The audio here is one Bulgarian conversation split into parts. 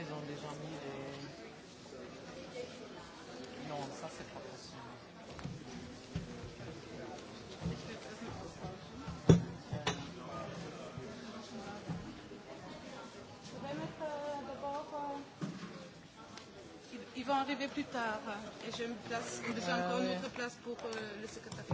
ils ont déjà mis les... Non, ça c'est pas possible. Ils vont arriver plus tard et je me place, j'ai encore une autre place pour euh, le secrétaire.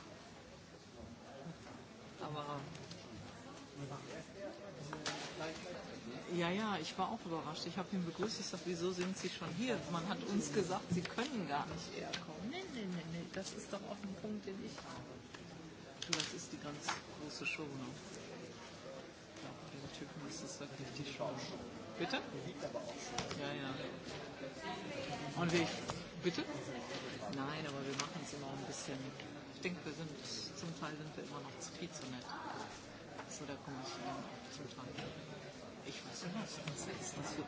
Ja, ja, ich war auch überrascht. Ich habe ihn begrüßt. Ich sage, wieso sind Sie schon hier? Man hat uns gesagt, Sie können gar nicht eher kommen. nein, nein, nein. nee. Das ist doch auch ein Punkt, den ich habe. das ist die ganz große Show. Ne? Ja, bei den Typen ist das wirklich die Show. Bitte? Ja, ja. Und wie? Bitte? Nein, aber wir machen es immer ein bisschen. Ich denke, wir sind zum Teil sind wir immer noch zu viel zu nett. So, da komme ich auch zum Teil. Ich weiß nicht, was das ist.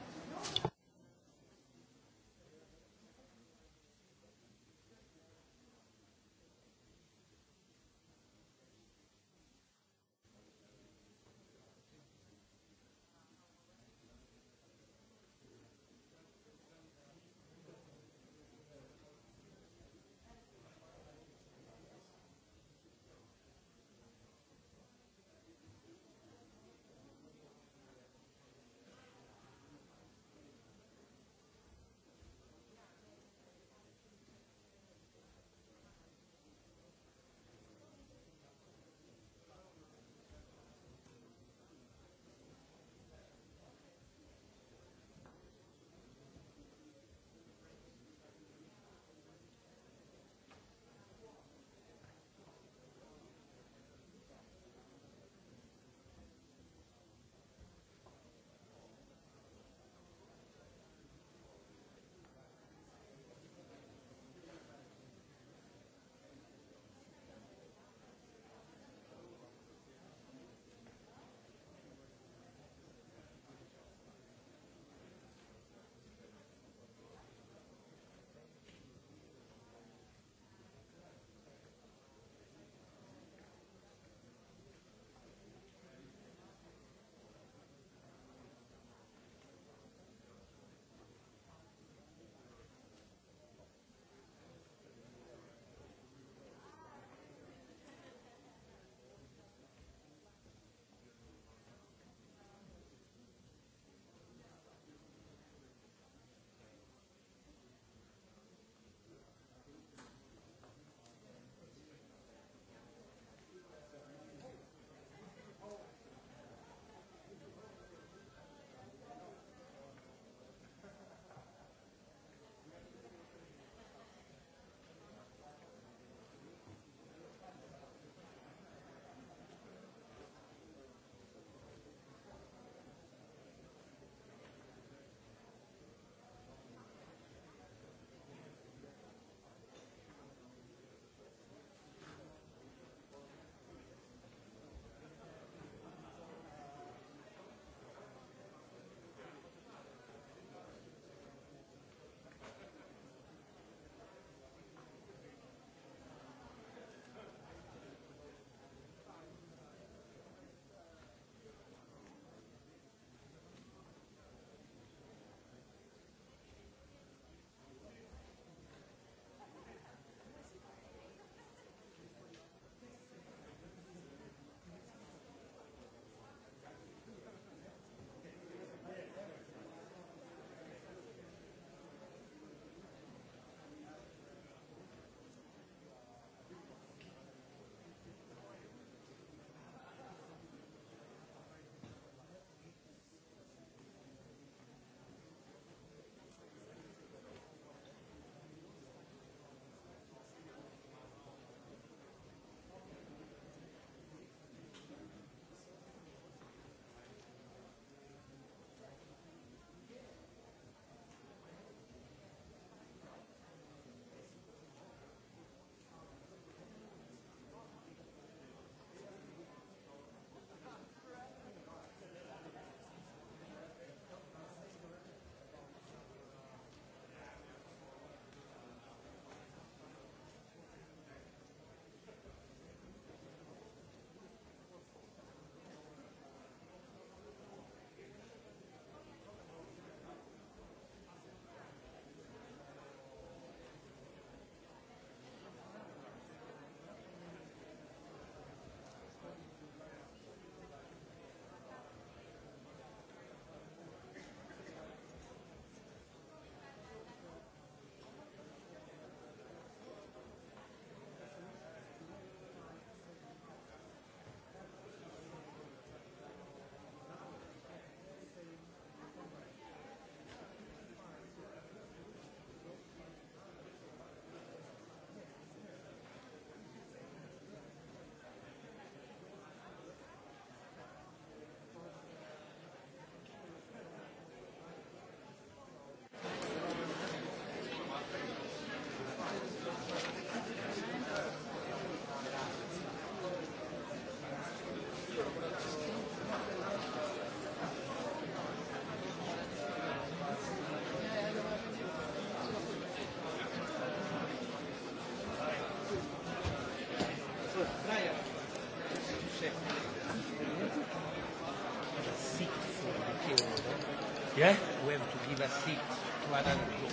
Yeah? We have to give a seat to another group.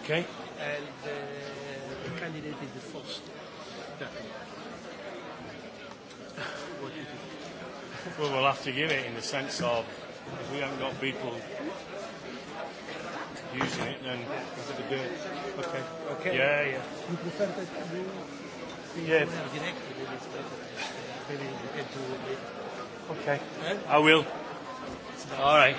Okay. And uh, the candidate is the first. What do you think? Well, we'll have to give it in the sense of if we haven't got people using it, then we have to do it. Okay. Okay. Yeah, yeah. You prefer that you yeah. directed maybe it's better. Maybe you can do it. Okay. Yeah? I will. All right.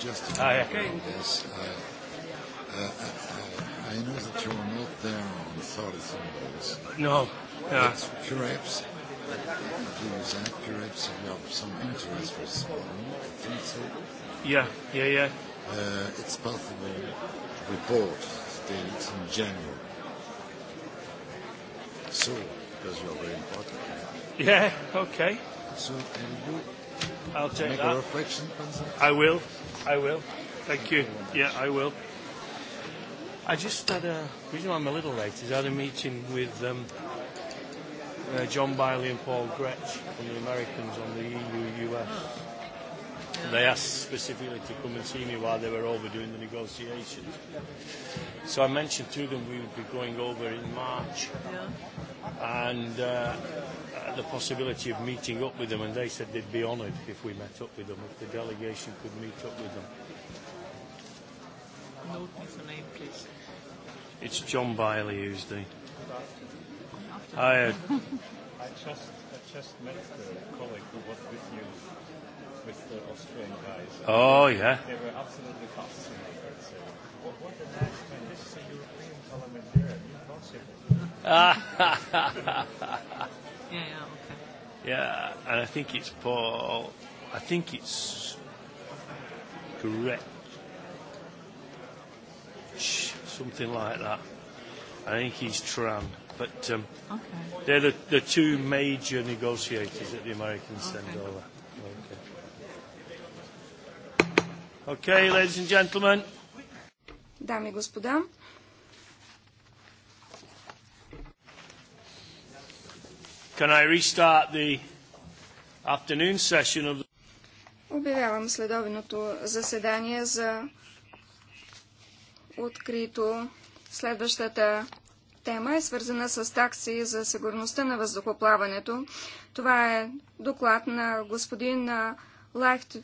Just a minute. Okay. Yes, I, uh, I, I know that you are not there on solid symbols. No. Yeah. It's perhaps use that. Perhaps you have some interest for someone. I think so. Yeah, yeah, yeah. Uh, it's possible report dated in general. So, because you are very important. Yeah, okay. So, and you I'll take Make that. A reflection I will. I will. Thank you. Yeah, I will. I just had a the reason why I'm a little late is I had a meeting with um, uh, John Biley and Paul Gretsch from the Americans on the EU-US. They asked specifically to come and see me while they were over doing the negotiations. So I mentioned to them we would be going over in March yeah. and uh, the possibility of meeting up with them, and they said they'd be honoured if we met up with them, if the delegation could meet up with them. Note the name, please. It's John Biley who's the. I, uh, I just I just met a colleague who was with you with the Austrian guys. Oh, yeah. They were absolutely fascinated. So, what, what a nice man. This is a European parliamentarian. Impossible. yeah, yeah, okay. Yeah, and I think it's Paul. I think it's Gretsch. Something like that. I think he's Tran. But um, okay. they're the, the two major negotiators that the Americans send over. Okay, ladies and gentlemen. Дами и господа. Can I restart the afternoon session of the... Обявявам следовиното заседание за открито. Следващата тема е свързана с такси за сигурността на въздухоплаването. Това е доклад на господин Лайфт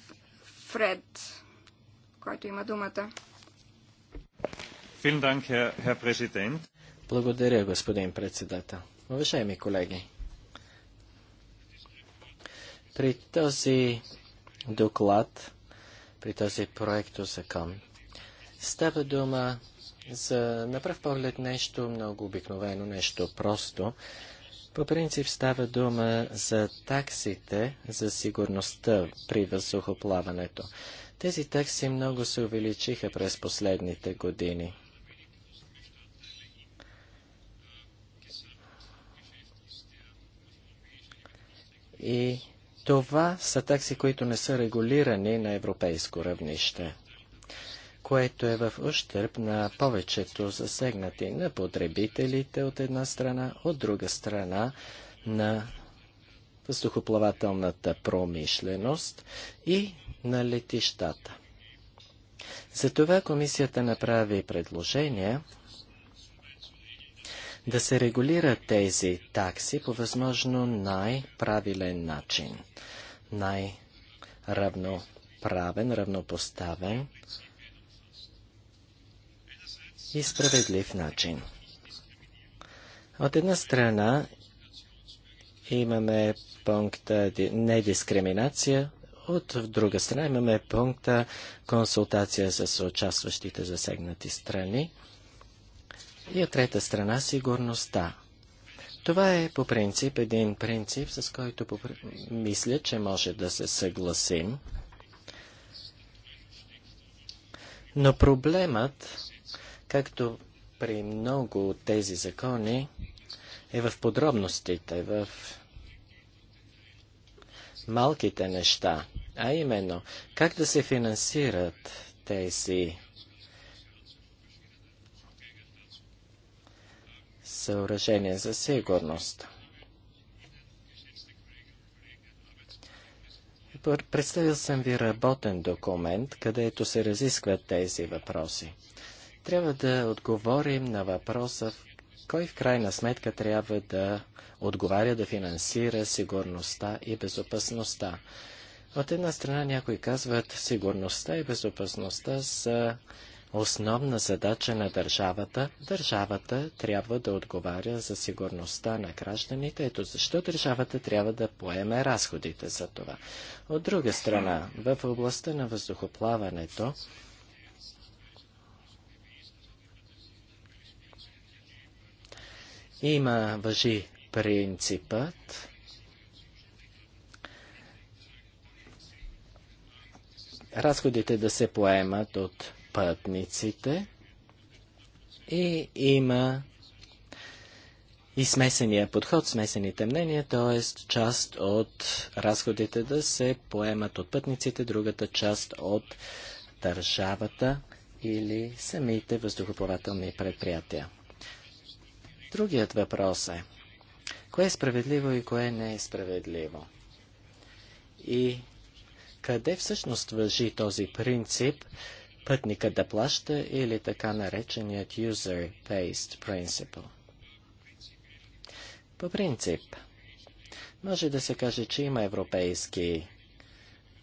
Фред който има думата. Благодаря, господин председател. Уважаеми колеги, при този доклад, при този проекто закон, става дума за на пръв поглед нещо много обикновено, нещо просто. По принцип става дума за таксите за сигурността при въздухоплаването. Тези такси много се увеличиха през последните години. И това са такси, които не са регулирани на европейско равнище, което е в ущърп на повечето засегнати на потребителите от една страна, от друга страна на въздухоплавателната промишленост и на летищата. Затова комисията направи предложение да се регулират тези такси по възможно най-правилен начин, най-равноправен, равнопоставен и справедлив начин. От една страна имаме пункта недискриминация, от друга страна имаме пункта консултация с участващите засегнати страни. И от трета страна сигурността. Това е по принцип един принцип, с който мисля, че може да се съгласим. Но проблемът, както при много от тези закони, е в подробностите, в малките неща. А именно, как да се финансират тези съоръжения за сигурност? Представил съм ви работен документ, където се разискват тези въпроси. Трябва да отговорим на въпроса, кой в крайна сметка трябва да отговаря да финансира сигурността и безопасността. От една страна някои казват, сигурността и безопасността са основна задача на държавата. Държавата трябва да отговаря за сигурността на гражданите. Ето защо държавата трябва да поеме разходите за това. От друга страна, в областта на въздухоплаването, има въжи принципът, разходите да се поемат от пътниците и има и смесения подход, смесените мнения, т.е. част от разходите да се поемат от пътниците, другата част от държавата или самите въздухоплавателни предприятия. Другият въпрос е, кое е справедливо и кое не е справедливо? И къде всъщност въжи този принцип пътника да плаща или така нареченият user-based principle? По принцип, може да се каже, че има европейски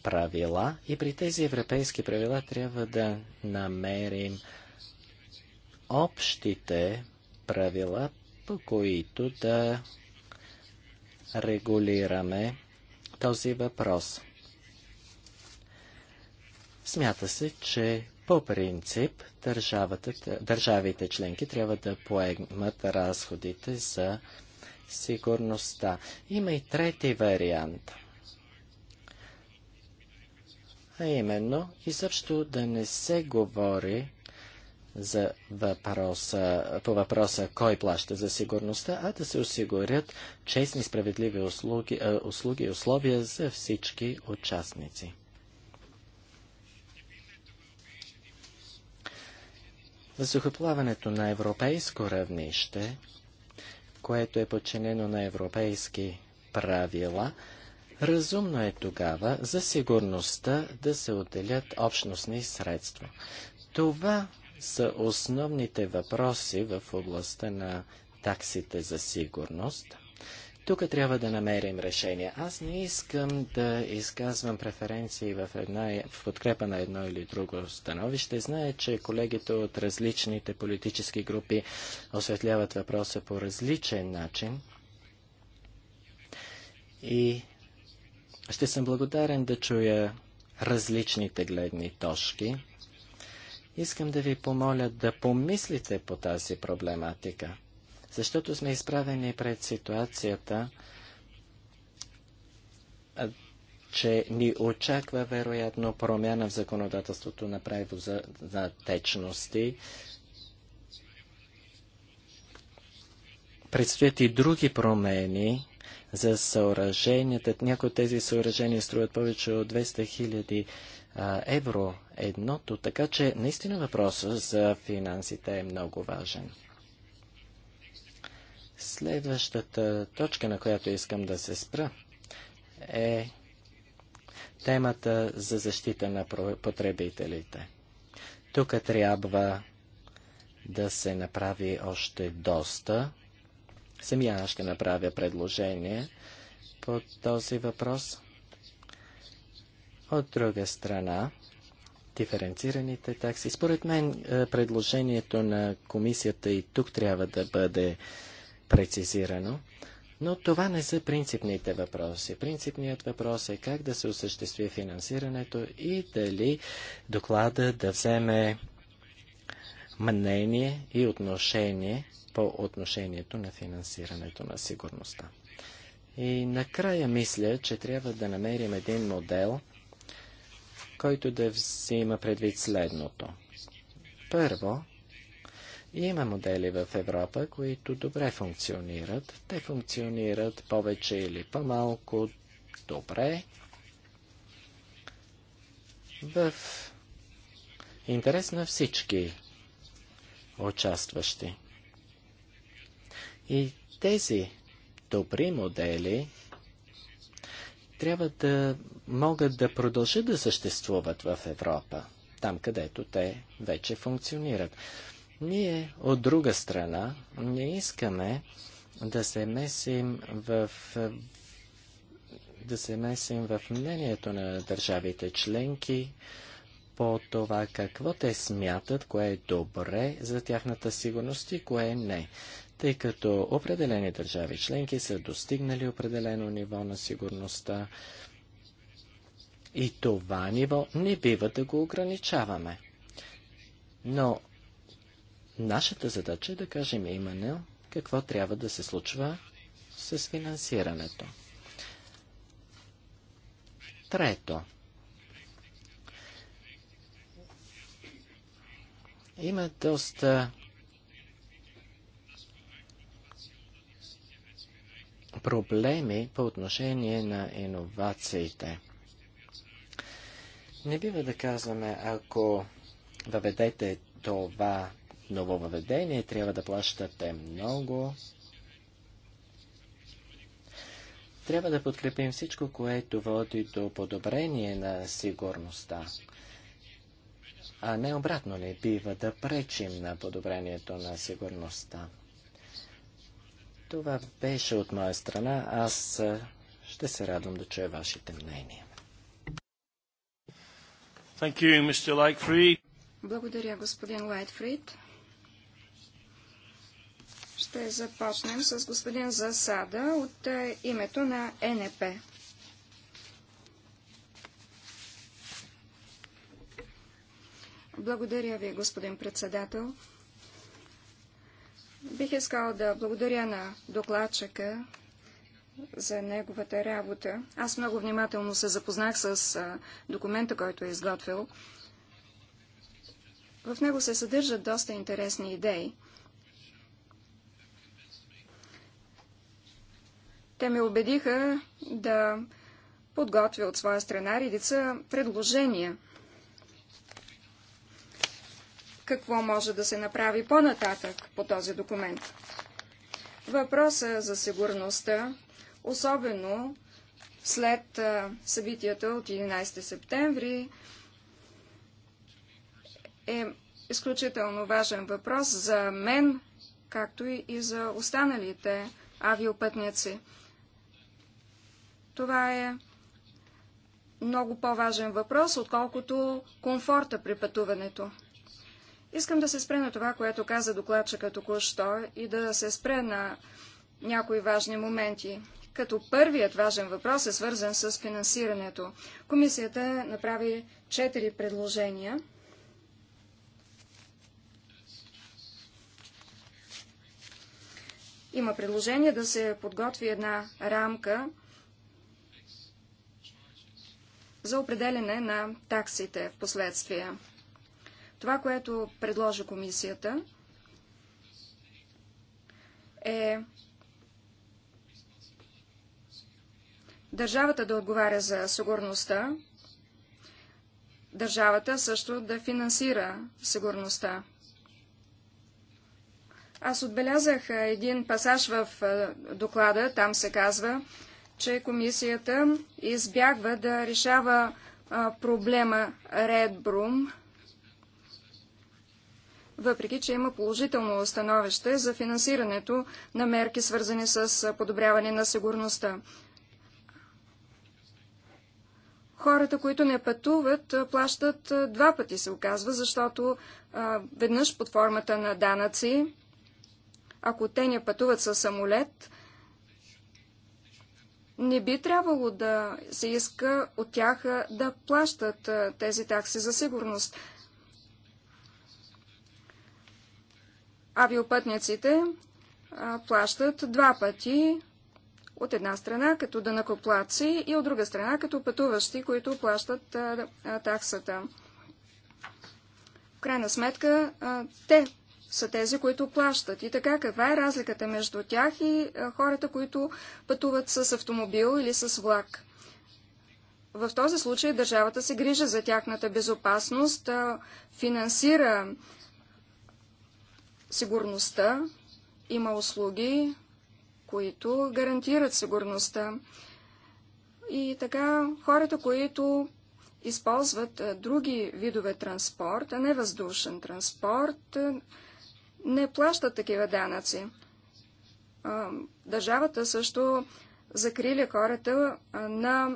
правила и при тези европейски правила трябва да намерим общите правила, по които да регулираме този въпрос. Смята се, че по принцип държавите членки трябва да поемат разходите за сигурността. Има и трети вариант. А именно, изобщо да не се говори за въпроса, по въпроса кой плаща за сигурността, а да се осигурят честни, справедливи услуги, е, услуги и условия за всички участници. Въздухоплаването на европейско равнище, което е подчинено на европейски правила, разумно е тогава за сигурността да се отделят общностни средства. Това са основните въпроси в областта на таксите за сигурност – тук трябва да намерим решение. Аз не искам да изказвам преференции в, една, в подкрепа на едно или друго становище. Знае, че колегите от различните политически групи осветляват въпроса по различен начин. И ще съм благодарен да чуя различните гледни точки. Искам да ви помоля да помислите по тази проблематика. Защото сме изправени пред ситуацията, че ни очаква вероятно промяна в законодателството на правило за течности. Предстоят и други промени за съоръженията. Някои от тези съоръжения струват повече от 200 хиляди евро едното, така че наистина въпросът за финансите е много важен. Следващата точка, на която искам да се спра, е темата за защита на потребителите. Тук трябва да се направи още доста. Самия аз ще направя предложение по този въпрос. От друга страна, диференцираните такси. Според мен е, предложението на комисията и тук трябва да бъде прецизирано, но това не са принципните въпроси. Принципният въпрос е как да се осъществи финансирането и дали доклада да вземе мнение и отношение по отношението на финансирането на сигурността. И накрая мисля, че трябва да намерим един модел, който да взима предвид следното. Първо, има модели в Европа, които добре функционират. Те функционират повече или по-малко добре. В интерес на всички участващи. И тези добри модели трябва да могат да продължат да съществуват в Европа, там където те вече функционират. Ние, от друга страна, не искаме да се месим в да се месим в мнението на държавите членки по това какво те смятат, кое е добре за тяхната сигурност и кое не. Тъй като определени държави членки са достигнали определено ниво на сигурността и това ниво не бива да го ограничаваме. Но Нашата задача е да кажем именно какво трябва да се случва с финансирането. Трето. Има доста проблеми по отношение на иновациите. Не бива да казваме, ако въведете това нововведение, трябва да плащате много. Трябва да подкрепим всичко, което води до подобрение на сигурността. А не обратно ли бива да пречим на подобрението на сигурността? Това беше от моя страна. Аз ще се радвам да чуя вашите мнения. Thank you, Mr. Благодаря, господин Лайтфрид. Ще започнем с господин Засада от е, името на НП. Благодаря ви, господин председател. Бих искал да благодаря на докладчика за неговата работа. Аз много внимателно се запознах с е, документа, който е изготвил. В него се съдържат доста интересни идеи. Те ме убедиха да подготвя от своя страна редица предложения. Какво може да се направи по-нататък по този документ? Въпроса за сигурността, особено след събитията от 11 септември, е изключително важен въпрос за мен, както и за останалите авиопътници. Това е много по-важен въпрос, отколкото комфорта при пътуването. Искам да се спре на това, което каза докладчика току-що и да се спре на някои важни моменти. Като първият важен въпрос е свързан с финансирането. Комисията направи четири предложения. Има предложение да се подготви една рамка за определене на таксите в последствие. Това, което предложи комисията, е държавата да отговаря за сигурността, държавата също да финансира сигурността. Аз отбелязах един пасаж в доклада, там се казва, че комисията избягва да решава а, проблема Редбрум, въпреки че има положително становище за финансирането на мерки, свързани с подобряване на сигурността. Хората, които не пътуват, плащат два пъти, се оказва, защото а, веднъж под формата на данъци, ако те не пътуват със самолет, не би трябвало да се иска от тях да плащат тези такси за сигурност. Авиопътниците плащат два пъти от една страна като дънакоплаци и от друга страна като пътуващи, които плащат таксата. В крайна сметка те са тези, които плащат. И така, каква е разликата между тях и е, хората, които пътуват с автомобил или с влак? В този случай държавата се грижа за тяхната безопасност, е, финансира сигурността, има услуги, които гарантират сигурността. И така, хората, които използват е, други видове транспорт, а не въздушен транспорт, не плащат такива данъци. Държавата също закриля хората на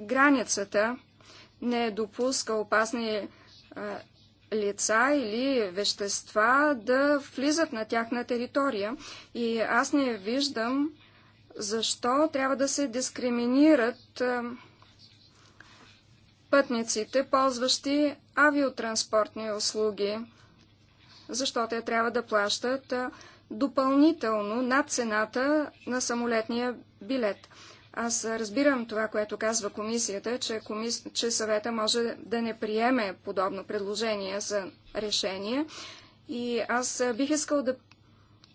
границата, не е допуска опасни лица или вещества да влизат на тяхна територия. И аз не виждам защо трябва да се дискриминират пътниците, ползващи авиотранспортни услуги защо те трябва да плащат допълнително над цената на самолетния билет. Аз разбирам това, което казва комисията, че, комис... че съвета може да не приеме подобно предложение за решение. И аз бих искал да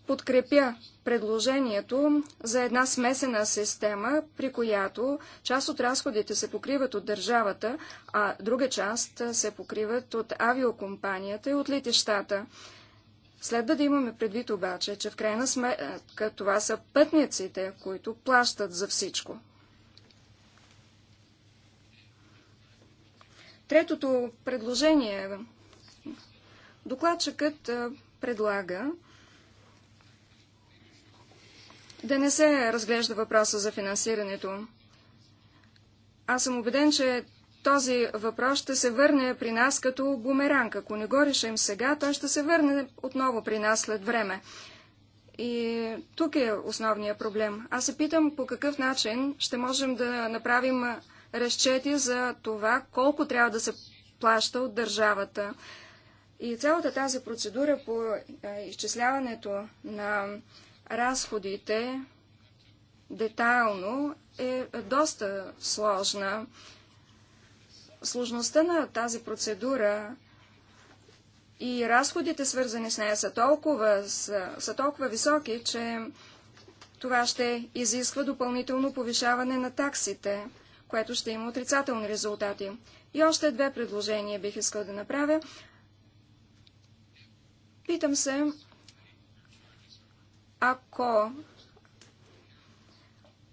подкрепя предложението за една смесена система, при която част от разходите се покриват от държавата, а друга част се покриват от авиокомпанията и от летищата. Следва да имаме предвид обаче, че в крайна сметка това са пътниците, които плащат за всичко. Третото предложение. Докладчикът предлага да не се разглежда въпроса за финансирането. Аз съм убеден, че този въпрос ще се върне при нас като бумеранг. Ако не го решим сега, той ще се върне отново при нас след време. И тук е основният проблем. Аз се питам по какъв начин ще можем да направим разчети за това колко трябва да се плаща от държавата. И цялата тази процедура по изчисляването на разходите детайлно е доста сложна. Сложността на тази процедура и разходите, свързани с нея, са толкова, са, са толкова високи, че това ще изисква допълнително повишаване на таксите, което ще има отрицателни резултати. И още две предложения бих искал да направя. Питам се, ако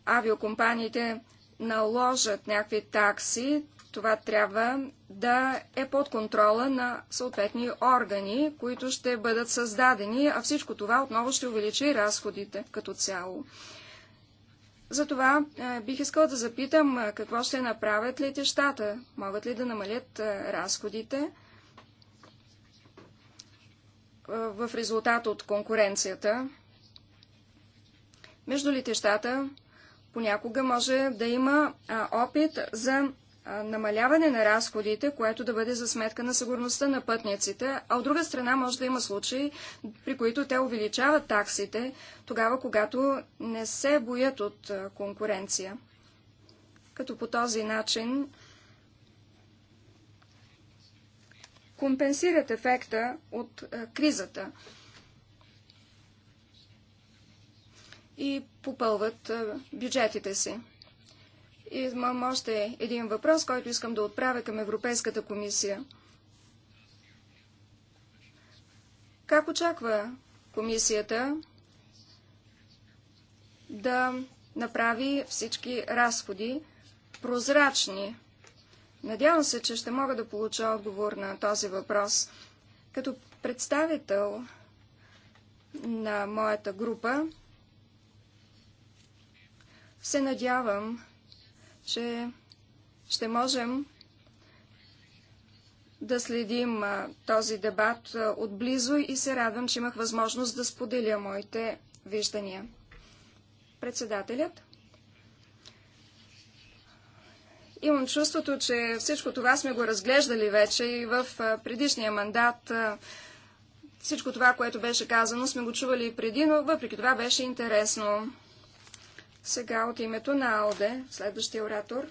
авиокомпаниите наложат някакви такси, това трябва да е под контрола на съответни органи, които ще бъдат създадени, а всичко това отново ще увеличи разходите като цяло. Затова е, бих искал да запитам е, какво ще направят летещата. Могат ли да намалят е, разходите в резултат от конкуренцията? Между летещата понякога може да има а, опит за а, намаляване на разходите, което да бъде за сметка на сигурността на пътниците, а от друга страна може да има случаи, при които те увеличават таксите, тогава когато не се боят от а, конкуренция. Като по този начин компенсират ефекта от а, кризата. и попълват бюджетите си. Имам още един въпрос, който искам да отправя към Европейската комисия. Как очаква комисията да направи всички разходи прозрачни? Надявам се, че ще мога да получа отговор на този въпрос. Като представител на моята група, се надявам, че ще можем да следим а, този дебат а, отблизо и се радвам, че имах възможност да споделя моите виждания. Председателят. Имам чувството, че всичко това сме го разглеждали вече и в предишния мандат. Всичко това, което беше казано, сме го чували и преди, но въпреки това беше интересно. Сега от името на АЛДЕ, следващия оратор.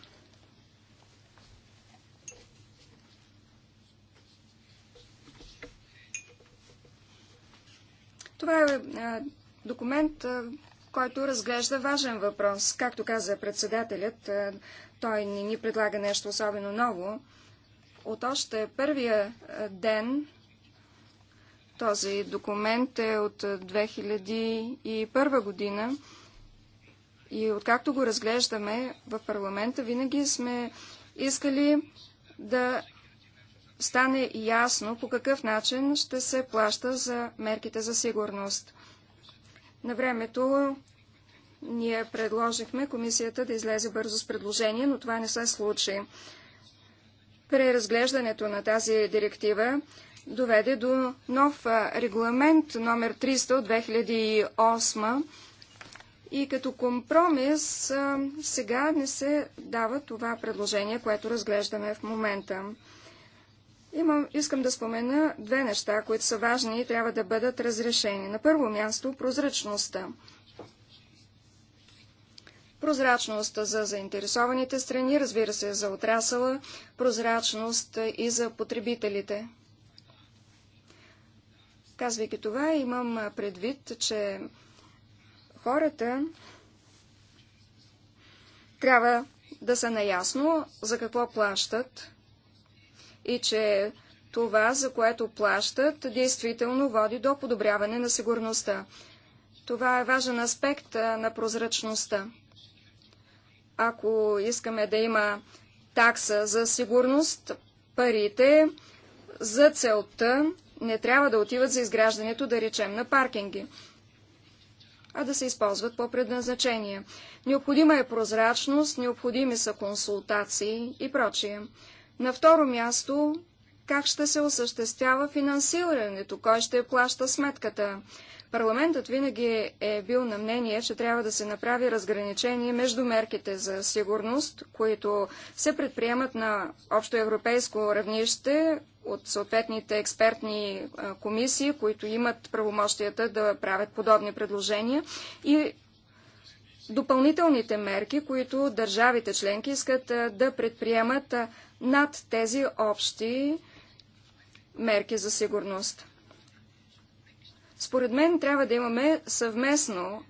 Това е документ, който разглежда важен въпрос. Както каза председателят, той не ни предлага нещо особено ново. От още първия ден този документ е от 2001 година. И откакто го разглеждаме в парламента, винаги сме искали да стане ясно по какъв начин ще се плаща за мерките за сигурност. На времето ние предложихме комисията да излезе бързо с предложение, но това не се случи. Преразглеждането на тази директива доведе до нов регламент номер 300 от 2008 и като компромис сега не се дава това предложение, което разглеждаме в момента. Имам, искам да спомена две неща, които са важни и трябва да бъдат разрешени. На първо място прозрачността. Прозрачността за заинтересованите страни, разбира се, за отрасъла, прозрачност и за потребителите. Казвайки това, имам предвид, че хората трябва да са наясно за какво плащат и че това, за което плащат, действително води до подобряване на сигурността. Това е важен аспект на прозрачността. Ако искаме да има такса за сигурност, парите за целта не трябва да отиват за изграждането, да речем, на паркинги а да се използват по предназначение. Необходима е прозрачност, необходими са консултации и прочие. На второ място, как ще се осъществява финансирането, кой ще плаща сметката. Парламентът винаги е бил на мнение, че трябва да се направи разграничение между мерките за сигурност, които се предприемат на общо европейско равнище от съответните експертни комисии, които имат правомощията да правят подобни предложения и допълнителните мерки, които държавите членки искат да предприемат над тези общи мерки за сигурност. Според мен трябва да имаме съвместно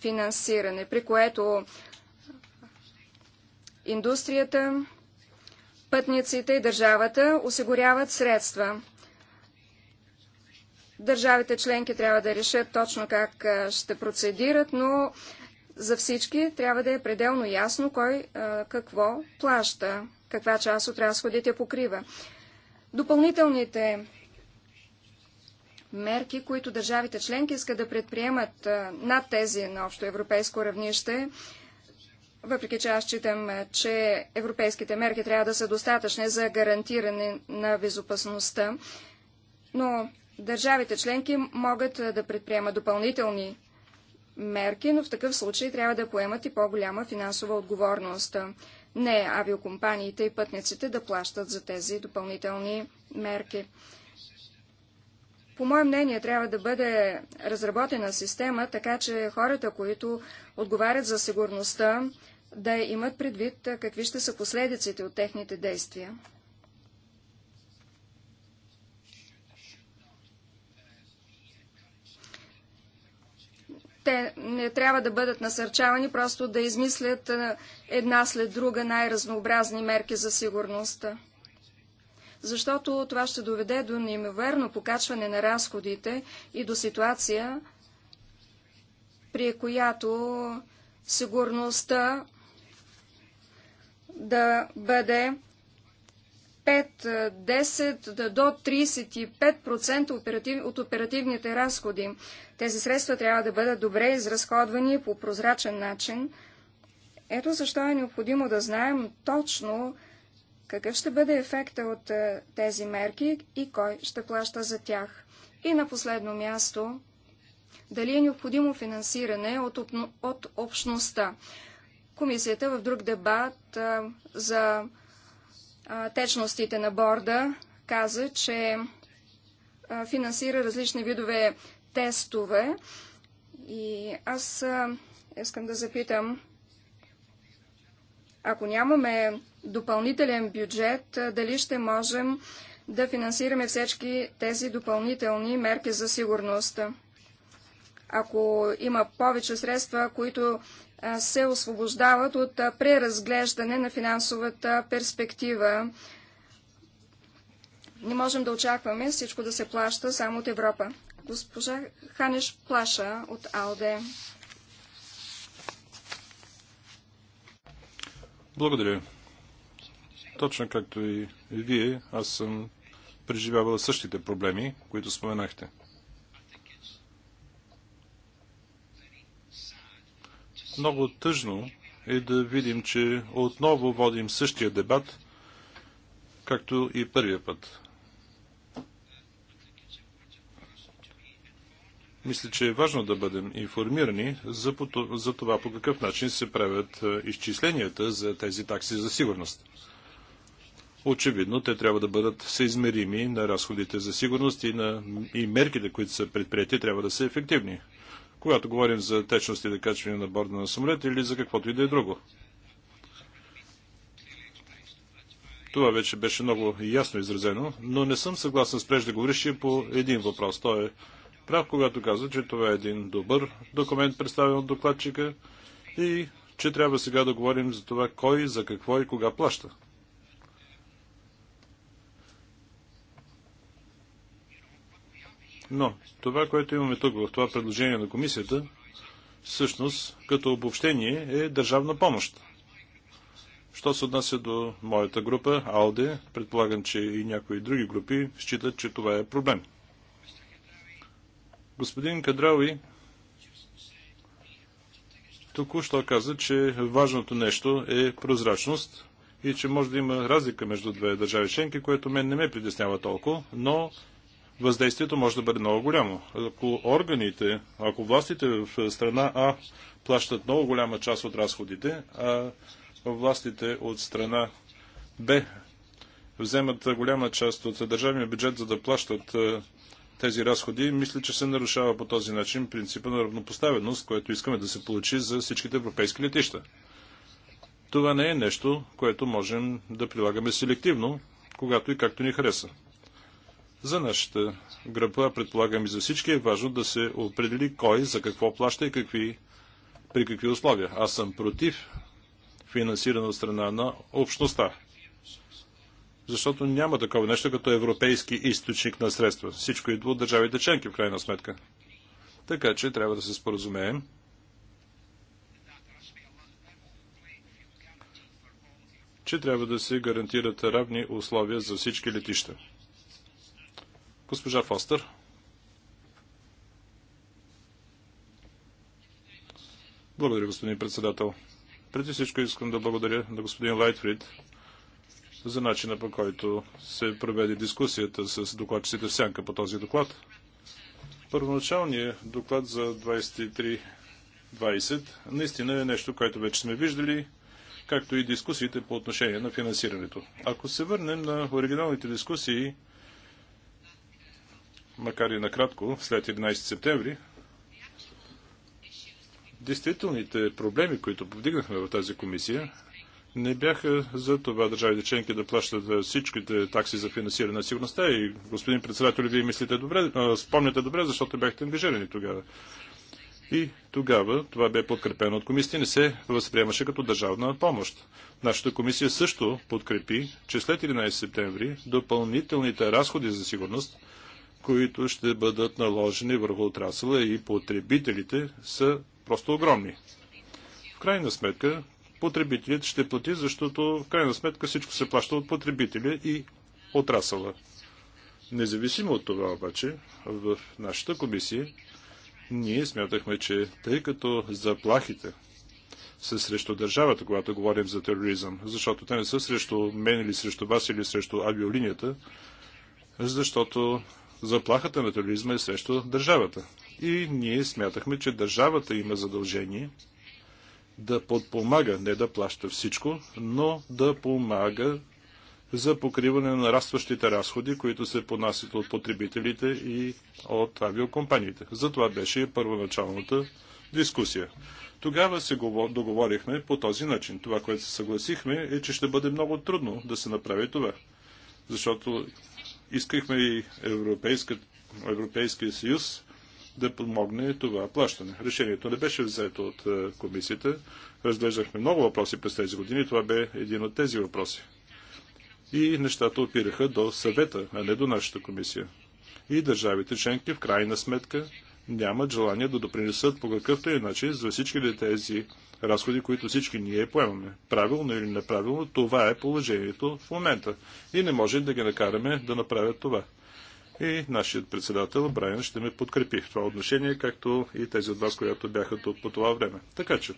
финансиране, при което индустрията, пътниците и държавата осигуряват средства. Държавите членки трябва да решат точно как ще процедират, но за всички трябва да е пределно ясно кой какво плаща, каква част от разходите покрива. Допълнителните мерки, които държавите членки искат да предприемат над тези на общо европейско равнище. Въпреки че аз считам, че европейските мерки трябва да са достатъчни за гарантиране на безопасността, но държавите членки могат да предприемат допълнителни мерки, но в такъв случай трябва да поемат и по-голяма финансова отговорност. Не авиокомпаниите и пътниците да плащат за тези допълнителни мерки. По мое мнение, трябва да бъде разработена система, така че хората, които отговарят за сигурността, да имат предвид какви ще са последиците от техните действия. Те не трябва да бъдат насърчавани просто да измислят една след друга най-разнообразни мерки за сигурността защото това ще доведе до неимоверно покачване на разходите и до ситуация, при която сигурността да бъде 5, 10 до 35% от оперативните разходи. Тези средства трябва да бъдат добре изразходвани по прозрачен начин. Ето защо е необходимо да знаем точно какъв ще бъде ефекта от е, тези мерки и кой ще плаща за тях? И на последно място, дали е необходимо финансиране от, от общността? Комисията в друг дебат а, е, за а, е, течностите на борда каза, че а, финансира различни видове тестове. И аз а, искам да запитам, ако нямаме допълнителен бюджет, дали ще можем да финансираме всички тези допълнителни мерки за сигурност. Ако има повече средства, които се освобождават от преразглеждане на финансовата перспектива, не можем да очакваме всичко да се плаща само от Европа. Госпожа Ханеш Плаша от АЛДЕ. Благодаря, точно както и вие, аз съм преживявал същите проблеми, които споменахте. Много тъжно е да видим, че отново водим същия дебат, както и първия път. Мисля, че е важно да бъдем информирани за, за това по какъв начин се правят е, изчисленията за тези такси за сигурност очевидно те трябва да бъдат съизмерими на разходите за сигурност и, на, и мерките, които са предприяти, трябва да са ефективни. Когато говорим за течности да качване на борда на самолет или за каквото и да е друго. Това вече беше много ясно изразено, но не съм съгласен с преждеговорившия по един въпрос. Той е прав, когато казва, че това е един добър документ, представен от докладчика и че трябва сега да говорим за това кой, за какво и кога плаща. Но това, което имаме тук в това предложение на комисията, всъщност като обобщение е държавна помощ. Що се отнася до моята група, АЛДЕ, предполагам, че и някои други групи считат, че това е проблем. Господин Кадрауи току-що каза, че важното нещо е прозрачност и че може да има разлика между две държави членки, което мен не ме притеснява толкова, но въздействието може да бъде много голямо. Ако органите, ако властите в страна А плащат много голяма част от разходите, а властите от страна Б вземат голяма част от държавния бюджет, за да плащат тези разходи, мисля, че се нарушава по този начин принципа на равнопоставеност, което искаме да се получи за всичките европейски летища. Това не е нещо, което можем да прилагаме селективно, когато и както ни хареса. За нашата група, предполагам и за всички, е важно да се определи кой за какво плаща и какви, при какви условия. Аз съм против финансиране от страна на общността. Защото няма такова нещо като европейски източник на средства. Всичко идва от държавите членки, в крайна сметка. Така че трябва да се споразумеем. че трябва да се гарантират равни условия за всички летища. Госпожа Фостер. Благодаря, господин председател. Преди всичко искам да благодаря на господин Лайтфрид за начина по който се проведе дискусията с докладчиците в сянка по този доклад. Първоначалният доклад за 2320 наистина е нещо, което вече сме виждали, както и дискусиите по отношение на финансирането. Ако се върнем на оригиналните дискусии макар и накратко, след 11 септември, действителните проблеми, които повдигнахме в тази комисия, не бяха за това държавите членки да плащат всичките такси за финансиране на сигурността. И, господин председател, вие мислите добре, спомняте добре, защото бяхте ангажирани тогава. И тогава това бе подкрепено от комисията и не се възприемаше като държавна помощ. Нашата комисия също подкрепи, че след 11 септември допълнителните разходи за сигурност които ще бъдат наложени върху отрасъла и потребителите са просто огромни. В крайна сметка, потребителите ще плати, защото в крайна сметка всичко се плаща от потребителя и отрасъла. Независимо от това обаче, в нашата комисия ние смятахме, че тъй като заплахите са срещу държавата, когато говорим за тероризъм, защото те не са срещу мен или срещу вас или срещу авиолинията, защото заплахата на тероризма е срещу държавата. И ние смятахме, че държавата има задължение да подпомага, не да плаща всичко, но да помага за покриване на нарастващите разходи, които се понасят от потребителите и от авиокомпаниите. За това беше първоначалната дискусия. Тогава се договорихме по този начин. Това, което се съгласихме, е, че ще бъде много трудно да се направи това. Защото Искахме и Европейския съюз да помогне това плащане. Решението не беше взето от е, комисията. Разглеждахме много въпроси през тези години. Това бе един от тези въпроси. И нещата опираха до съвета, а не до нашата комисия. И държавите членки в крайна сметка нямат желание да допринесат по какъвто и начин за всички тези разходи, които всички ние поемаме. Правилно или неправилно, това е положението в момента. И не можем да ги накараме да направят това. И нашият председател Брайан ще ме подкрепи в това отношение, както и тези от вас, които бяха тук по това време. Така че,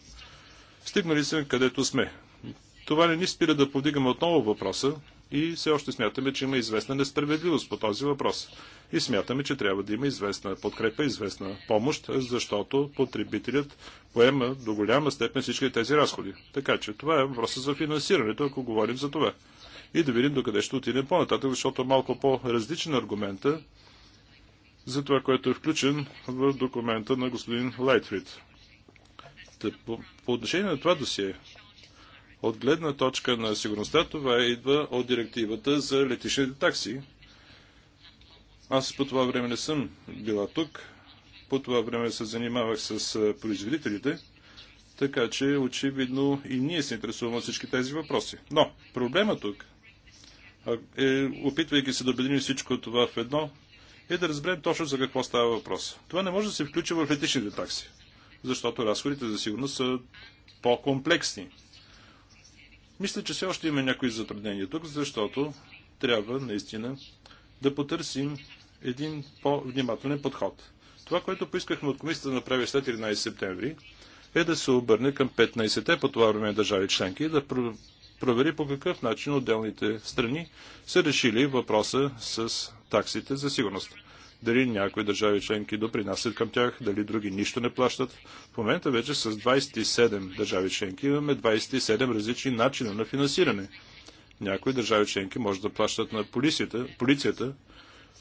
стигнали сме където сме. Това не ни спира да повдигаме отново въпроса и все още смятаме, че има известна несправедливост по този въпрос. И смятаме, че трябва да има известна подкрепа, известна помощ, защото потребителят поема до голяма степен всички тези разходи. Така че това е въпросът за финансирането, ако говорим за това. И да видим докъде ще отидем по-нататък, защото малко по-различен аргумента е за това, което е включен в документа на господин Лайтфрид. По, по отношение на това досие, от гледна точка на сигурността това идва от директивата за летишните такси. Аз по това време не съм била тук. По това време се занимавах с производителите. Така че очевидно и ние се интересуваме от всички тези въпроси. Но проблема тук е, опитвайки се да обединим всичко това в едно, е да разберем точно за какво става въпрос. Това не може да се включи в летичните такси, защото разходите за сигурност са по-комплексни. Мисля, че все още има някои затруднения тук, защото трябва наистина да потърсим един по-внимателен подход. Това, което поискахме от комисията да направи след 13 септември, е да се обърне към 15-те по това време държави членки и да провери по какъв начин отделните страни са решили въпроса с таксите за сигурност дали някои държави членки допринасят към тях, дали други нищо не плащат. В момента вече с 27 държави членки имаме 27 различни начина на финансиране. Някои държави членки може да плащат на полицията, полицията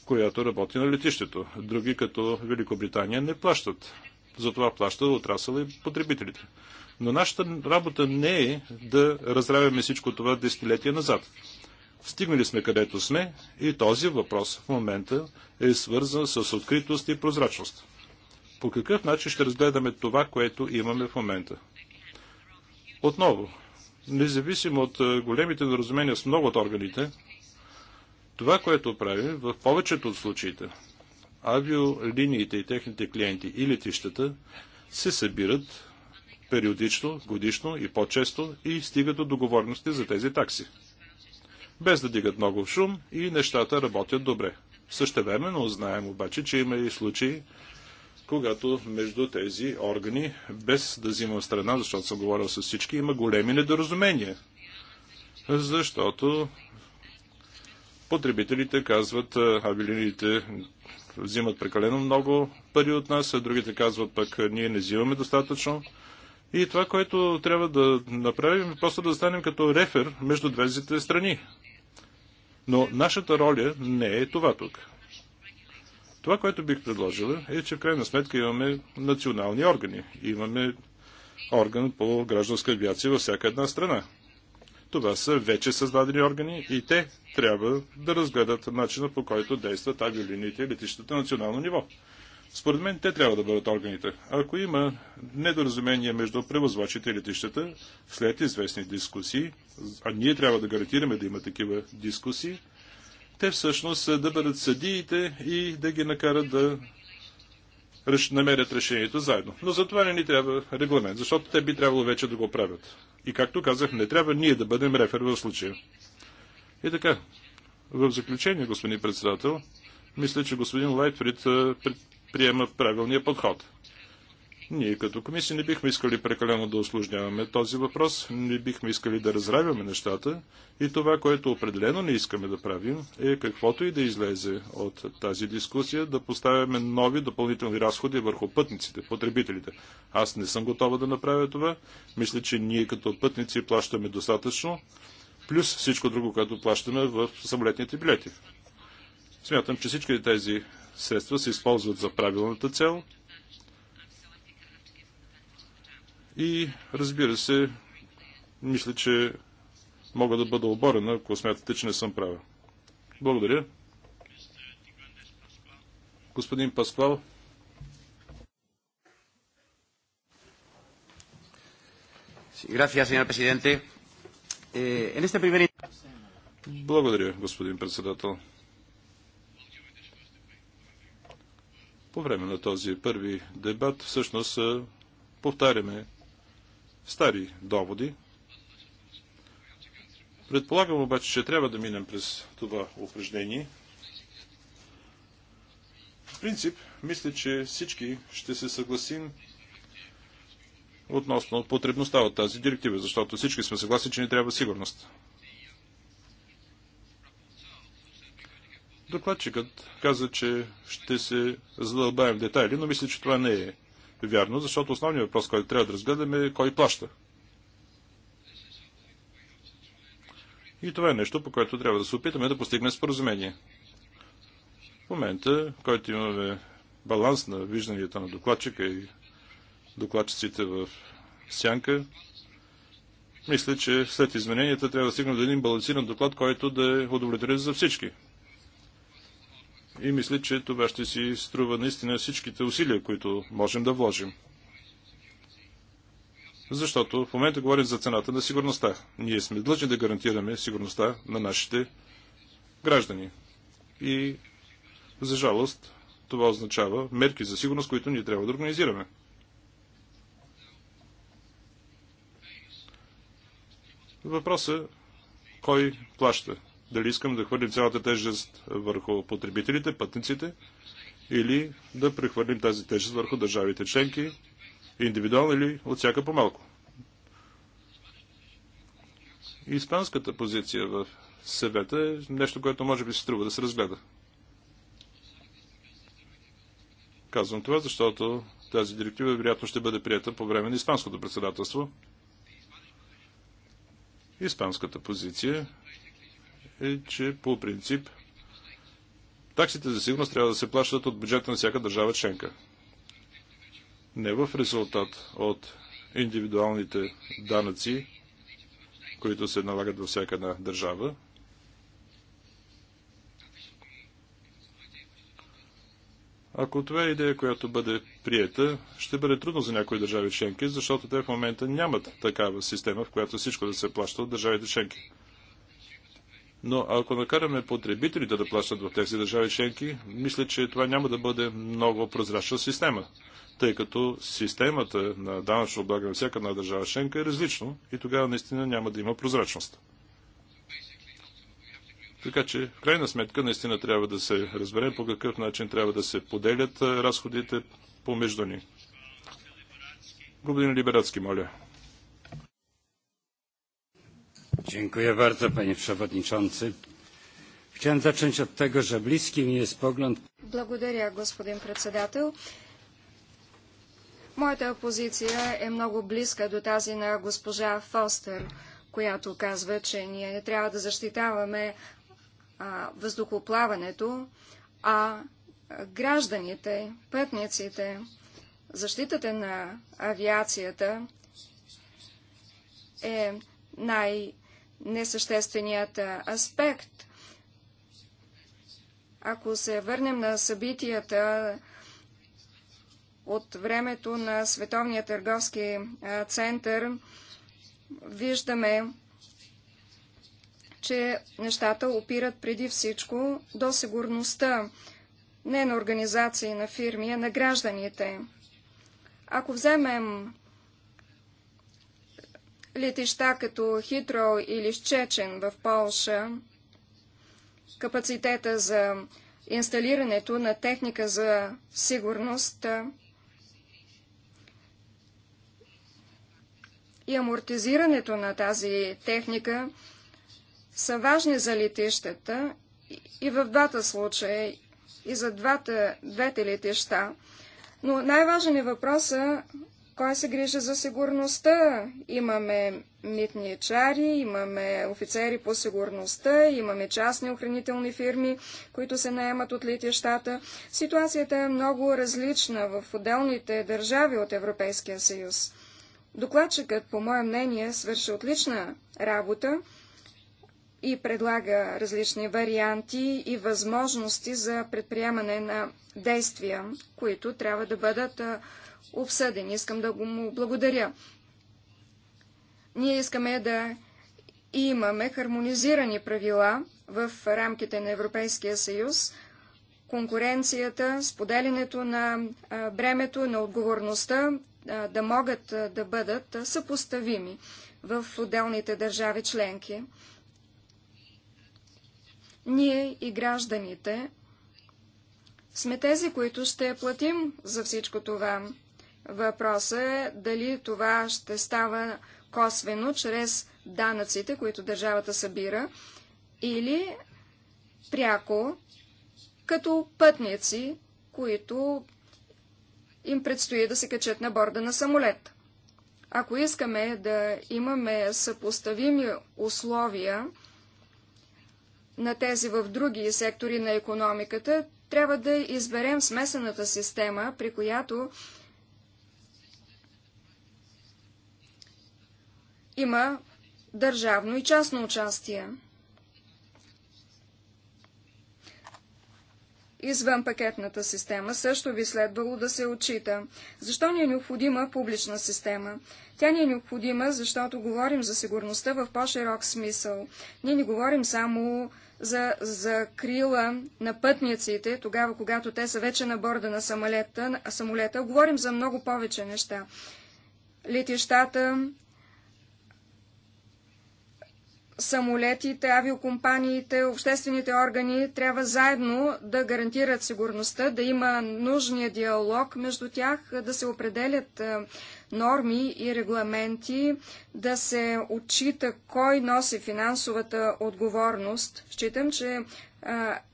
която работи на летището. Други, като Великобритания, не плащат. Затова плаща отрасъл и потребителите. Но нашата работа не е да разравяме всичко това десетилетия назад. Стигнали сме където сме и този въпрос в момента е свързан с откритост и прозрачност. По какъв начин ще разгледаме това, което имаме в момента? Отново, независимо от е, големите наразумения с много от органите, това, което правим в повечето от случаите, авиолиниите и техните клиенти и летищата се събират периодично, годишно и по-често и стигат до договорности за тези такси без да дигат много шум и нещата работят добре. Същевременно знаем обаче, че има и случаи, когато между тези органи, без да взимам страна, защото съм говорил с всички, има големи недоразумения. Защото потребителите казват, авиалините взимат прекалено много пари от нас, а другите казват пък ние не взимаме достатъчно. И това, което трябва да направим, е просто да станем като рефер между двете страни. Но нашата роля не е това тук. Това, което бих предложила, е, че в крайна сметка имаме национални органи. Имаме орган по гражданска авиация във всяка една страна. Това са вече създадени органи и те трябва да разгледат начина по който действат авиолиниите и летищата на национално ниво. Според мен те трябва да бъдат органите. Ако има недоразумение между превозвачите и летищата, след известни дискусии, а ние трябва да гарантираме да има такива дискусии, те всъщност да бъдат съдиите и да ги накарат да намерят решението заедно. Но за това не ни трябва регламент, защото те би трябвало вече да го правят. И както казах, не трябва ние да бъдем рефер в случая. И така, в заключение, господин председател, мисля, че господин Лайтфрид приема правилния подход. Ние като комисия не бихме искали прекалено да осложняваме този въпрос, не бихме искали да разравяме нещата и това, което определено не искаме да правим, е каквото и да излезе от тази дискусия, да поставяме нови допълнителни разходи върху пътниците, потребителите. Аз не съм готова да направя това. Мисля, че ние като пътници плащаме достатъчно, плюс всичко друго, което плащаме в самолетните билети. Смятам, че всички тези средства се използват за правилната цел. И разбира се, мисля, че мога да бъда оборена, ако смятате, че не съм права. Благодаря. Господин Пасквал. Eh, Благодаря, господин председател. По време на този първи дебат всъщност повтаряме стари доводи. Предполагам обаче, че трябва да минем през това упражнение. В принцип, мисля, че всички ще се съгласим относно потребността от тази директива, защото всички сме съгласни, че не трябва сигурност. Докладчикът каза, че ще се задълбаем детайли, но мисля, че това не е вярно, защото основният въпрос, който трябва да разгледаме е кой плаща. И това е нещо, по което трябва да се опитаме да постигнем споразумение. В момента, в който имаме баланс на вижданията на докладчика и докладчиците в сянка, мисля, че след измененията трябва да стигнем до един балансиран доклад, който да е удовлетворен за всички и мисля, че това ще си струва наистина всичките усилия, които можем да вложим. Защото в момента говорим за цената на сигурността. Ние сме длъжни да гарантираме сигурността на нашите граждани. И за жалост това означава мерки за сигурност, които ние трябва да организираме. Въпросът е кой плаща дали искам да хвърлим цялата тежест върху потребителите, пътниците, или да прехвърлим тази тежест върху държавите членки, индивидуално или от всяка по-малко. Испанската позиция в съвета е нещо, което може би се струва да се разгледа. Казвам това, защото тази директива вероятно ще бъде прията по време на Испанското председателство. Испанската позиция е, че по принцип таксите за сигурност трябва да се плащат от бюджета на всяка държава членка. Не в резултат от индивидуалните данъци, които се налагат във всяка една държава. Ако това е идея, която бъде приета, ще бъде трудно за някои държави членки, защото те в момента нямат такава система, в която всичко да се плаща от държавите членки. Но ако накараме потребителите да плащат в тези държави членки, мисля, че това няма да бъде много прозрачна система, тъй като системата на данъчно облагане на всяка една държава членка е различно и тогава наистина няма да има прозрачност. Така че, в крайна сметка, наистина трябва да се разберем по какъв начин трябва да се поделят разходите помежду ни. Господин Либерацки, моля panie przewodniczący. Chciałem zacząć od tego, że bliski mi jest pogląd... Благодаря, господин председател. Моята позиция е много близка до тази на госпожа Фостер, която казва, че ние не трябва да защитаваме въздухоплаването, а гражданите, пътниците, защитата на авиацията е най- несъщественият аспект. Ако се върнем на събитията от времето на Световния търговски център, виждаме, че нещата опират преди всичко до сигурността не на организации, на фирми, а на гражданите. Ако вземем Летища като Хитро или Щечен в Полша, капацитета за инсталирането на техника за сигурност и амортизирането на тази техника са важни за летищата и в двата случая, и за двата, двете летища. Но най-важен е въпросът. Кой се грижи за сигурността? Имаме митни чари, имаме офицери по сигурността, имаме частни охранителни фирми, които се наемат от летищата. Ситуацията е много различна в отделните държави от Европейския съюз. Докладчикът, по мое мнение, свърши отлична работа и предлага различни варианти и възможности за предприемане на действия, които трябва да бъдат обсъден. Искам да го му благодаря. Ние искаме да имаме хармонизирани правила в рамките на Европейския съюз, конкуренцията, споделянето на бремето, на отговорността да могат да бъдат съпоставими в отделните държави членки. Ние и гражданите сме тези, които ще платим за всичко това. Въпросът е дали това ще става косвено, чрез данъците, които държавата събира, или пряко, като пътници, които им предстои да се качат на борда на самолет. Ако искаме да имаме съпоставими условия на тези в други сектори на економиката, трябва да изберем смесената система, при която има държавно и частно участие. Извън пакетната система също би следвало да се отчита. Защо ни е необходима публична система? Тя ни е необходима, защото говорим за сигурността в по-широк смисъл. Ние не говорим само за закрила на пътниците, тогава, когато те са вече на борда на самолета, на самолета. Говорим за много повече неща. Летищата, самолетите, авиокомпаниите, обществените органи трябва заедно да гарантират сигурността, да има нужния диалог между тях, да се определят норми и регламенти, да се отчита кой носи финансовата отговорност. Считам, че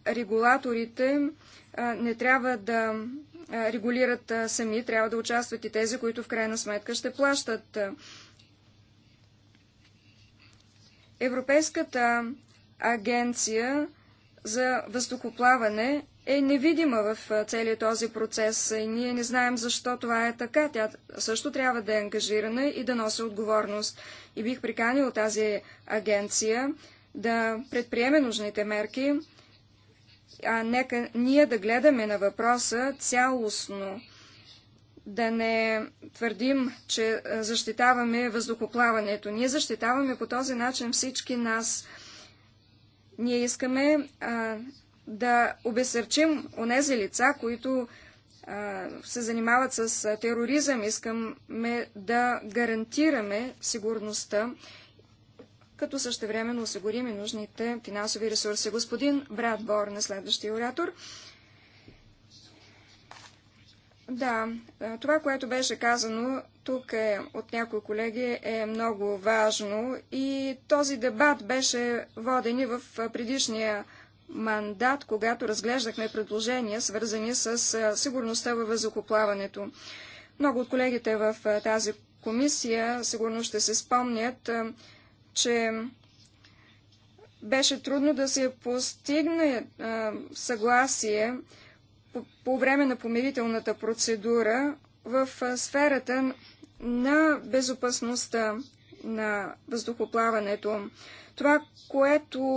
регулаторите не трябва да регулират сами, трябва да участват и тези, които в крайна сметка ще плащат. Европейската агенция за въздухоплаване е невидима в целият този процес и ние не знаем защо това е така. Тя също трябва да е ангажирана и да носи отговорност. И бих приканил тази агенция да предприеме нужните мерки, а нека ние да гледаме на въпроса цялостно да не твърдим, че е, защитаваме въздухоплаването. Ние защитаваме по този начин всички нас. Ние искаме а, е, да обесърчим онези лица, които а, е, се занимават с тероризъм. Искаме да гарантираме сигурността, като същевременно осигурим и нужните финансови ресурси. Господин Брат Бор на следващия оратор. Да, това, което беше казано тук е, от някои колеги е много важно и този дебат беше воден и в предишния мандат, когато разглеждахме предложения, свързани с сигурността във въздухоплаването. Много от колегите в тази комисия сигурно ще се спомнят, че беше трудно да се постигне съгласие по време на помирителната процедура в сферата на безопасността на въздухоплаването. Това, което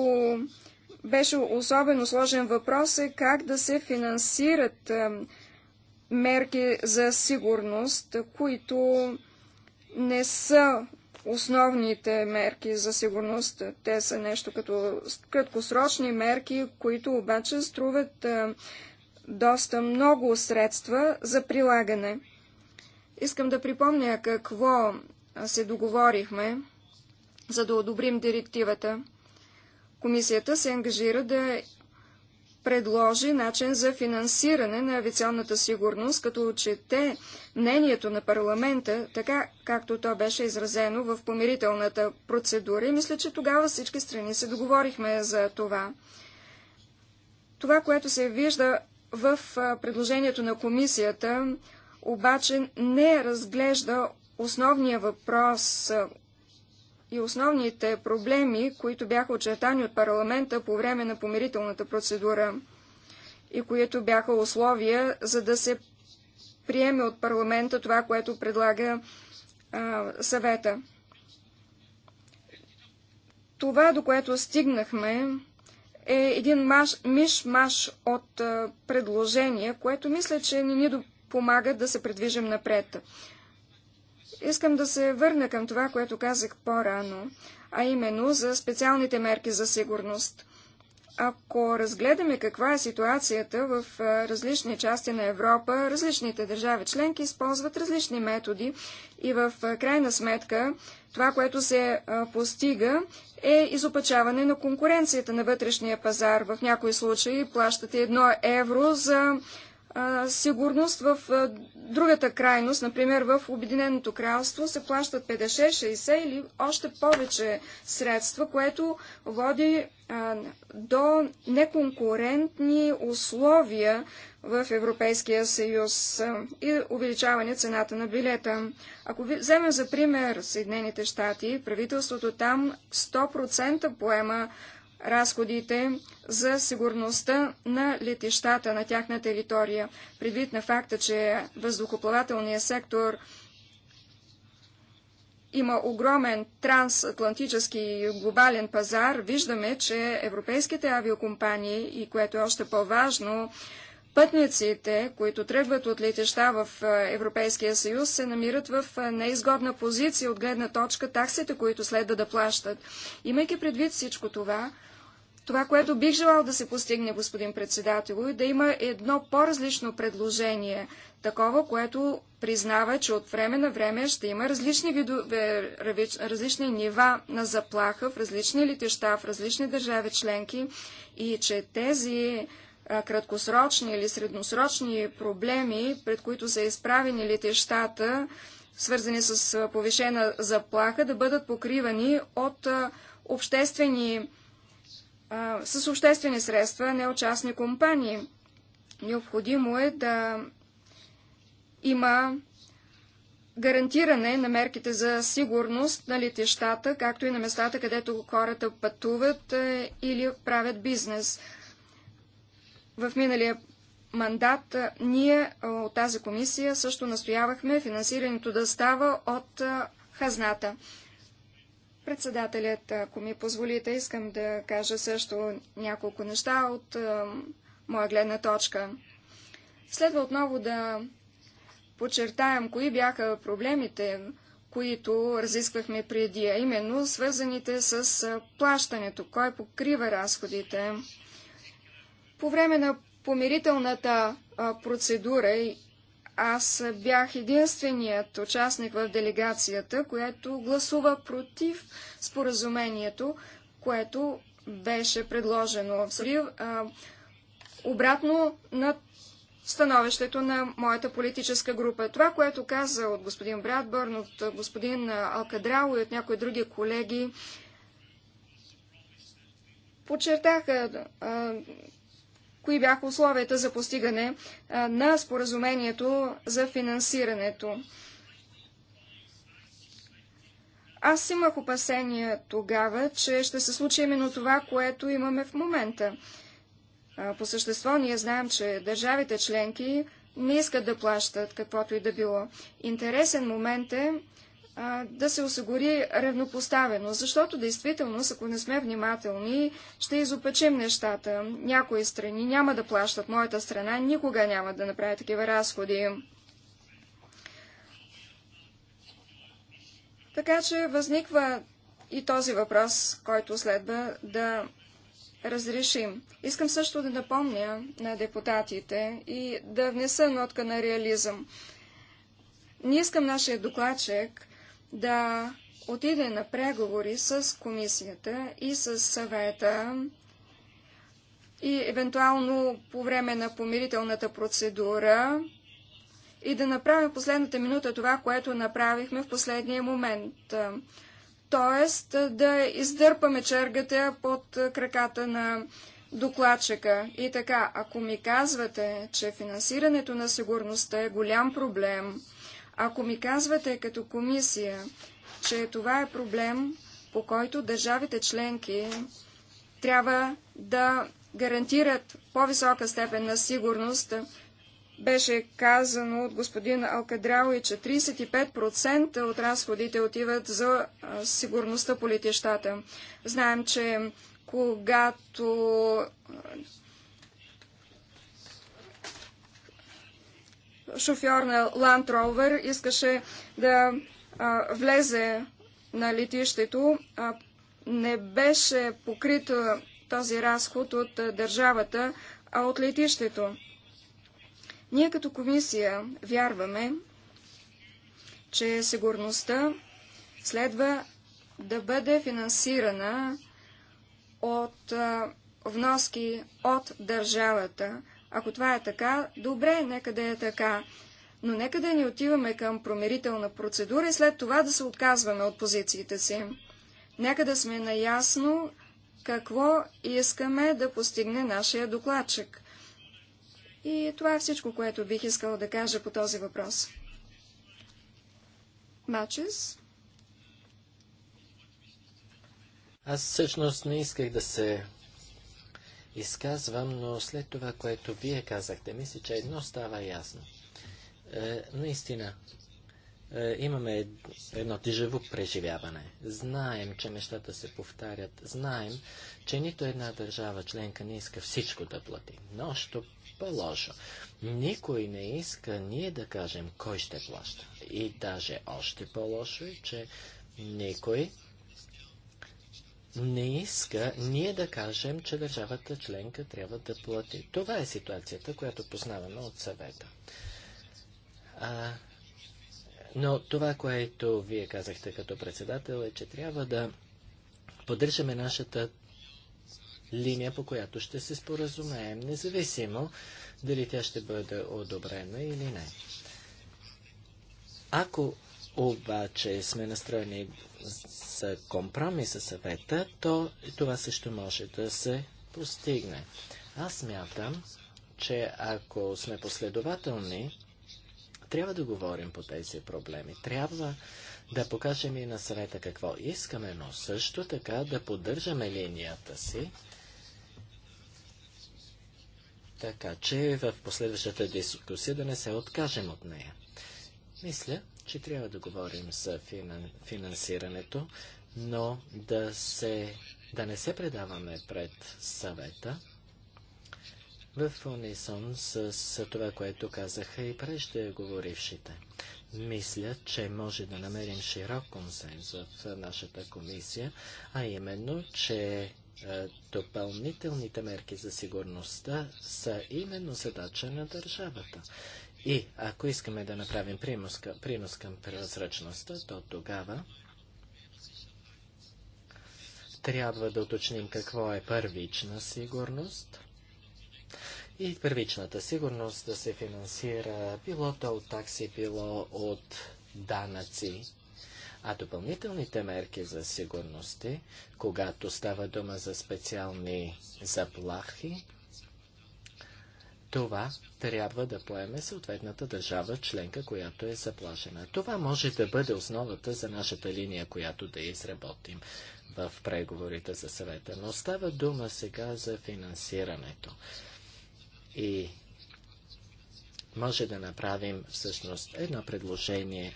беше особено сложен въпрос е как да се финансират мерки за сигурност, които не са основните мерки за сигурност. Те са нещо като краткосрочни мерки, които обаче струват доста много средства за прилагане. Искам да припомня какво се договорихме, за да одобрим директивата. Комисията се ангажира да предложи начин за финансиране на авиационната сигурност, като отчете мнението на парламента, така както то беше изразено в помирителната процедура. И мисля, че тогава всички страни се договорихме за това. Това, което се вижда в предложението на комисията обаче не разглежда основния въпрос и основните проблеми, които бяха очертани от парламента по време на помирителната процедура и които бяха условия, за да се приеме от парламента това, което предлага а, съвета. Това, до което стигнахме, е един миш-маш от предложения, което мисля, че не ни помага да се придвижим напред. Искам да се върна към това, което казах по-рано, а именно за специалните мерки за сигурност. Ако разгледаме каква е ситуацията в различни части на Европа, различните държави членки използват различни методи и в крайна сметка това, което се постига, е изопачаване на конкуренцията на вътрешния пазар. В някои случаи плащате едно евро за сигурност в другата крайност, например в Обединеното кралство, се плащат 50, 60 или още повече средства, което води до неконкурентни условия в Европейския съюз и увеличаване цената на билета. Ако вземем за пример Съединените щати, правителството там 100% поема разходите за сигурността на летищата на тяхна територия. Предвид на факта, че въздухоплавателният сектор има огромен трансатлантически и глобален пазар, виждаме, че европейските авиокомпании и което е още по-важно, пътниците, които тръгват от летеща в Европейския съюз, се намират в неизгодна позиция от гледна точка таксите, които следва да плащат. Имайки предвид всичко това, това, което бих желал да се постигне, господин председател, е да има едно по-различно предложение, такова, което признава, че от време на време ще има различни видове, различни нива на заплаха в различни летища, в различни държави членки и че тези краткосрочни или средносрочни проблеми, пред които са изправени летищата, свързани с повишена заплаха, да бъдат покривани от обществени а, с обществени средства, не от частни компании. Необходимо е да има гарантиране на мерките за сигурност на летищата, както и на местата, където хората пътуват а, или правят бизнес. В миналия мандат ние от тази комисия също настоявахме финансирането да става от хазната. Председателят, ако ми позволите, искам да кажа също няколко неща от а, моя гледна точка. Следва отново да подчертаем кои бяха проблемите, които разисквахме преди, а именно свързаните с плащането, кой покрива разходите. По време на помирителната процедура аз бях единственият участник в делегацията, което гласува против споразумението, което беше предложено в Сърбия, обратно на становището на моята политическа група. Това, което каза от господин Брадбърн, от господин Алкадрало и от някои други колеги, подчертаха а, кои бяха условията за постигане на споразумението за финансирането. Аз имах опасения тогава, че ще се случи именно това, което имаме в момента. По същество ние знаем, че държавите членки не искат да плащат каквото и да било. Интересен момент е да се осигури равнопоставено, защото действително, ако не сме внимателни, ще изопечим нещата. Някои страни няма да плащат, моята страна никога няма да направя такива разходи. Така че възниква и този въпрос, който следва да разрешим. Искам също да напомня на депутатите и да внеса нотка на реализъм. Не искам нашия докладчик да отиде на преговори с комисията и с съвета и евентуално по време на помирителната процедура и да направим последната минута това, което направихме в последния момент. Тоест да издърпаме чергата под краката на докладчика. И така, ако ми казвате, че финансирането на сигурността е голям проблем, ако ми казвате като комисия, че това е проблем, по който държавите членки трябва да гарантират по-висока степен на сигурност, беше казано от господин Алкадряо че 35% от разходите отиват за сигурността по летищата. Знаем, че когато шофьор на Land Rover искаше да а, влезе на летището. А, не беше покрит този разход от държавата, а от летището. Ние като комисия вярваме, че сигурността следва да бъде финансирана от а, вноски от държавата, ако това е така, добре, нека да е така. Но нека да не отиваме към промерителна процедура и след това да се отказваме от позициите си. Нека да сме наясно какво искаме да постигне нашия докладчик. И това е всичко, което бих искала да кажа по този въпрос. Мачес? Аз всъщност не исках да се изказвам, но след това, което вие казахте, мисля, че едно става ясно. Е, наистина, е, имаме едно тежево преживяване. Знаем, че нещата се повтарят. Знаем, че нито една държава членка не иска всичко да плати. Но що по-лошо, никой не иска ние да кажем кой ще плаща. И даже още по-лошо е, че никой не иска ние да кажем, че държавата членка трябва да плати. Това е ситуацията, която познаваме от съвета. А, но това, което вие казахте като председател е, че трябва да поддържаме нашата линия, по която ще се споразумеем, независимо дали тя ще бъде одобрена или не. Ако обаче сме настроени с компромис със съвета, то това също може да се постигне. Аз мятам, че ако сме последователни, трябва да говорим по тези проблеми. Трябва да покажем и на съвета какво искаме, но също така да поддържаме линията си, така че в последващата дискусия да не се откажем от нея. Мисля, че трябва да говорим за финан, финансирането, но да, се, да не се предаваме пред съвета в унисон с, с това, което казаха и преждеговорившите. Мисля, че може да намерим широк консенсус в нашата комисия, а именно, че е, допълнителните мерки за сигурността са именно задача на държавата. И ако искаме да направим принос, принос към превъзръчността, то тогава трябва да уточним какво е първична сигурност. И първичната сигурност да се финансира било то от такси, било от данъци. А допълнителните мерки за сигурности, когато става дума за специални заплахи, това трябва да поеме съответната държава членка, която е заплашена. Това може да бъде основата за нашата линия, която да изработим в преговорите за съвета. Но става дума сега за финансирането. И може да направим всъщност едно предложение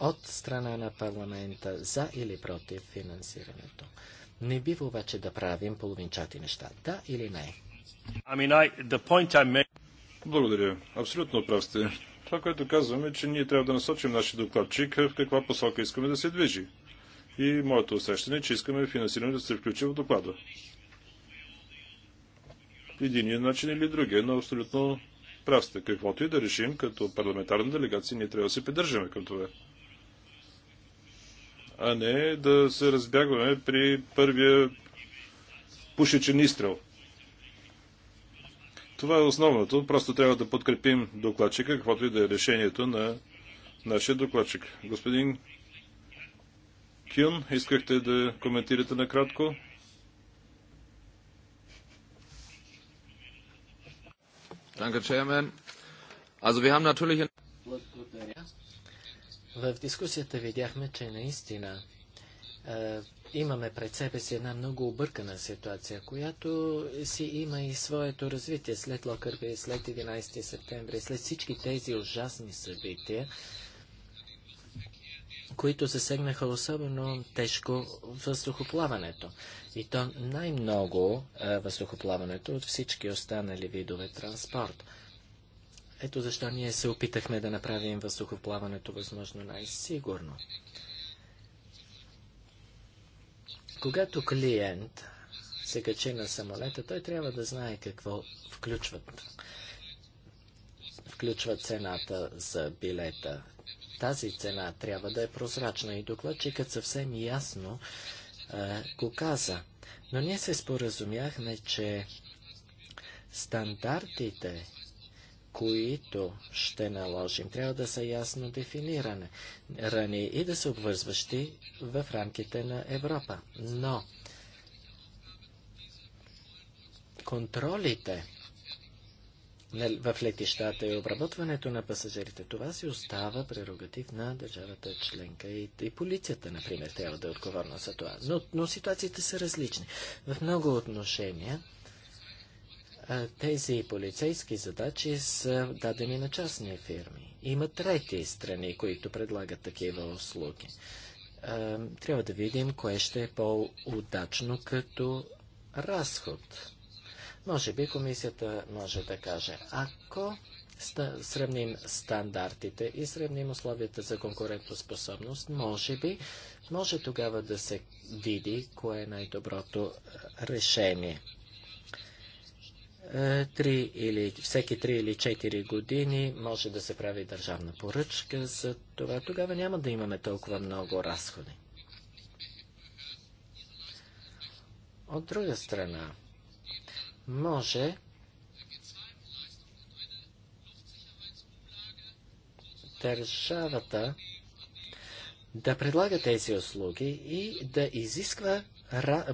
от страна на парламента за или против финансирането. Не бива обаче да правим половинчати неща. Да или не? Благодаря. Абсолютно прав сте. Това, което казваме, е, че ние трябва да насочим нашия докладчик е, в каква посока искаме да се движи. И моето усещане е, че искаме финансиране да се включи в доклада. Единият начин или другия, но абсолютно прав сте. Каквото и да решим като парламентарна делегация, ние трябва да се придържаме към това. А не да се разбягваме при първия пушечен изстрел. Това е основното. Просто трябва да подкрепим докладчика, каквото и да е решението на нашия докладчик. Господин Кюн, искахте да коментирате накратко? Благодаря. В дискусията видяхме, че наистина е, имаме пред себе си една много объркана ситуация, която си има и своето развитие след Локърби, след 11 септември, след всички тези ужасни събития, които засегнаха особено тежко въздухоплаването. И то най-много въздухоплаването от всички останали видове транспорт. Ето защо ние се опитахме да направим въздухоплаването възможно най-сигурно. Когато клиент се качи на самолета, той трябва да знае какво включват. Включва цената за билета. Тази цена трябва да е прозрачна и докладчикът съвсем ясно е, го каза. Но ние се споразумяхме, че стандартите които ще наложим, трябва да са ясно дефинирани рани и да са обвързващи в рамките на Европа. Но контролите в летищата и обработването на пасажирите, това си остава прерогатив на държавата членка и, и полицията, например, трябва да е отговорна за това. Но, но ситуациите са различни. В много отношения тези полицейски задачи са дадени на частни фирми. Има трети страни, които предлагат такива услуги. Трябва да видим кое ще е по-удачно като разход. Може би комисията може да каже, ако сравним стандартите и сравним условията за конкурентоспособност, може би, може тогава да се види кое е най-доброто решение или, всеки 3 или 4 години може да се прави държавна поръчка за това. Тогава няма да имаме толкова много разходи. От друга страна, може държавата да предлага тези услуги и да изисква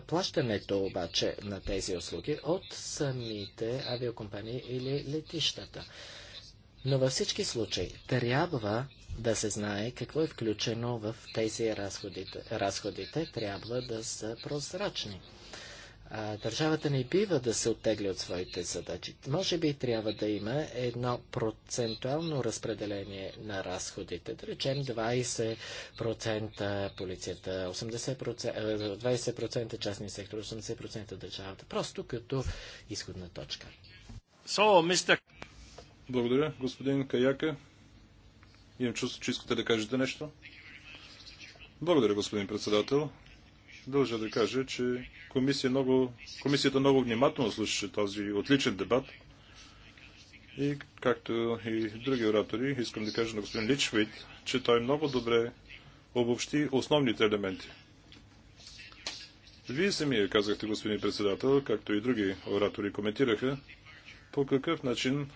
плащането обаче на тези услуги от самите авиокомпании или летищата. Но във всички случаи трябва да се знае какво е включено в тези разходите. Разходите трябва да са прозрачни а, държавата не бива да се оттегли от своите задачи. Може би трябва да има едно процентуално разпределение на разходите. Да речем 20% полицията, 80%, 20% частния сектор, 80% държавата. Просто като изходна точка. So, Mr. Благодаря, господин Каяка. Имам чувство, че искате да кажете нещо. Благодаря, господин председател дължа да кажа, че комисия много, комисията много внимателно слушаше този отличен дебат. И както и други оратори, искам да кажа на господин Личвид, че той много добре обобщи основните елементи. Вие самия казахте, господин председател, както и други оратори коментираха, по какъв начин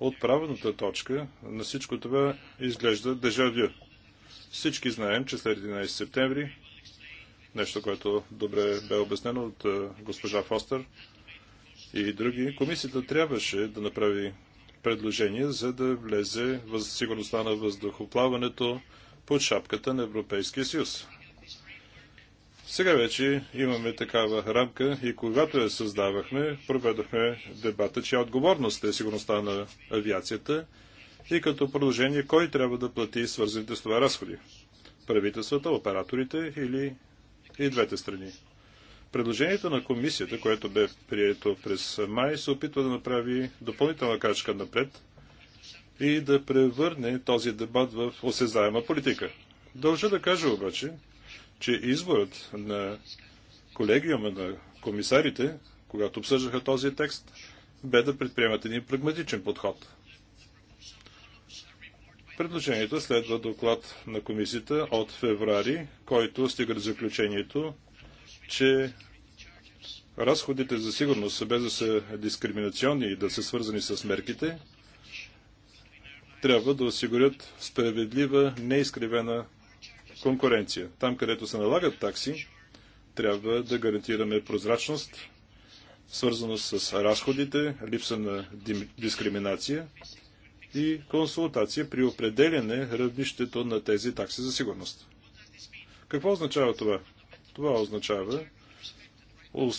отправната точка на всичко това изглежда дежавю. Всички знаем, че след 11 септември Нещо, което добре бе обяснено от е, госпожа Фостер и други. Комисията трябваше да направи предложение, за да влезе в сигурността на въздухоплаването под шапката на Европейския съюз. Сега вече имаме такава рамка и когато я създавахме, проведохме дебата, че отговорност е сигурността на авиацията и като продължение кой трябва да плати свързаните с това разходи. Правителствата, операторите или и двете страни. Предложението на комисията, което бе прието през май, се опитва да направи допълнителна качка напред и да превърне този дебат в осезаема политика. Дължа да кажа обаче, че изборът на колегиума на комисарите, когато обсъждаха този текст, бе да предприемат един прагматичен подход – Предложението следва доклад на комисията от феврари, който стига до заключението, че разходите за сигурност, без да са дискриминационни и да са свързани с мерките, трябва да осигурят справедлива, неизкривена конкуренция. Там, където се налагат такси, трябва да гарантираме прозрачност, свързано с разходите, липса на дискриминация и консултация при определене равнището на тези такси за сигурност. Какво означава това? Това означава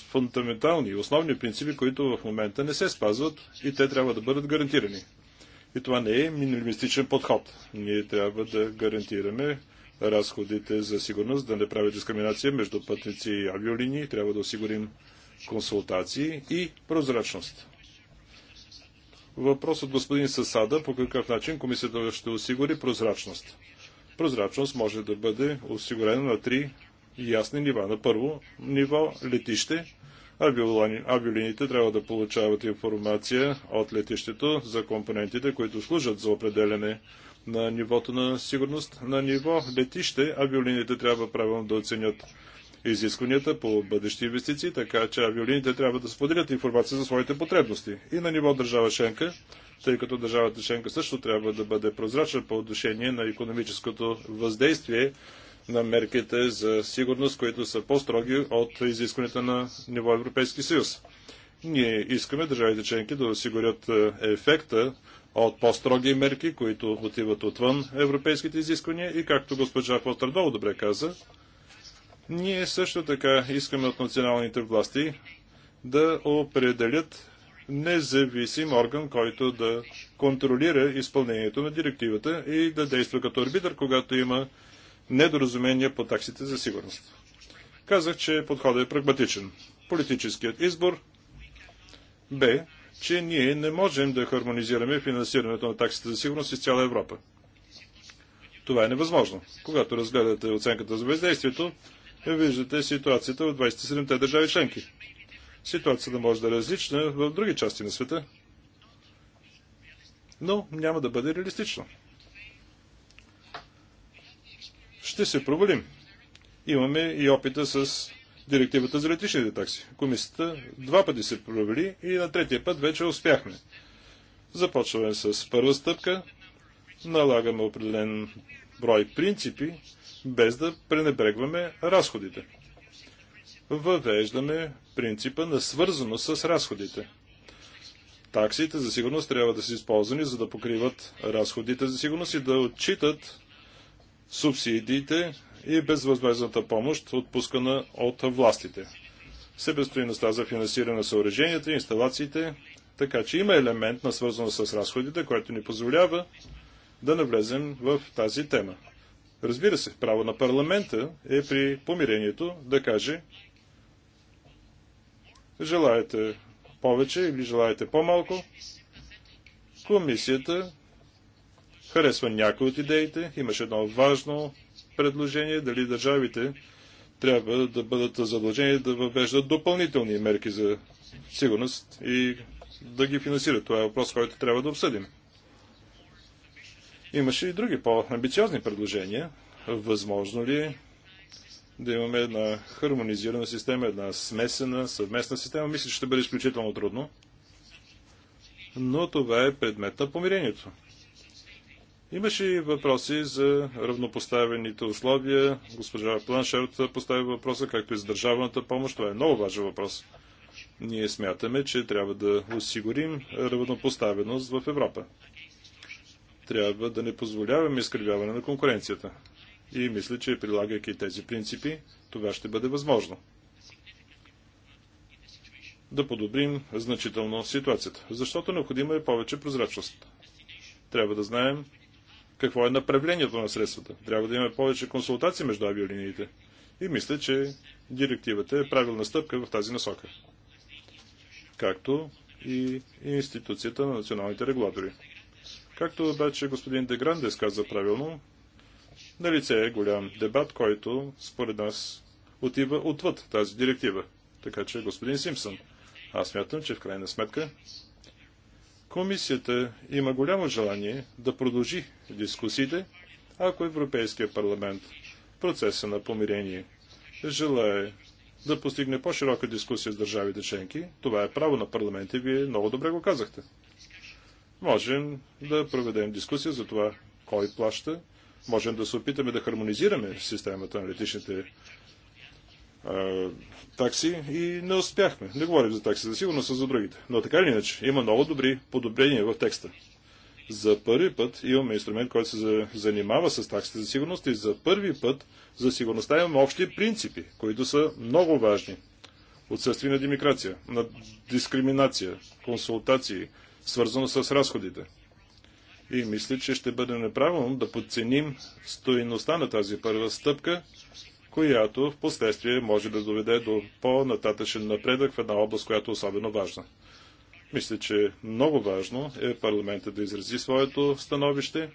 фундаментални, основни принципи, които в момента не се спазват и те трябва да бъдат гарантирани. И това не е минималистичен подход. Ние трябва да гарантираме разходите за сигурност, да не правят дискриминация между пътници и авиолинии. Трябва да осигурим консултации и прозрачност. Въпрос от господин Сасада по какъв начин комисията ще осигури прозрачност. Прозрачност може да бъде осигурена на три ясни нива. На първо ниво летище. Авиолините трябва да получават информация от летището за компонентите, които служат за определене на нивото на сигурност. На ниво летище авиолините трябва правилно да оценят изискванията по бъдещи инвестиции, така че авиолините трябва да споделят информация за своите потребности. И на ниво държава членка, тъй като държавата членка също трябва да бъде прозрачна по отношение на економическото въздействие на мерките за сигурност, които са по-строги от изискванията на ниво Европейски съюз. Ние искаме държавите членки да осигурят е, ефекта от по-строги мерки, които отиват отвън европейските изисквания и както госпожа Фостер много добре каза, ние също така искаме от националните власти да определят независим орган, който да контролира изпълнението на директивата и да действа като арбитър, когато има недоразумения по таксите за сигурност. Казах, че подходът е прагматичен. Политическият избор бе, че ние не можем да хармонизираме финансирането на таксите за сигурност из цяла Европа. Това е невъзможно. Когато разгледате оценката за въздействието, виждате ситуацията в 27-те държави членки. Ситуацията може да е различна в други части на света, но няма да бъде реалистична. Ще се провалим. Имаме и опита с директивата за летишните такси. Комисията два пъти се провали и на третия път вече успяхме. Започваме с първа стъпка, налагаме определен брой принципи, без да пренебрегваме разходите. Въвеждаме принципа на свързано с разходите. Таксите за сигурност трябва да са използвани, за да покриват разходите за сигурност и да отчитат субсидиите и безвъзмезната помощ, отпускана от властите. Себестоиността за финансиране на съоръженията и инсталациите, така че има елемент на свързано с разходите, който ни позволява да навлезем в тази тема. Разбира се, право на парламента е при помирението да каже желаете повече или желаете по-малко. Комисията харесва някои от идеите. Имаше едно важно предложение дали държавите трябва да бъдат задължени да въвеждат допълнителни мерки за сигурност и да ги финансират. Това е въпрос, който трябва да обсъдим. Имаше и други по-амбициозни предложения. Възможно ли е да имаме една хармонизирана система, една смесена, съвместна система? Мисля, че ще бъде изключително трудно. Но това е предмет на помирението. Имаше и въпроси за равнопоставените условия. Госпожа Планшерт постави въпроса, както и за държавната помощ. Това е много важен въпрос. Ние смятаме, че трябва да осигурим равнопоставеност в Европа трябва да не позволяваме изкривяване на конкуренцията. И мисля, че прилагайки тези принципи, това ще бъде възможно. Да подобрим значително ситуацията, защото необходима е повече прозрачност. Трябва да знаем какво е направлението на средствата. Трябва да имаме повече консултации между авиолиниите. И мисля, че директивата е правилна стъпка в тази насока. Както и институцията на националните регулатори. Както обаче господин Деграндес каза правилно, на лице е голям дебат, който според нас отива отвъд тази директива. Така че, господин Симпсън, аз мятам, че в крайна сметка комисията има голямо желание да продължи дискусиите, ако Европейския парламент процеса на помирение желае да постигне по-широка дискусия с държавите членки. Това е право на парламент и вие много добре го казахте. Можем да проведем дискусия за това кой плаща. Можем да се опитаме да хармонизираме системата на летичните а, такси и не успяхме. Не говорим за такси, за сигурност, а за другите. Но така или иначе, има много добри подобрения в текста. За първи път имаме инструмент, който се занимава с таксите за сигурност и за първи път за сигурността имаме общи принципи, които са много важни. Отсъствие на демикрация, на дискриминация, консултации, свързано с разходите. И мисля, че ще бъде неправилно да подценим стоиността на тази първа стъпка, която в последствие може да доведе до по-нататъчен напредък в една област, която е особено важна. Мисля, че много важно е парламента да изрази своето становище,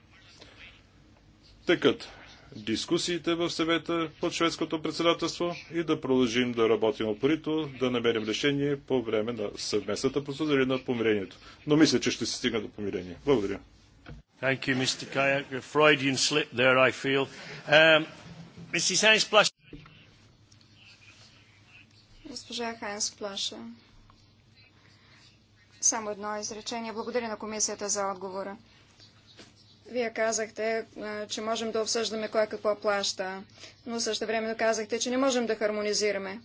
тъкът дискусиите в съвета под шведското председателство и да продължим да работим опорито, да намерим решение по време на съвместната процедура на помирението. Но мисля, че ще се стигна до помирение. Благодаря. Thank you, Mr. Kayak. A Freudian slip there, I feel. Um, Mrs. Hines Plash. Госпожа Хайнс Плаша. Само едно изречение. Благодаря на комисията за отговора. Вие казахте, че можем да обсъждаме кой какво плаща, но също време казахте, че не можем да хармонизираме.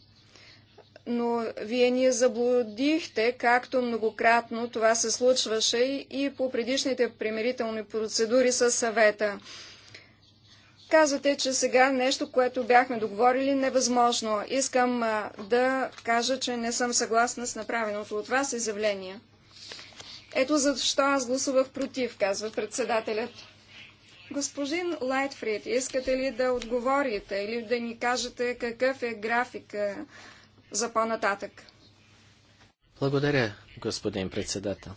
Но вие ни заблудихте, както многократно това се случваше и по предишните примирителни процедури с съвета. Казвате, че сега нещо, което бяхме договорили, невъзможно. Искам да кажа, че не съм съгласна с направеното от вас изявление. Ето защо аз гласувах против, казва председателят. Госпожин Лайтфрид, искате ли да отговорите или да ни кажете какъв е графика за по-нататък? Благодаря, господин председател.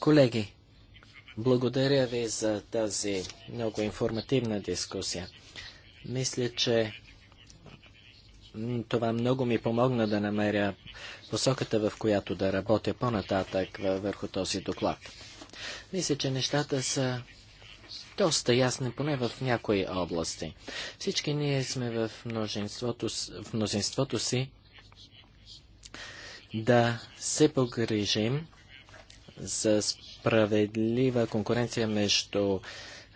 Колеги, благодаря ви за тази много информативна дискусия. Мисля, че това много ми помогна да намеря посоката, в която да работя по-нататък върху този доклад. Мисля, че нещата са доста ясни, поне в някои области. Всички ние сме в мнозинството, в мнозинството си да се погрижим за справедлива конкуренция между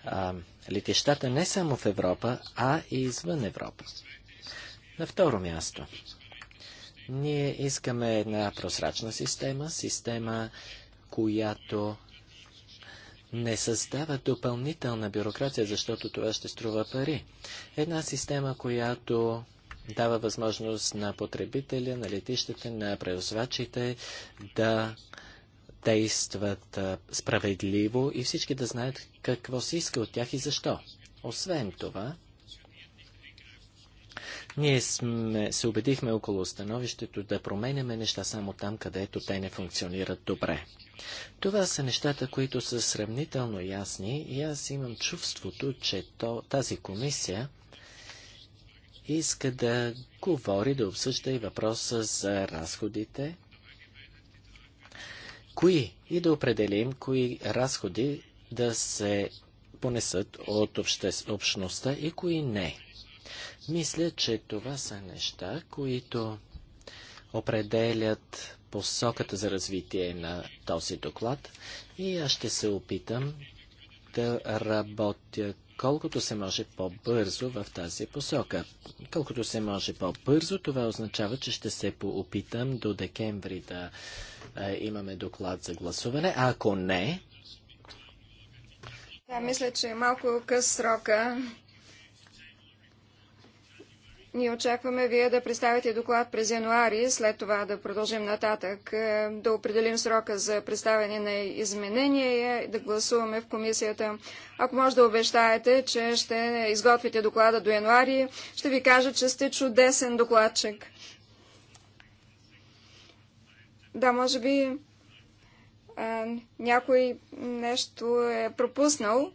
а, летищата не само в Европа, а и извън Европа. На второ място, ние искаме една прозрачна система, система, която не създава допълнителна бюрокрация, защото това ще струва пари. Една система, която дава възможност на потребителя, на летищите, на превозвачите да действат справедливо и всички да знаят какво се иска от тях и защо. Освен това, ние сме, се убедихме около становището да променяме неща само там, където те не функционират добре. Това са нещата, които са сравнително ясни и аз имам чувството, че то, тази комисия иска да говори, да обсъжда и въпроса за разходите, кои и да определим кои разходи да се понесат от общността и кои не. Мисля, че това са неща, които определят посоката за развитие на този доклад и аз ще се опитам да работя колкото се може по-бързо в тази посока. Колкото се може по-бързо, това означава, че ще се поопитам до декември да е, имаме доклад за гласуване. А ако не... Да, мисля, че е малко къс срока ние очакваме вие да представите доклад през януари, след това да продължим нататък, е, да определим срока за представяне на изменения и да гласуваме в комисията. Ако може да обещаете, че ще изготвите доклада до януари, ще ви кажа, че сте чудесен докладчик. Да, може би а, е, някой нещо е пропуснал.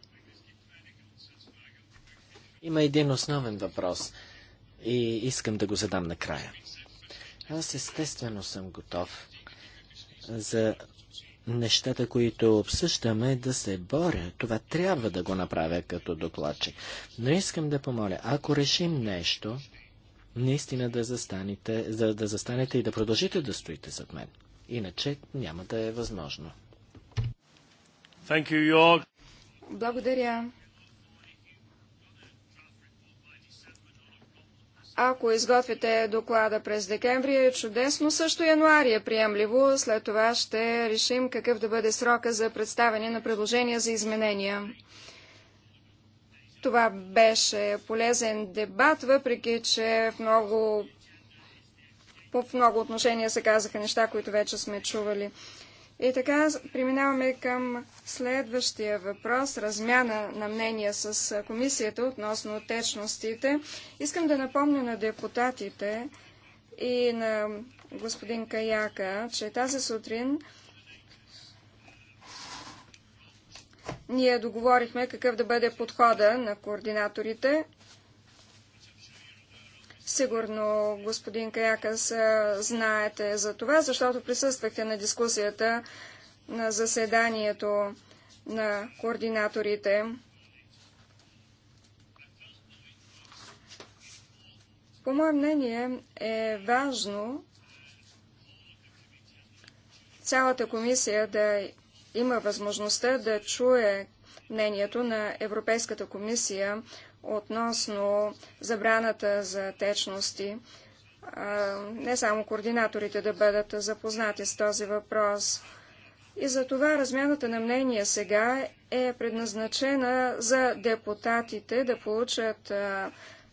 Има един основен въпрос и искам да го задам накрая. Аз естествено съм готов за нещата, които обсъждаме, да се боря. Това трябва да го направя като докладчик. Но искам да помоля, ако решим нещо, наистина да застанете, да, да застанете и да продължите да стоите зад мен. Иначе няма да е възможно. Thank you, Йорк. Благодаря, Ако изготвите доклада през декември, е чудесно, също януари е приемливо. След това ще решим какъв да бъде срока за представяне на предложения за изменения. Това беше полезен дебат, въпреки че в много, в много отношения се казаха неща, които вече сме чували. И така преминаваме към следващия въпрос, размяна на мнения с комисията относно течностите. Искам да напомня на депутатите и на господин Каяка, че тази сутрин ние договорихме какъв да бъде подхода на координаторите Сигурно, господин Каякас, знаете за това, защото присъствахте на дискусията на заседанието на координаторите. По мое мнение е важно цялата комисия да има възможността да чуе мнението на Европейската комисия относно забраната за течности. Не само координаторите да бъдат запознати с този въпрос. И за това размяната на мнение сега е предназначена за депутатите да получат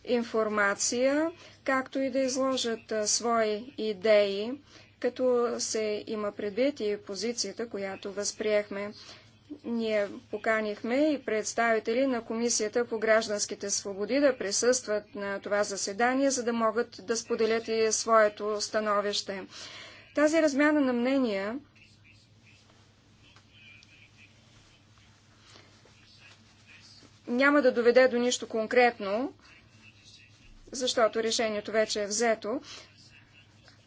информация, както и да изложат свои идеи, като се има предвид и позицията, която възприехме. Ние поканихме и представители на Комисията по гражданските свободи да присъстват на това заседание, за да могат да споделят и своето становище. Тази размяна на мнения няма да доведе до нищо конкретно, защото решението вече е взето,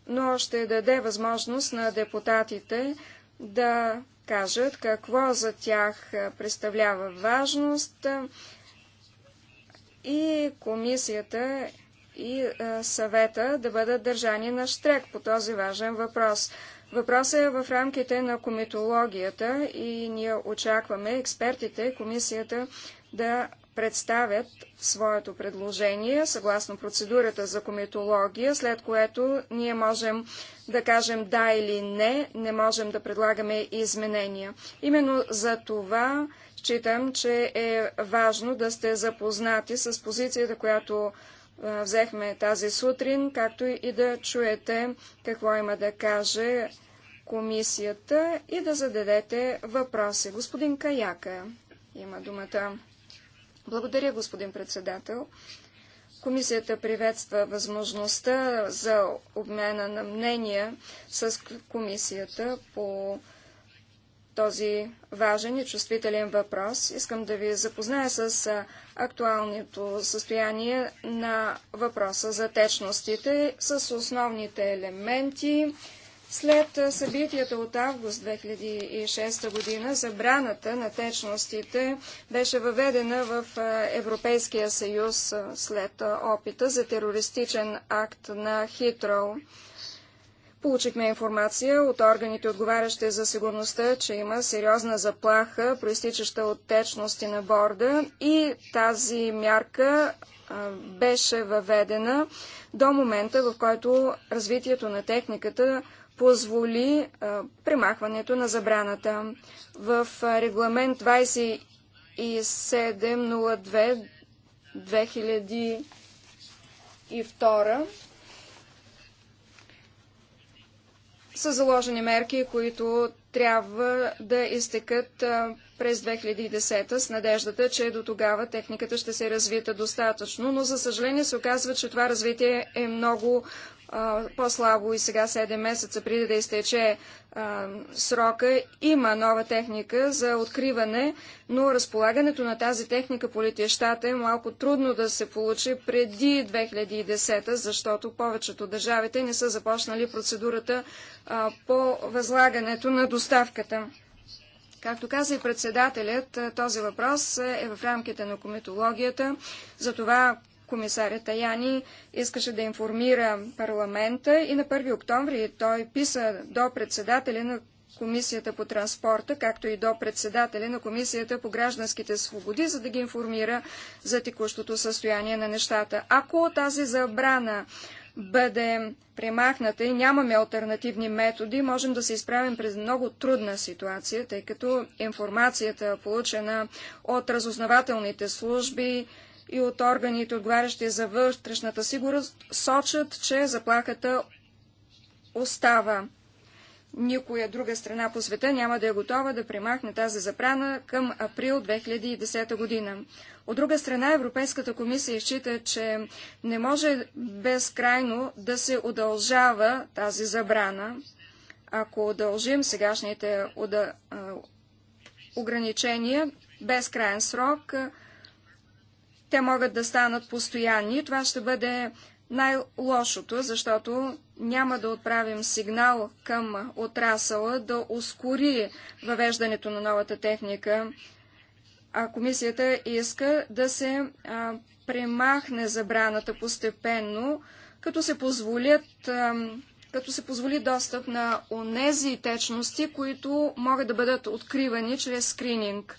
но ще даде възможност на депутатите да кажат какво за тях представлява важност и комисията и съвета да бъдат държани на штрек по този важен въпрос. Въпросът е в рамките на комитологията и ние очакваме експертите, комисията да представят своето предложение съгласно процедурата за кометология, след което ние можем да кажем да или не, не можем да предлагаме изменения. Именно за това считам, че е важно да сте запознати с позицията, която взехме тази сутрин, както и да чуете какво има да каже комисията и да зададете въпроси. Господин Каяка има думата. Благодаря, господин председател. Комисията приветства възможността за обмена на мнения с комисията по този важен и чувствителен въпрос. Искам да ви запозная с актуалното състояние на въпроса за течностите, с основните елементи, след събитията от август 2006 година, забраната на течностите беше въведена в Европейския съюз след опита за терористичен акт на Хитроу. Получихме информация от органите, отговарящи за сигурността, че има сериозна заплаха, проистичаща от течности на борда и тази мярка беше въведена до момента, в който развитието на техниката позволи а, примахването на забраната. В регламент 2702-2002 са заложени мерки, които трябва да изтекат а, през 2010 с надеждата, че до тогава техниката ще се развита достатъчно, но за съжаление се оказва, че това развитие е много по-слабо и сега 7 месеца преди да изтече а, срока, има нова техника за откриване, но разполагането на тази техника по летещата е малко трудно да се получи преди 2010, защото повечето държавите не са започнали процедурата а, по възлагането на доставката. Както каза и председателят, този въпрос е в рамките на кометологията. Затова Комисаря Таяни искаше да информира парламента и на 1 октомври той писа до председателя на Комисията по транспорта, както и до председателя на Комисията по гражданските свободи, за да ги информира за текущото състояние на нещата. Ако тази забрана бъде премахната и нямаме альтернативни методи, можем да се изправим през много трудна ситуация, тъй като информацията, получена от разузнавателните служби, и от органите, отговарящи за вътрешната сигурност, сочат, че заплахата остава. Никоя друга страна по света няма да е готова да примахне тази забрана към април 2010 година. От друга страна, Европейската комисия счита, че не може безкрайно да се удължава тази забрана. Ако удължим сегашните уда... ограничения без крайен срок, те могат да станат постоянни. Това ще бъде най-лошото, защото няма да отправим сигнал към отрасъла да ускори въвеждането на новата техника. А комисията иска да се а, премахне забраната постепенно, като се позволят а, като се позволи достъп на онези течности, които могат да бъдат откривани чрез скрининг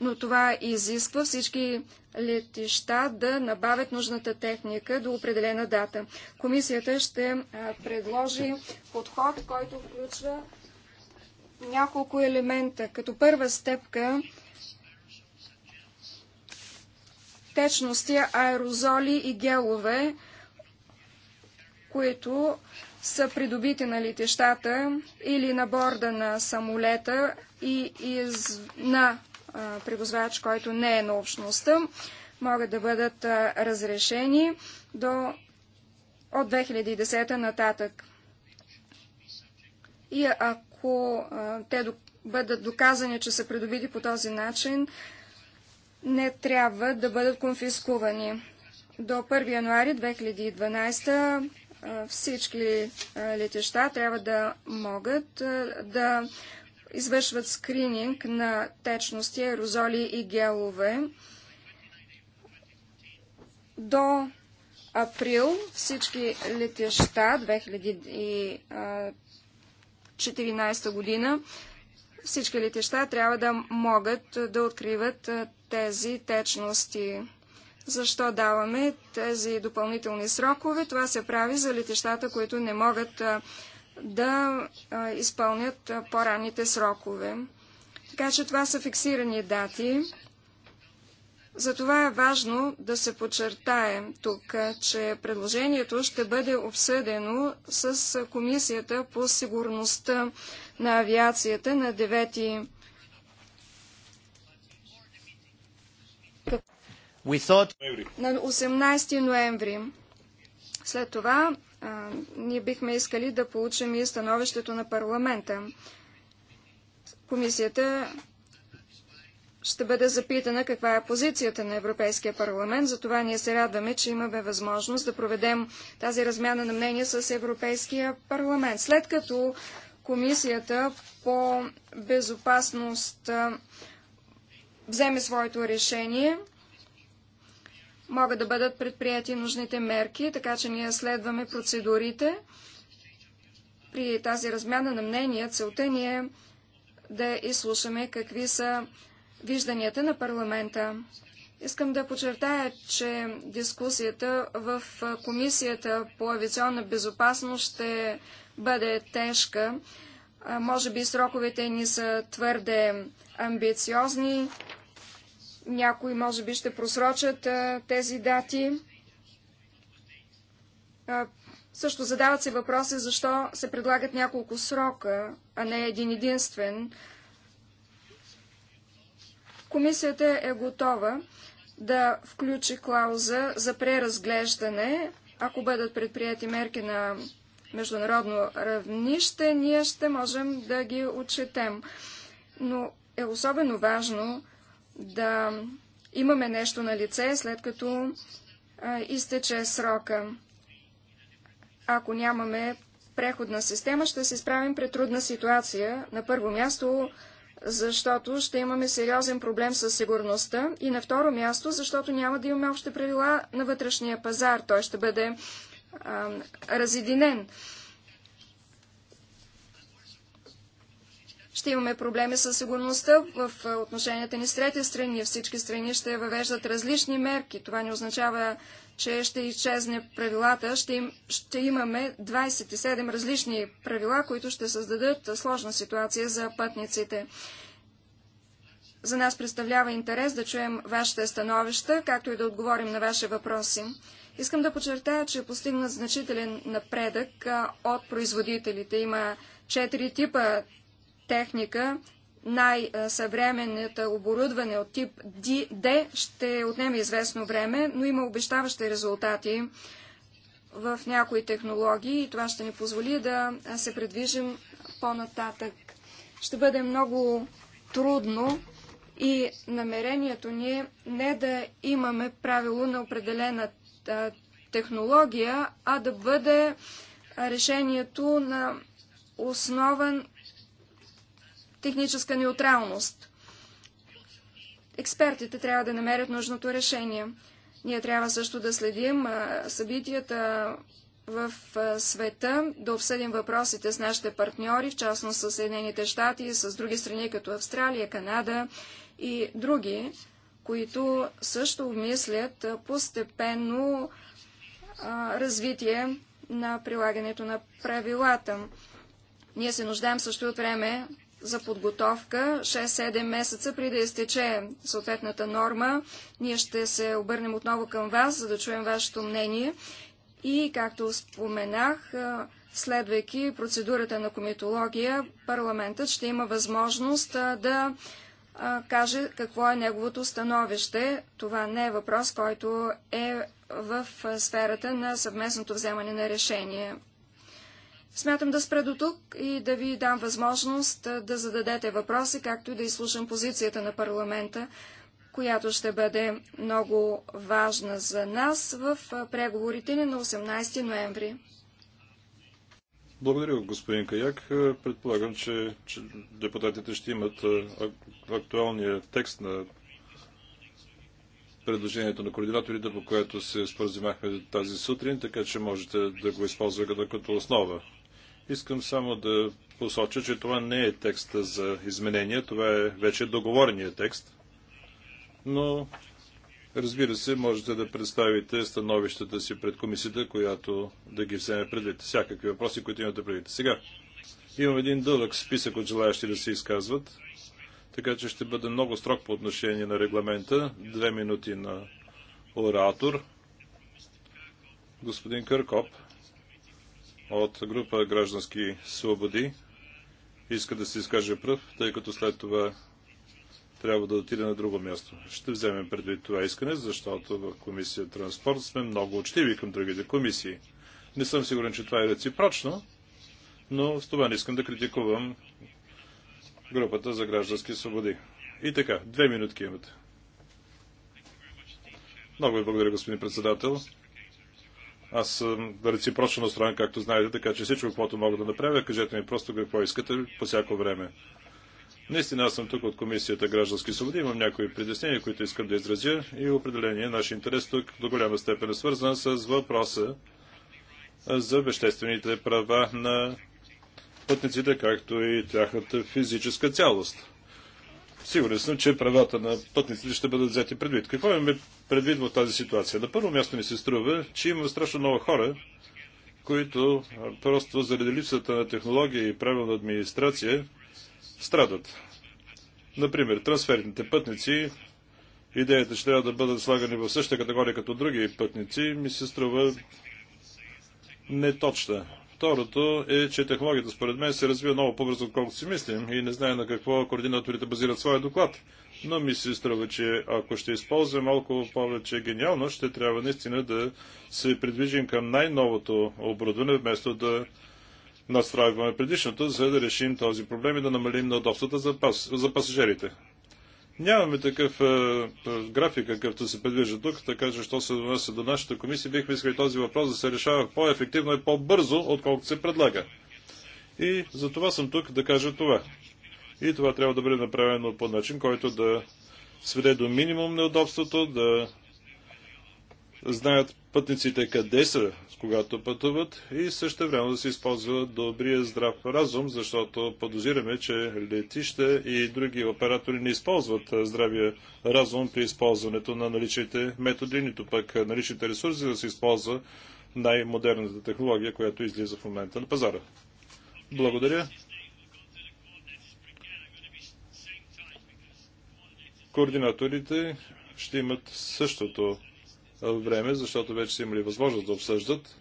но това изисква всички летища да набавят нужната техника до определена дата. Комисията ще предложи подход, който включва няколко елемента. Като първа степка течности, аерозоли и гелове, които са придобити на летищата или на борда на самолета и из... на превозвач, който не е на общността, могат да бъдат разрешени до, от 2010 нататък. И ако те бъдат доказани, че са придобити по този начин, не трябва да бъдат конфискувани. До 1 януари 2012 всички летища трябва да могат да извършват скрининг на течности, аерозоли и гелове. До април всички летеща 2014 година всички летеща трябва да могат да откриват тези течности. Защо даваме тези допълнителни срокове? Това се прави за летещата, които не могат да изпълнят по-ранните срокове. Така че това са фиксирани дати. Затова е важно да се подчертае тук, че предложението ще бъде обсъдено с Комисията по сигурността на авиацията на 9 thought... на 18 ноември. След това ние бихме искали да получим и становището на парламента. Комисията ще бъде запитана каква е позицията на Европейския парламент. Затова ние се радваме, че имаме възможност да проведем тази размяна на мнение с Европейския парламент. След като Комисията по безопасност вземе своето решение, могат да бъдат предприяти нужните мерки, така че ние следваме процедурите. При тази размяна на мнения целта ни е да изслушаме какви са вижданията на парламента. Искам да подчертая, че дискусията в Комисията по авиационна безопасност ще бъде тежка. Може би сроковете ни са твърде амбициозни. Някои може би ще просрочат а, тези дати. А, също задават се въпроси, защо се предлагат няколко срока, а не един единствен. Комисията е готова да включи клауза за преразглеждане, ако бъдат предприяти мерки на международно равнище, ние ще можем да ги отчетем. Но е особено важно да имаме нещо на лице, след като а, изтече срока. Ако нямаме преходна система, ще се справим при трудна ситуация. На първо място, защото ще имаме сериозен проблем с сигурността и на второ място, защото няма да имаме общи правила на вътрешния пазар. Той ще бъде а, разединен. ще имаме проблеми със сигурността в е, отношенията ни с трети страни. Всички страни ще въвеждат различни мерки. Това не означава, че ще изчезне правилата. Ще, им, ще имаме 27 различни правила, които ще създадат сложна ситуация за пътниците. За нас представлява интерес да чуем вашите становища, както и да отговорим на ваши въпроси. Искам да подчертая, че е постигнат значителен напредък от производителите. Има четири типа техника, най-съвременната оборудване от тип D ще отнеме известно време, но има обещаващи резултати в някои технологии и това ще ни позволи да се предвижим по-нататък. Ще бъде много трудно и намерението ни е не да имаме правило на определена технология, а да бъде решението на основен техническа неутралност. Експертите трябва да намерят нужното решение. Ние трябва също да следим събитията в света, да обсъдим въпросите с нашите партньори, в частност с Съединените щати, с други страни като Австралия, Канада и други, които също обмислят постепенно развитие на прилагането на правилата. Ние се нуждаем също от време за подготовка 6-7 месеца преди да изтече съответната норма. Ние ще се обърнем отново към вас, за да чуем вашето мнение. И, както споменах, следвайки процедурата на комитология, парламентът ще има възможност да каже какво е неговото становище. Това не е въпрос, който е в сферата на съвместното вземане на решение. Смятам да спра до тук и да ви дам възможност да зададете въпроси, както и да изслушам позицията на парламента, която ще бъде много важна за нас в преговорите ни на 18 ноември. Благодаря, господин Каяк. Предполагам, че, че депутатите ще имат актуалния текст на предложението на координаторите, по което се споразимахме тази сутрин, така че можете да го използвате като основа. Искам само да посоча, че това не е текста за изменение, това е вече договорения текст. Но, разбира се, можете да представите становищата си пред комисията, която да ги вземе предвид. Всякакви въпроси, които имате предвид. Сега, имам един дълъг списък от желаящи да се изказват, така че ще бъда много строг по отношение на регламента. Две минути на оратор. Господин Къркоп от група Граждански свободи иска да се изкаже пръв, тъй като след това трябва да отиде на друго място. Ще вземем предвид това искане, защото в комисия транспорт сме много учтиви към другите комисии. Не съм сигурен, че това е реципрочно, но с това не искам да критикувам групата за граждански свободи. И така, две минутки имате. Много ви благодаря, господин председател. Аз съм реципрочно настроен, както знаете, така че всичко, каквото мога да направя, кажете ми просто какво искате по всяко време. Наистина аз съм тук от Комисията граждански свободи, имам някои притеснения, които искам да изразя и определение наш интерес тук до голяма степен е свързан с въпроса за веществените права на пътниците, както и тяхната физическа цялост сигурен съм, че правата на пътниците ще бъдат взети предвид. Какво имаме предвид в тази ситуация? На първо място ми се струва, че има страшно много хора, които просто заради липсата на технология и правилна администрация страдат. Например, трансферните пътници, идеята, че трябва да бъдат слагани в същата категория като други пътници, ми се струва неточна. Второто е, че технологията според мен се развива много по-бързо, отколкото си мислим и не знае на какво координаторите базират своя доклад. Но ми се струва, че ако ще използваме малко повече гениално, ще трябва наистина да се придвижим към най-новото оборудване, вместо да настраиваме предишното, за да решим този проблем и да намалим на за, пас, за пасажирите. Нямаме такъв е, е, график, какъвто се предвижда тук, така че, що се донася до нашата комисия, бихме искали този въпрос да се решава по-ефективно и по-бързо, отколкото се предлага. И за това съм тук да кажа това. И това трябва да бъде направено по начин, който да сведе до минимум неудобството, да знаят пътниците къде са, когато пътуват и също време да се използва добрия здрав разум, защото подозираме, че летища и други оператори не използват здравия разум при използването на наличните методи, нито пък наличните ресурси да се използва най-модерната технология, която излиза в момента на пазара. Благодаря. Координаторите ще имат същото време, защото вече са имали възможност да обсъждат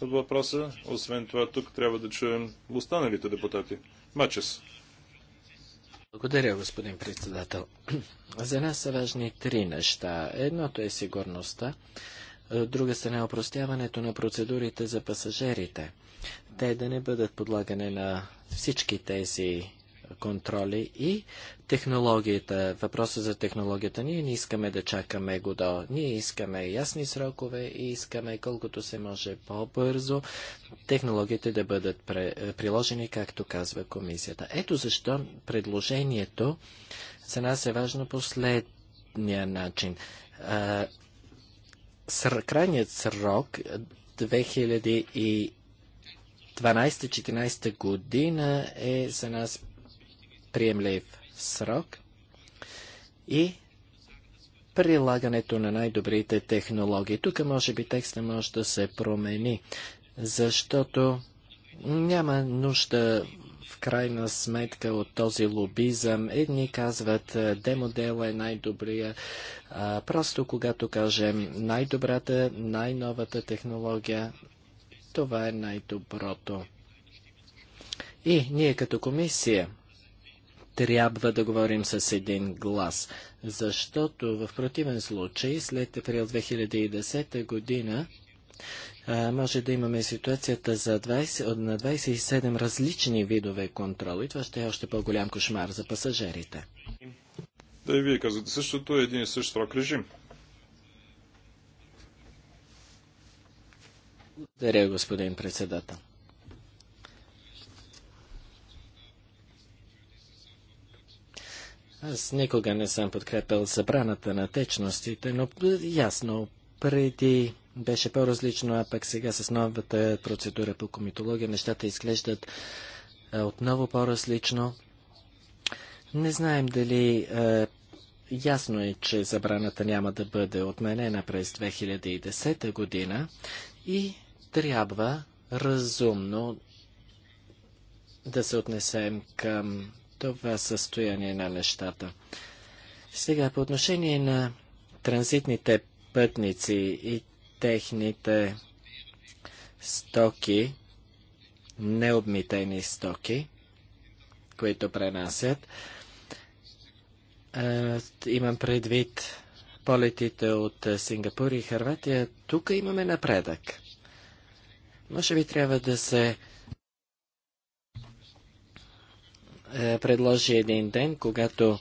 въпроса. Освен това, тук трябва да чуем останалите депутати. Мачес. Благодаря, господин председател. За нас са важни три неща. Едното е сигурността, друга страна е опростяването на процедурите за пасажирите. Те да не бъдат подлагани на всички тези контроли и технологията, въпроса за технологията. Ние не искаме да чакаме годо. Ние искаме ясни срокове и искаме колкото се може по-бързо технологиите да бъдат приложени, както казва комисията. Ето защо предложението за нас е важно последния начин. крайният срок 2012-2014 година е за нас приемлив срок и прилагането на най-добрите технологии. Тук може би текста може да се промени, защото няма нужда в крайна сметка от този лобизъм. Едни казват, е, демодел е най-добрия. Просто когато кажем най-добрата, най-новата технология, това е най-доброто. И ние като комисия трябва да говорим с един глас, защото в противен случай след април 2010 година а, може да имаме ситуацията за 20, на 27 различни видове контрол и това ще е още по-голям кошмар за пасажирите. Да и вие казвате същото е един и същ строк режим. Благодаря, господин председател. Аз никога не съм подкрепил забраната на течностите, но е, ясно, преди беше по-различно, а пък сега с новата процедура по комитология нещата изглеждат е, отново по-различно. Не знаем дали е, ясно е, че забраната няма да бъде отменена през 2010 година и трябва разумно да се отнесем към това състояние на нещата. Сега, по отношение на транзитните пътници и техните стоки, необмитени стоки, които пренасят, имам предвид полетите от Сингапур и Харватия, тук имаме напредък. Може би трябва да се Е, предложи един ден, когато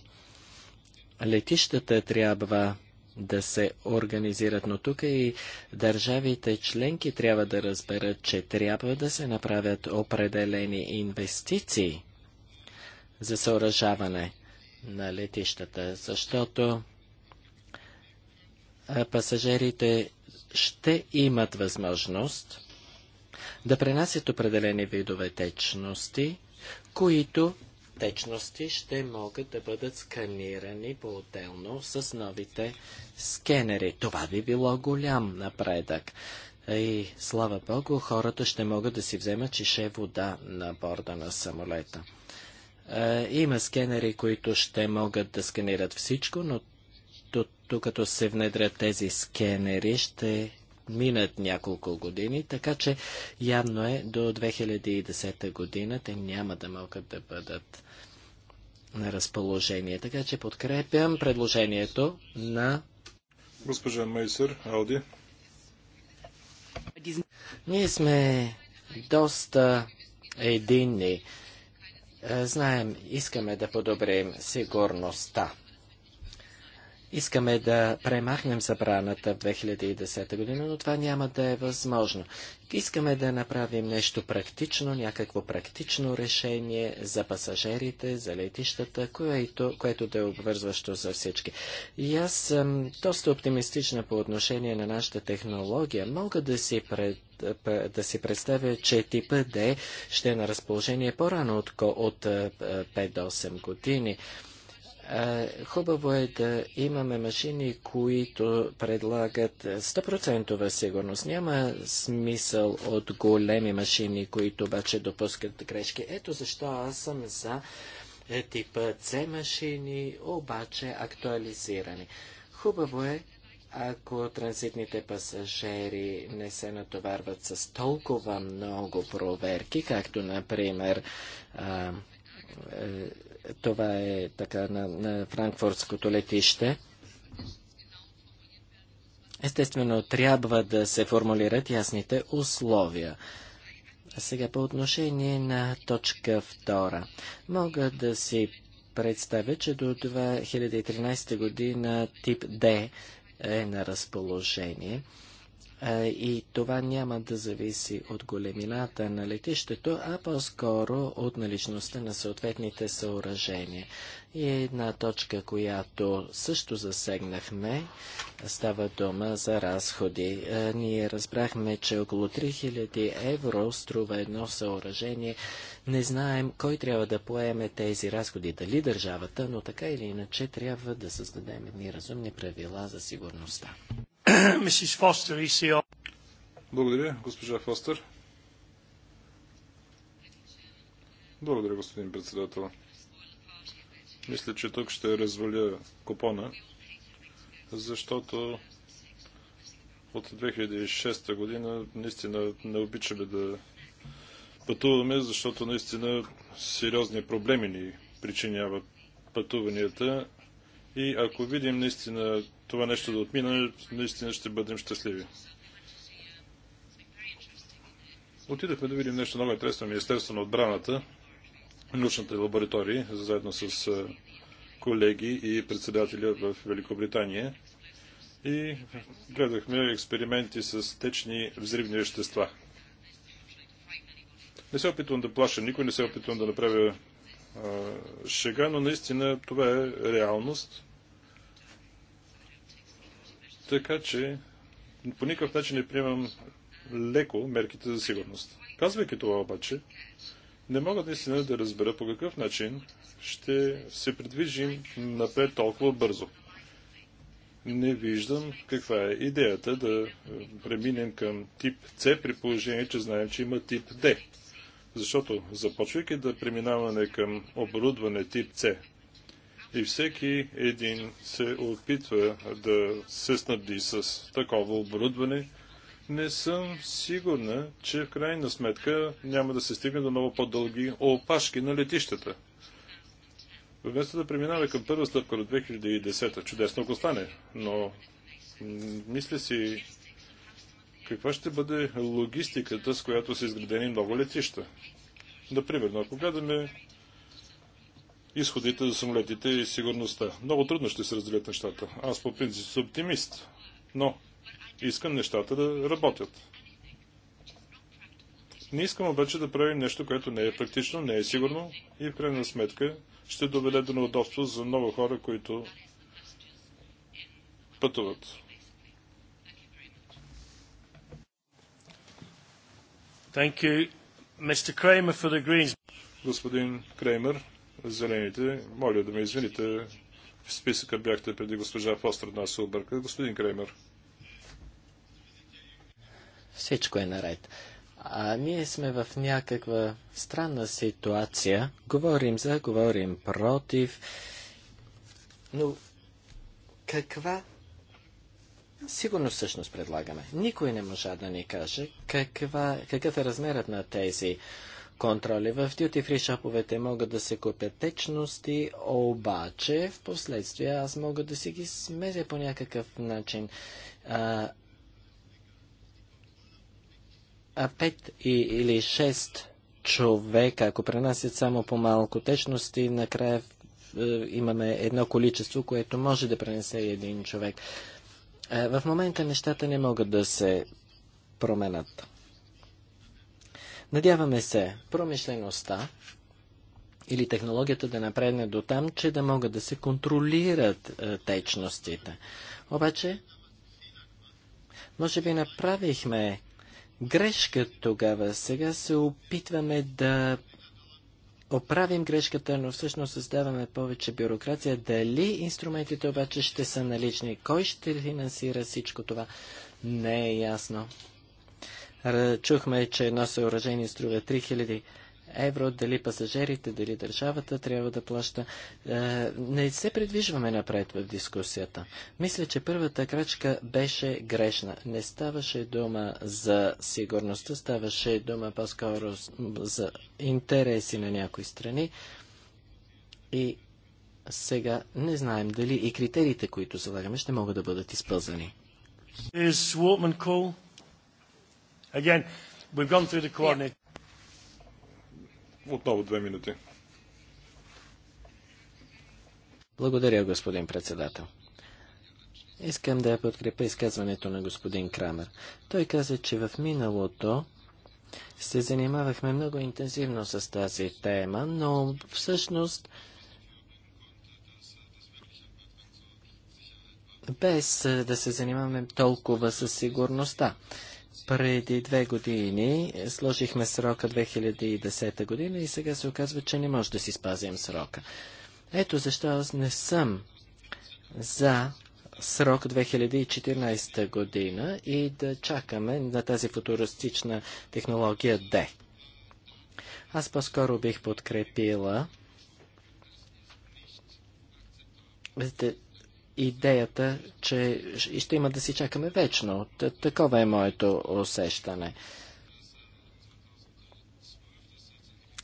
летищата трябва да се организират, но тук и държавите членки трябва да разберат, че трябва да се направят определени инвестиции за съоръжаване на летищата, защото е, пасажирите ще имат възможност да пренасят определени видове течности, които течности ще могат да бъдат сканирани по-отделно с новите скенери. Това би било голям напредък. И слава Богу, хората ще могат да си вземат чеше вода на борда на самолета. Е, има скенери, които ще могат да сканират всичко, но докато се внедрят тези скенери, ще минат няколко години, така че явно е до 2010 година те няма да могат да бъдат на разположение. Така че подкрепям предложението на госпожа Мейсър, Ауди. Ние сме доста единни. Е, знаем, искаме да подобрим сигурността. Искаме да премахнем забраната в 2010 година, но това няма да е възможно. Искаме да направим нещо практично, някакво практично решение за пасажирите, за летищата, което, което да е обвързващо за всички. И аз съм доста оптимистична по отношение на нашата технология. Мога да си, пред, да си представя, че типа Д ще е на разположение по-рано от, от 5 е, до 8 години. Хубаво е да имаме машини, които предлагат 100% сигурност. Няма смисъл от големи машини, които обаче допускат грешки. Ето защо аз съм за е, типа C машини, обаче актуализирани. Хубаво е, ако транзитните пасажери не се натоварват с толкова много проверки, както, например, е, това е така на, на франкфуртското летище. Естествено, трябва да се формулират ясните условия. А сега по отношение на точка 2. Мога да си представя, че до 2013 година тип D е на разположение и това няма да зависи от големината на летището, а по-скоро от наличността на съответните съоръжения. И една точка, която също засегнахме, става дума за разходи. Ние разбрахме, че около 3000 евро струва едно съоръжение. Не знаем кой трябва да поеме тези разходи, дали държавата, но така или иначе трябва да създадем едни разумни правила за сигурността. Благодаря, госпожа Фостер. Благодаря, господин председател. Мисля, че тук ще разваля купона, защото от 2006 година наистина не обичаме да пътуваме, защото наистина сериозни проблеми ни причиняват пътуванията. И ако видим наистина това нещо да отмине, наистина ще бъдем щастливи. Отидахме да видим нещо много интересно. в Министерство на отбраната, научната лаборатория, заедно с колеги и председатели в Великобритания. И гледахме експерименти с течни взривни вещества. Не се опитвам да плаша никой, не се опитвам да направя а, шега, но наистина това е реалност. Така че по никакъв начин не приемам леко мерките за сигурност. Казвайки това обаче, не мога наистина да разбера по какъв начин ще се придвижим напред толкова бързо. Не виждам каква е идеята да е, преминем към тип С при положение, че знаем, че има тип Д. Защото започвайки да преминаваме към оборудване тип С, и всеки един се опитва да се снабди с такова оборудване, не съм сигурна, че в крайна сметка няма да се стигне до много по-дълги опашки на летищата. Вместо да преминаваме към първа стъпка до 2010, чудесно ако стане, но мисля си каква ще бъде логистиката, с която са изградени много летища. Например, ако гледаме изходите за самолетите и сигурността. Много трудно ще се разделят нещата. Аз по принцип съм оптимист, но искам нещата да работят. Не искам обаче да правим нещо, което не е практично, не е сигурно и в крайна сметка ще доведе до неудобство за много хора, които пътуват. Thank you, Mr. Kramer for the Greens. Господин Креймер, зелените. Моля да ме извините, в списъка бяхте преди госпожа Фостер, да се обърка. Господин Креймер. Всичко е наред. А ние сме в някаква странна ситуация. Говорим за, говорим против. Но каква сигурно всъщност предлагаме? Никой не можа да ни каже каква, какъв е размерът на тези контроли. В duty free шаповете могат да се купят течности, обаче в последствие аз мога да си ги смеря по някакъв начин. А, а пет и, или шест човека, ако пренасят само по малко течности, накрая е, имаме едно количество, което може да пренесе един човек. В момента нещата не могат да се променят. Надяваме се промишлеността или технологията да напредне до там, че да могат да се контролират е, течностите. Обаче, може би направихме грешка тогава. Сега се опитваме да оправим грешката, но всъщност създаваме повече бюрокрация. Дали инструментите обаче ще са налични? Кой ще финансира всичко това? Не е ясно. Чухме, че едно съоръжение струва 3000 евро, дали пасажирите, дали държавата трябва да плаща. Е, не се придвижваме напред в дискусията. Мисля, че първата крачка беше грешна. Не ставаше дума за сигурността, ставаше дума по-скоро за интереси на някои страни. И сега не знаем дали и критериите, които залагаме, ще могат да бъдат изпълзани. Is Again, we've gone through the coordinate. Отново две минути. Благодаря, господин председател. Искам да я подкрепя изказването на господин Крамер. Той каза, че в миналото се занимавахме много интензивно с тази тема, но всъщност без да се занимаваме толкова със сигурността. Преди две години сложихме срока 2010 година и сега се оказва, че не може да си спазим срока. Ето защо аз не съм за срок 2014 година и да чакаме на тази футуристична технология Д. Аз по-скоро бих подкрепила идеята, че ще има да си чакаме вечно. Такова е моето усещане.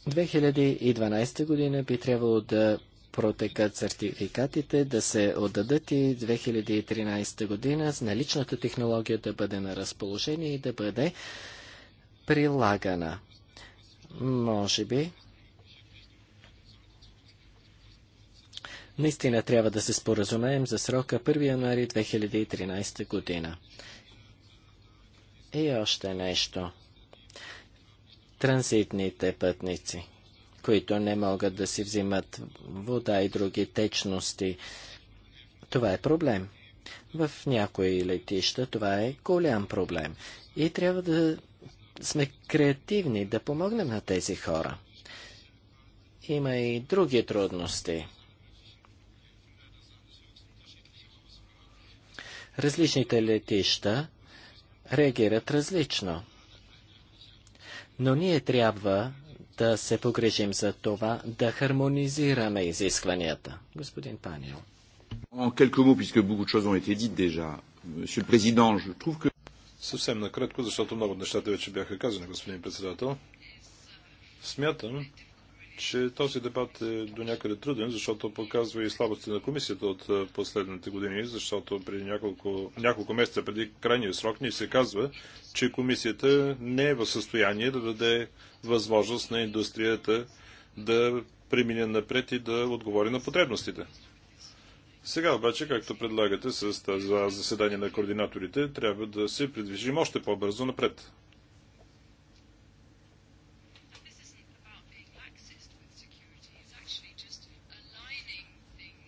2012 година би трябвало да протекат сертификатите, да се отдадат и 2013 година с наличната технология да бъде на разположение и да бъде прилагана. Може би Наистина трябва да се споразумеем за срока 1 януари 2013 година. И още нещо. Транзитните пътници, които не могат да си взимат вода и други течности. Това е проблем. В някои летища това е голям проблем. И трябва да сме креативни, да помогнем на тези хора. Има и други трудности Различните летища реагират различно. Но ние трябва да се погрежим за това, да хармонизираме изискванията. Господин Панио. En quelques mots, puisque beaucoup de choses ont été dites déjà, Monsieur le Président, je trouve que... Съвсем накратко, защото много от нещата вече бяха казани, господин председател. Смятам, че този дебат е до някъде труден, защото показва и слабости на комисията от последните години, защото преди няколко, няколко месеца преди крайния срок ни се казва, че комисията не е в състояние да даде възможност на индустрията да премине напред и да отговори на потребностите. Сега обаче, както предлагате с това заседание на координаторите, трябва да се придвижим още по-бързо напред.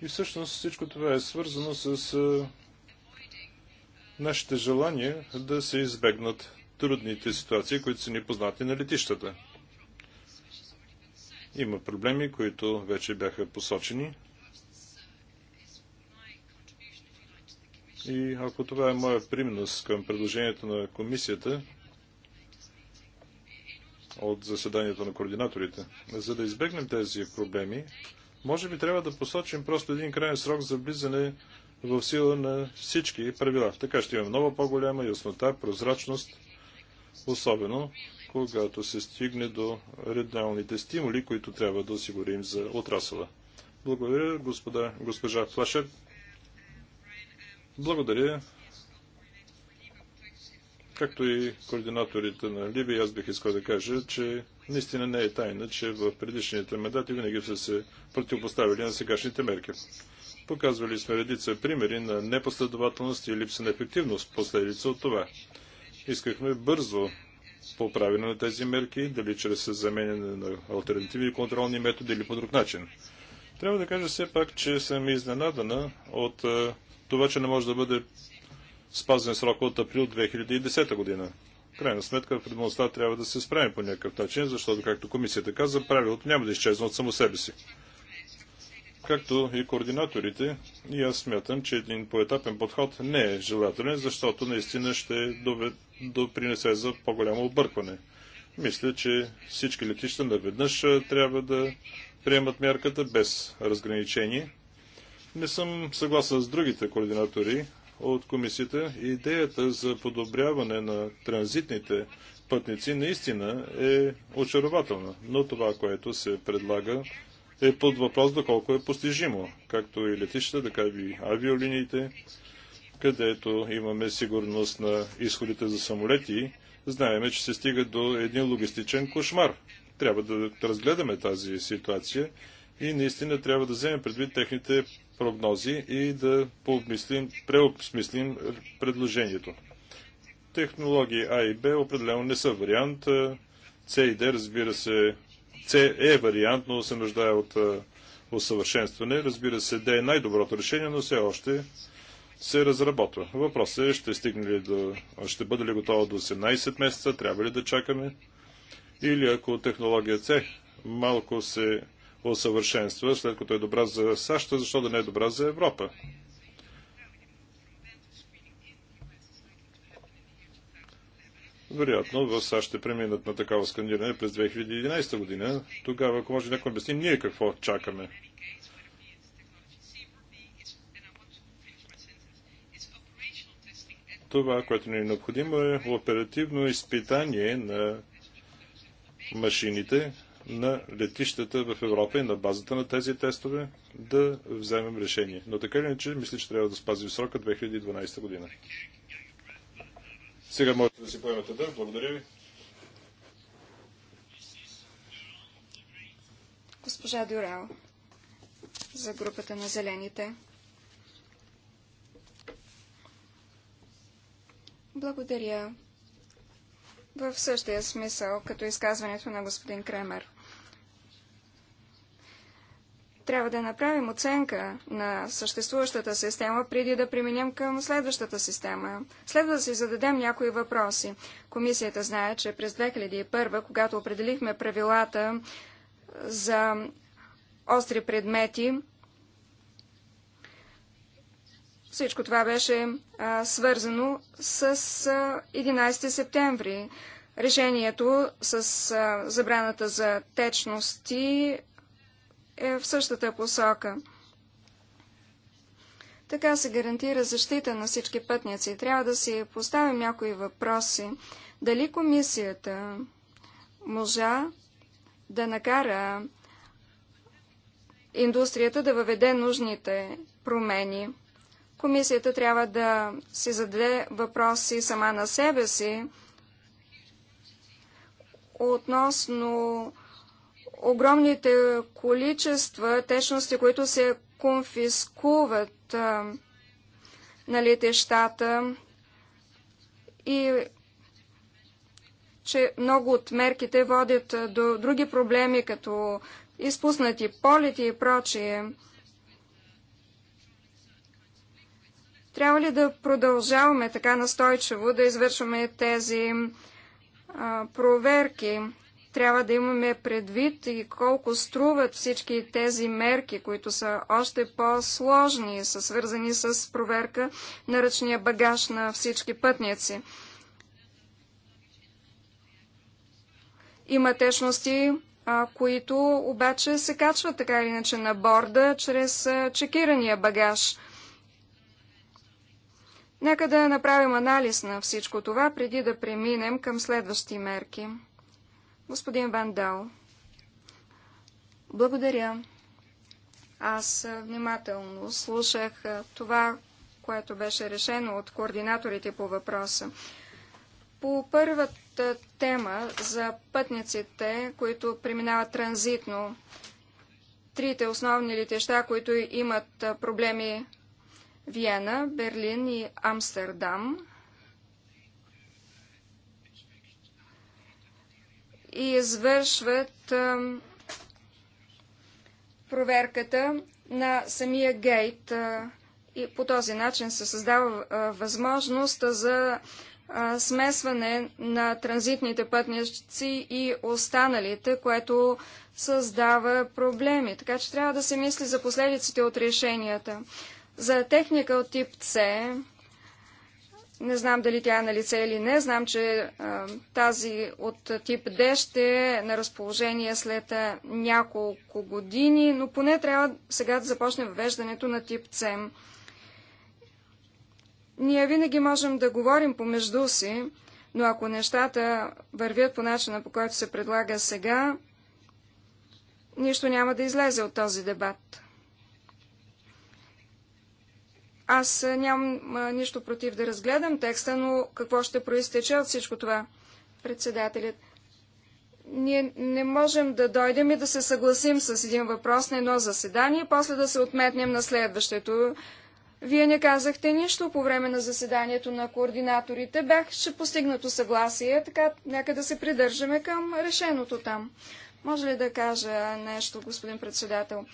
И всъщност всичко това е свързано с нашите желания да се избегнат трудните ситуации, които са ни познати на летищата. Има проблеми, които вече бяха посочени. И ако това е моя примнос към предложението на комисията от заседанието на координаторите, за да избегнем тези проблеми, може би трябва да посочим просто един крайен срок за влизане в сила на всички правила. Така ще имаме много по-голяма яснота, прозрачност, особено когато се стигне до редалните стимули, които трябва да осигурим за отрасъла. Благодаря, господа, госпожа Флашер. Благодаря. Както и координаторите на Либия, аз бих искал да кажа, че Наистина не е тайна, че в предишните мандати винаги са се противопоставили на сегашните мерки. Показвали сме редица примери на непоследователност и липса на ефективност, последица от това. Искахме бързо поправяне на тези мерки, дали чрез заменяне на альтернативни контролни методи или по друг начин. Трябва да кажа все пак, че съм изненадана от е, това, че не може да бъде спазен срок от април 2010 година крайна сметка в реалността трябва да се справим по някакъв начин, защото, както комисията каза, правилото няма да изчезне от само себе си. Както и координаторите, и аз смятам, че един поетапен подход не е желателен, защото наистина ще допринесе за по-голямо объркване. Мисля, че всички летища наведнъж трябва да приемат мярката без разграничение. Не съм съгласен с другите координатори, от комисията. Идеята за подобряване на транзитните пътници наистина е очарователна, но това, което се предлага, е под въпрос доколко е постижимо, както и летищата, така и авиолиниите, където имаме сигурност на изходите за самолети, знаеме, че се стига до един логистичен кошмар. Трябва да разгледаме тази ситуация и наистина трябва да вземем предвид техните прогнози и да пообмислим, преосмислим предложението. Технологии А и Б определено не са вариант. С и Д, разбира се, С е вариант, но се нуждае от усъвършенстване. Разбира се, Д е най-доброто решение, но все още се разработва. Въпросът е, ще стигне ли до, ще бъде ли готова до 18 месеца, трябва ли да чакаме? Или ако технология С малко се усъвършенства, след като е добра за САЩ, защо да не е добра за Европа? Вероятно в САЩ ще преминат на такава скандиране през 2011 година. Тогава, ако може някой обясни, ние какво чакаме. Това, което ни е необходимо е оперативно изпитание на машините, на летищата в Европа и на базата на тези тестове да вземем решение. Но така или иначе, мисля, че трябва да спазим срока 2012 година. Сега можете да си поемете да. Благодаря ви. Госпожа Дюрал за групата на зелените. Благодаря. В същия смисъл, като изказването на господин Кремер. Трябва да направим оценка на съществуващата система, преди да преминем към следващата система. Следва да си зададем някои въпроси. Комисията знае, че през 2001, когато определихме правилата за остри предмети, всичко това беше а, свързано с а, 11 септември. Решението с а, забраната за течности е в същата посока. Така се гарантира защита на всички пътници. Трябва да си поставим някои въпроси. Дали комисията можа да накара индустрията да въведе нужните промени? Комисията трябва да си зададе въпроси сама на себе си относно огромните количества течности, които се конфискуват а, на летещата и че много от мерките водят до други проблеми, като изпуснати полети и прочие. Трябва ли да продължаваме така настойчиво да извършваме тези а, проверки? Трябва да имаме предвид и колко струват всички тези мерки, които са още по-сложни и са свързани с проверка на ръчния багаж на всички пътници. Има течности, които обаче се качват така или иначе на борда чрез чекирания багаж. Нека да направим анализ на всичко това, преди да преминем към следващи мерки. Господин Вандал, благодаря. Аз внимателно слушах това, което беше решено от координаторите по въпроса. По първата тема за пътниците, които преминават транзитно, трите основни летища, които имат проблеми Виена, Берлин и Амстердам, и извършват проверката на самия гейт. И по този начин се създава възможност за смесване на транзитните пътници и останалите, което създава проблеми. Така че трябва да се мисли за последиците от решенията. За техника от тип С не знам дали тя е на лице или не. Знам, че тази от тип D ще е на разположение след няколко години, но поне трябва сега да започне въвеждането на тип C. Ние винаги можем да говорим помежду си, но ако нещата вървят по начина, по който се предлага сега, нищо няма да излезе от този дебат. Аз е, нямам е, нищо против да разгледам текста, но какво ще проистече от всичко това? Председателят. Ние не можем да дойдем и да се съгласим с един въпрос на едно заседание, после да се отметнем на следващето. Вие не казахте нищо по време на заседанието на координаторите. Бях ще постигнато съгласие, така нека да се придържаме към решеното там. Може ли да кажа нещо, господин председател?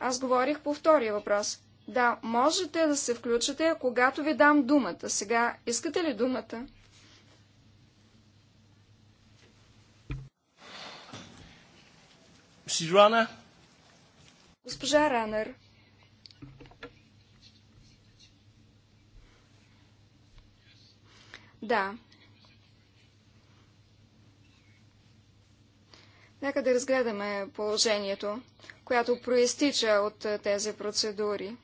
Аз говорих по втория въпрос. Да, можете да се включите, когато ви дам думата. Сега искате ли думата? Сиджуана? Госпожа Ранер. Да. Нека да разгледаме положението, което проистича от тези процедури.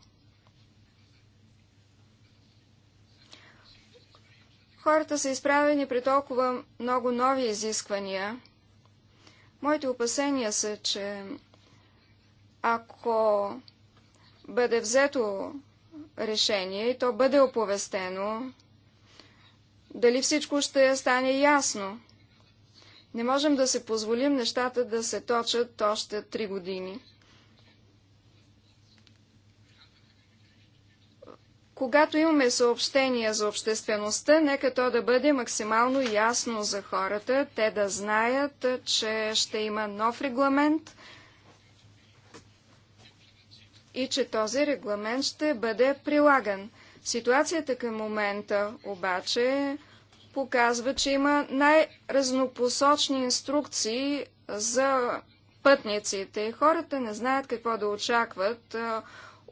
Хората са изправени при толкова много нови изисквания. Моите опасения са, че ако бъде взето решение и то бъде оповестено, дали всичко ще стане ясно. Не можем да се позволим нещата да се точат още три години. Когато имаме съобщения за обществеността, нека то да бъде максимално ясно за хората, те да знаят, че ще има нов регламент и че този регламент ще бъде прилаган. Ситуацията към момента обаче показва, че има най-разнопосочни инструкции за пътниците. Хората не знаят какво да очакват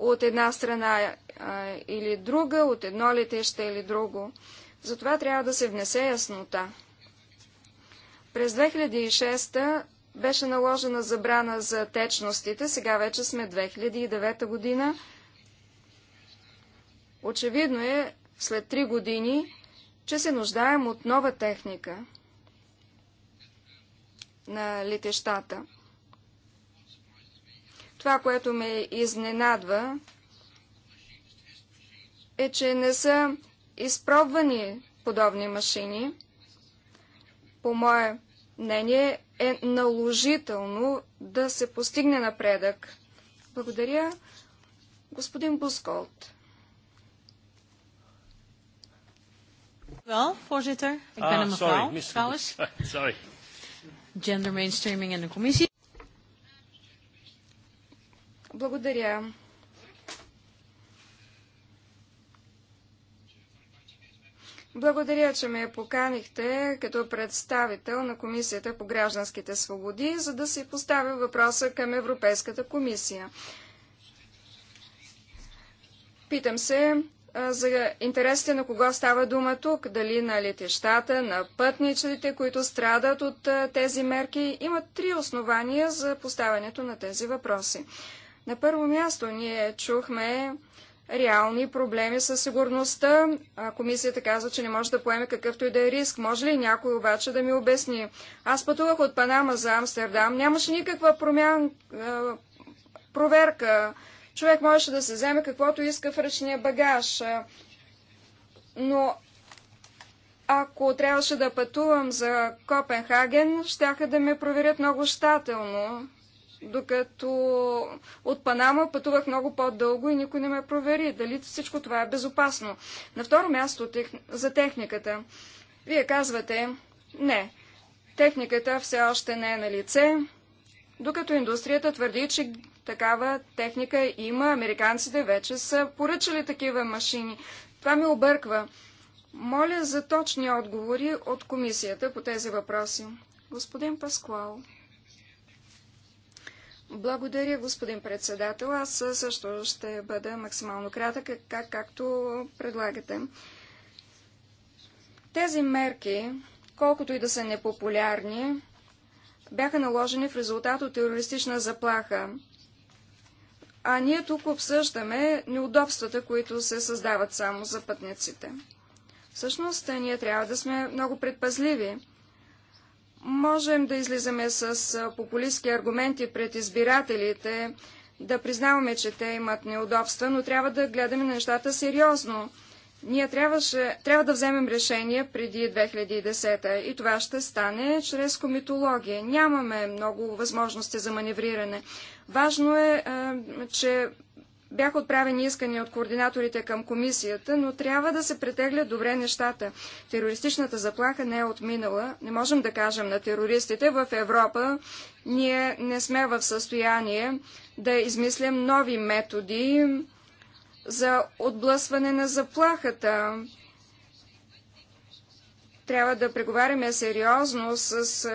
от една страна а, или друга, от едно летеще или друго. Затова трябва да се внесе яснота. През 2006 беше наложена забрана за течностите, сега вече сме 2009 година. Очевидно е, след три години, че се нуждаем от нова техника на летещата. Това, което ме изненадва, е, че не са изпробвани подобни машини. По мое мнение е наложително да се постигне напредък. Благодаря, господин Бусколт. Wel, voorzitter. Ik ben ah, een mevrouw, trouwens. Sorry. Gender mainstreaming in de commissie. Благодаря. Благодаря, че ме поканихте като представител на Комисията по гражданските свободи, за да си поставя въпроса към Европейската комисия. Питам се за интересите на кого става дума тук, дали на летещата, на пътничите, които страдат от тези мерки. Има три основания за поставянето на тези въпроси. На първо място ние чухме реални проблеми със сигурността. комисията казва, че не може да поеме какъвто и да е риск. Може ли някой обаче да ми обясни? Аз пътувах от Панама за Амстердам. Нямаше никаква промян, проверка. Човек можеше да се вземе каквото иска в ръчния багаж. Но ако трябваше да пътувам за Копенхаген, щяха да ме проверят много щателно докато от Панама пътувах много по-дълго и никой не ме провери дали всичко това е безопасно. На второ място за техниката. Вие казвате, не, техниката все още не е на лице, докато индустрията твърди, че такава техника има, американците вече са поръчали такива машини. Това ме обърква. Моля за точни отговори от комисията по тези въпроси. Господин Паскуал. Благодаря, господин председател. Аз също ще бъда максимално кратък, как, както предлагате. Тези мерки, колкото и да са непопулярни, бяха наложени в резултат от терористична заплаха. А ние тук обсъждаме неудобствата, които се създават само за пътниците. Всъщност, ние трябва да сме много предпазливи можем да излизаме с популистски аргументи пред избирателите, да признаваме, че те имат неудобства, но трябва да гледаме нещата сериозно. Ние трябваше, трябва да вземем решение преди 2010 и това ще стане чрез комитология. Нямаме много възможности за маневриране. Важно е, че бяха отправени искания от координаторите към комисията, но трябва да се претеглят добре нещата. Терористичната заплаха не е отминала. Не можем да кажем на терористите в Европа, ние не сме в състояние да измислям нови методи за отблъсване на заплахата. Трябва да преговаряме сериозно с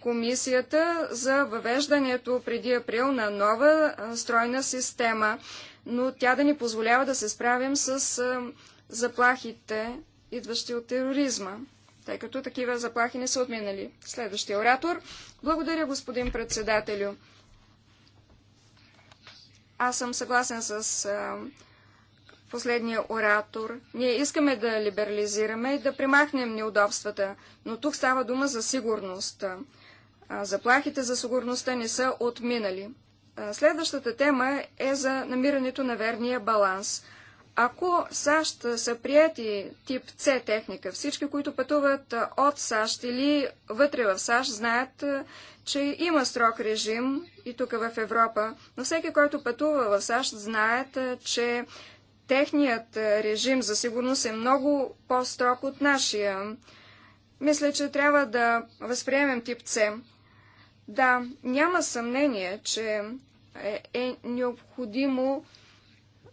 комисията за въвеждането преди април на нова стройна система но тя да ни позволява да се справим с заплахите, идващи от тероризма, тъй като такива заплахи не са отминали. Следващия оратор. Благодаря, господин председателю. Аз съм съгласен с последния оратор. Ние искаме да либерализираме и да примахнем неудобствата, но тук става дума за сигурност. заплахите за сигурността не са отминали. Следващата тема е за намирането на верния баланс. Ако САЩ са прияти тип С техника, всички, които пътуват от САЩ или вътре в САЩ, знаят, че има строг режим и тук в Европа, но всеки, който пътува в САЩ, знаят, че техният режим за сигурност е много по-строг от нашия. Мисля, че трябва да възприемем тип С. Да, няма съмнение, че е, е необходимо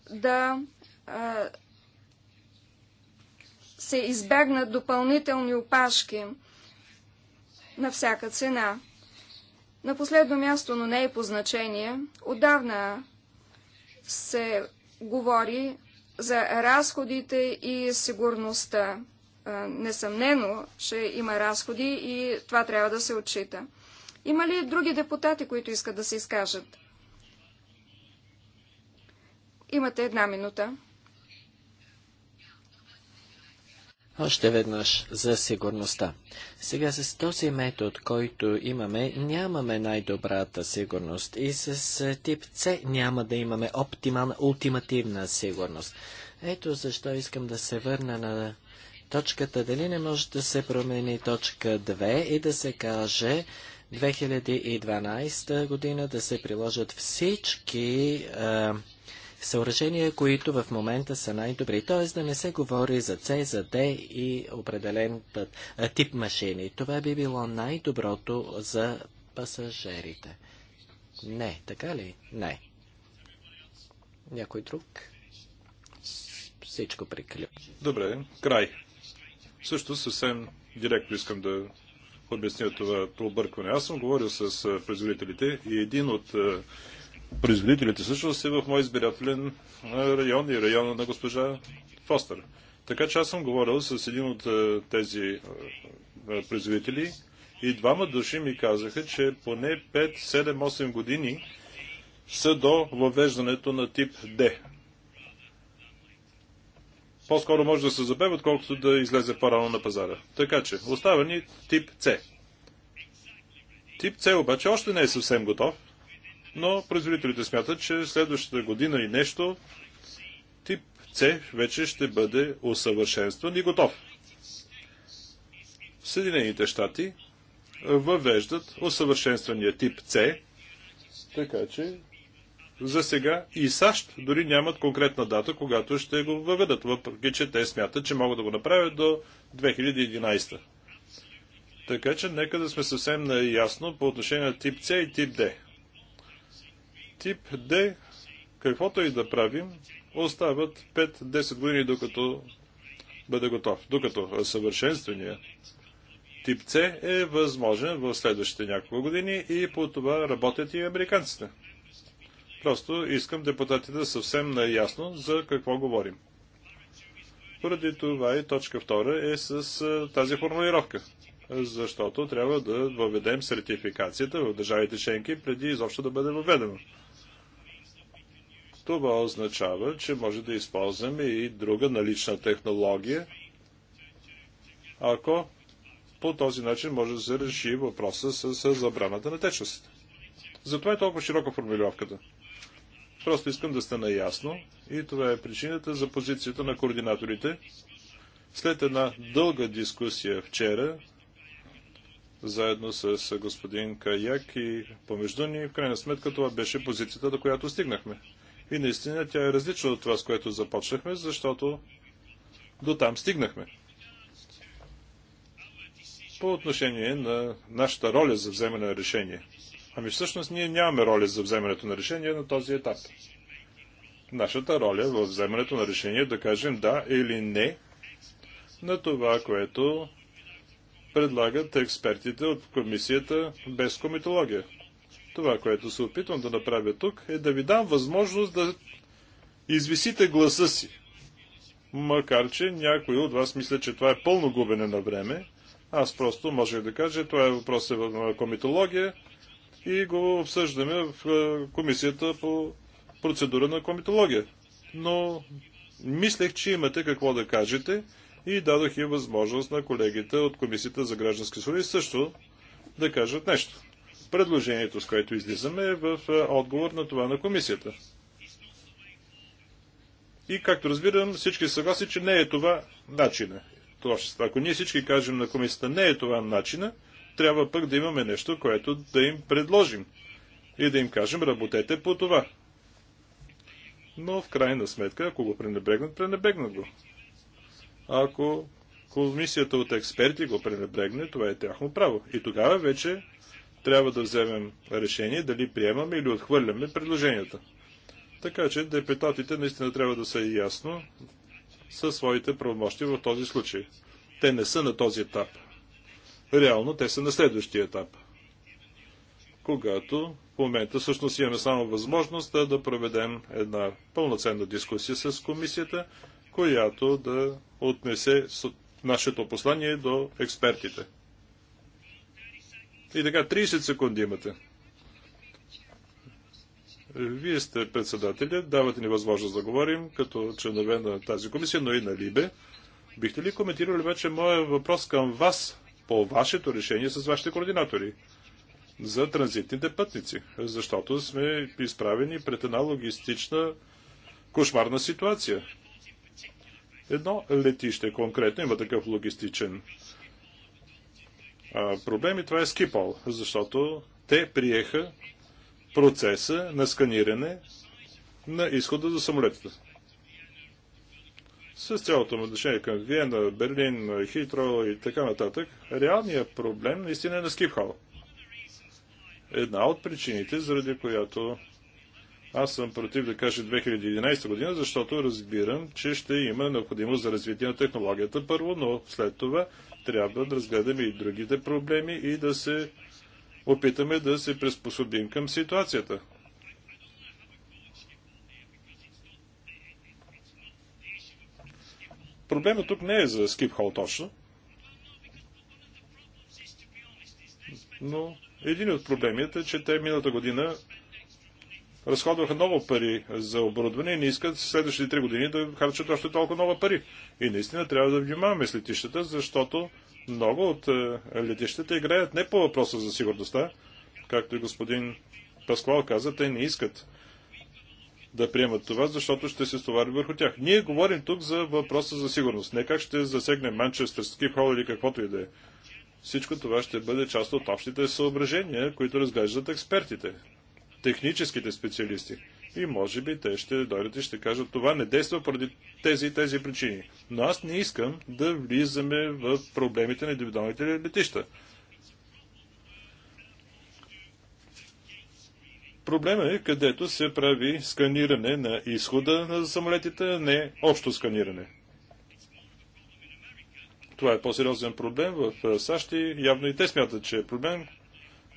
да а, се избегнат допълнителни опашки на всяка цена. На последно място, но не е по значение, отдавна се говори за разходите и сигурността. Несъмнено, че има разходи и това трябва да се отчита. Има ли други депутати, които искат да се изкажат? Имате една минута. Още веднъж за сигурността. Сега с този метод, който имаме, нямаме най-добрата сигурност и с е, тип С няма да имаме оптимална, ултимативна сигурност. Ето защо искам да се върна на точката. Дали не може да се промени точка 2 и да се каже, 2012 година да се приложат всички а, съоръжения, които в момента са най-добри. Т.е. да не се говори за C, за D и определен път, а, тип машини. Това би било най-доброто за пасажирите. Не, така ли? Не. Някой друг? Всичко приключи. Добре, край. Също съвсем директно искам да обясня това объркване. Аз съм говорил с производителите и един от производителите също е в мой избирателен район и района на госпожа Фостер. Така че аз съм говорил с един от тези производители и двама души ми казаха, че поне 5, 7, 8 години са до въвеждането на тип D по-скоро може да се забебе, отколкото да излезе по-рано на пазара. Така че, остава ни тип С. Тип С обаче още не е съвсем готов, но производителите смятат, че следващата година и нещо тип С вече ще бъде усъвършенстван и готов. В Съединените щати въвеждат усъвършенствания тип С, така че за сега и САЩ дори нямат конкретна дата, когато ще го въведат, въпреки че те смятат, че могат да го направят до 2011. Така че нека да сме съвсем наясно по отношение на тип С и тип Д. Тип Д, каквото и да правим, остават 5-10 години, докато бъде готов. Докато съвършенствения тип С е възможен в следващите няколко години и по това работят и американците. Просто искам депутатите да съвсем наясно за какво говорим. Поради това и точка втора е с тази формулировка, защото трябва да въведем сертификацията в държавите членки преди изобщо да бъде въведено. Това означава, че може да използваме и друга налична технология, ако по този начин може да се реши въпроса с забраната на течност. Затова е толкова широка формулировката. Просто искам да стана ясно и това е причината за позицията на координаторите. След една дълга дискусия вчера, заедно с господин Каяк и помежду ни, в крайна сметка това беше позицията, до която стигнахме. И наистина тя е различна от това, с което започнахме, защото до там стигнахме. По отношение на нашата роля за вземане на решение – Ами всъщност ние нямаме роля за вземането на решение на този етап. Нашата роля в вземането на решение е да кажем да или не на това, което предлагат експертите от комисията без комитология. Това, което се опитвам да направя тук, е да ви дам възможност да извисите гласа си. Макар, че някои от вас мисля, че това е пълно губене на време, аз просто можех да кажа, това е въпрос на е комитология, и го обсъждаме в е, комисията по процедура на комитология. Но мислех, че имате какво да кажете и дадох и възможност на колегите от Комисията за граждански свободи също да кажат нещо. Предложението, с което излизаме, е в е, отговор на това на комисията. И както разбирам, всички съгласни, че не е това начина. Ако ние всички кажем на комисията, не е това начина, трябва пък да имаме нещо, което да им предложим и да им кажем работете по това. Но в крайна сметка, ако го пренебрегнат, пренебрегнат го. ако комисията от експерти го пренебрегне, това е тяхно право. И тогава вече трябва да вземем решение дали приемаме или отхвърляме предложенията. Така че депутатите наистина трябва да са ясно със своите правомощи в този случай. Те не са на този етап реално те са на следващия етап. Когато в момента всъщност имаме само възможност да, да проведем една пълноценна дискусия с комисията, която да отнесе нашето послание до експертите. И така, 30 секунди имате. Вие сте председателя, давате ни възможност да говорим като членове на тази комисия, но и на Либе. Бихте ли коментирали вече моя въпрос към вас по вашето решение с вашите координатори за транзитните пътници, защото сме изправени пред една логистична кошмарна ситуация. Едно летище конкретно има такъв логистичен а, проблем и това е Скипол, защото те приеха процеса на сканиране на изхода за самолетите с цялото му отношение към Виена, Берлин, Хитро и така нататък, реалният проблем наистина е на Скипхал. Една от причините, заради която аз съм против да кажа 2011 година, защото разбирам, че ще има необходимост за развитие на технологията първо, но след това трябва да разгледаме и другите проблеми и да се опитаме да се приспособим към ситуацията. Проблема тук не е за скип хол точно, но един от проблемите е, че те миналата година разходваха много пари за оборудване и не искат следващите три години да харчат още толкова много пари. И наистина трябва да внимаваме с летищата, защото много от е, летищата играят не по въпроса за сигурността, както и господин Пасквал каза, те не искат да приемат това, защото ще се стовари върху тях. Ние говорим тук за въпроса за сигурност. Не как ще засегне Манчестър, Скип Хол или каквото и да е. Всичко това ще бъде част от общите съображения, които разглеждат експертите, техническите специалисти. И може би те ще дойдат и ще кажат, това не действа поради тези и тези причини. Но аз не искам да влизаме в проблемите на индивидуалните летища. Проблема е където се прави сканиране на изхода на самолетите, не общо сканиране. Това е по-сериозен проблем в САЩ и явно и те смятат, че е проблем,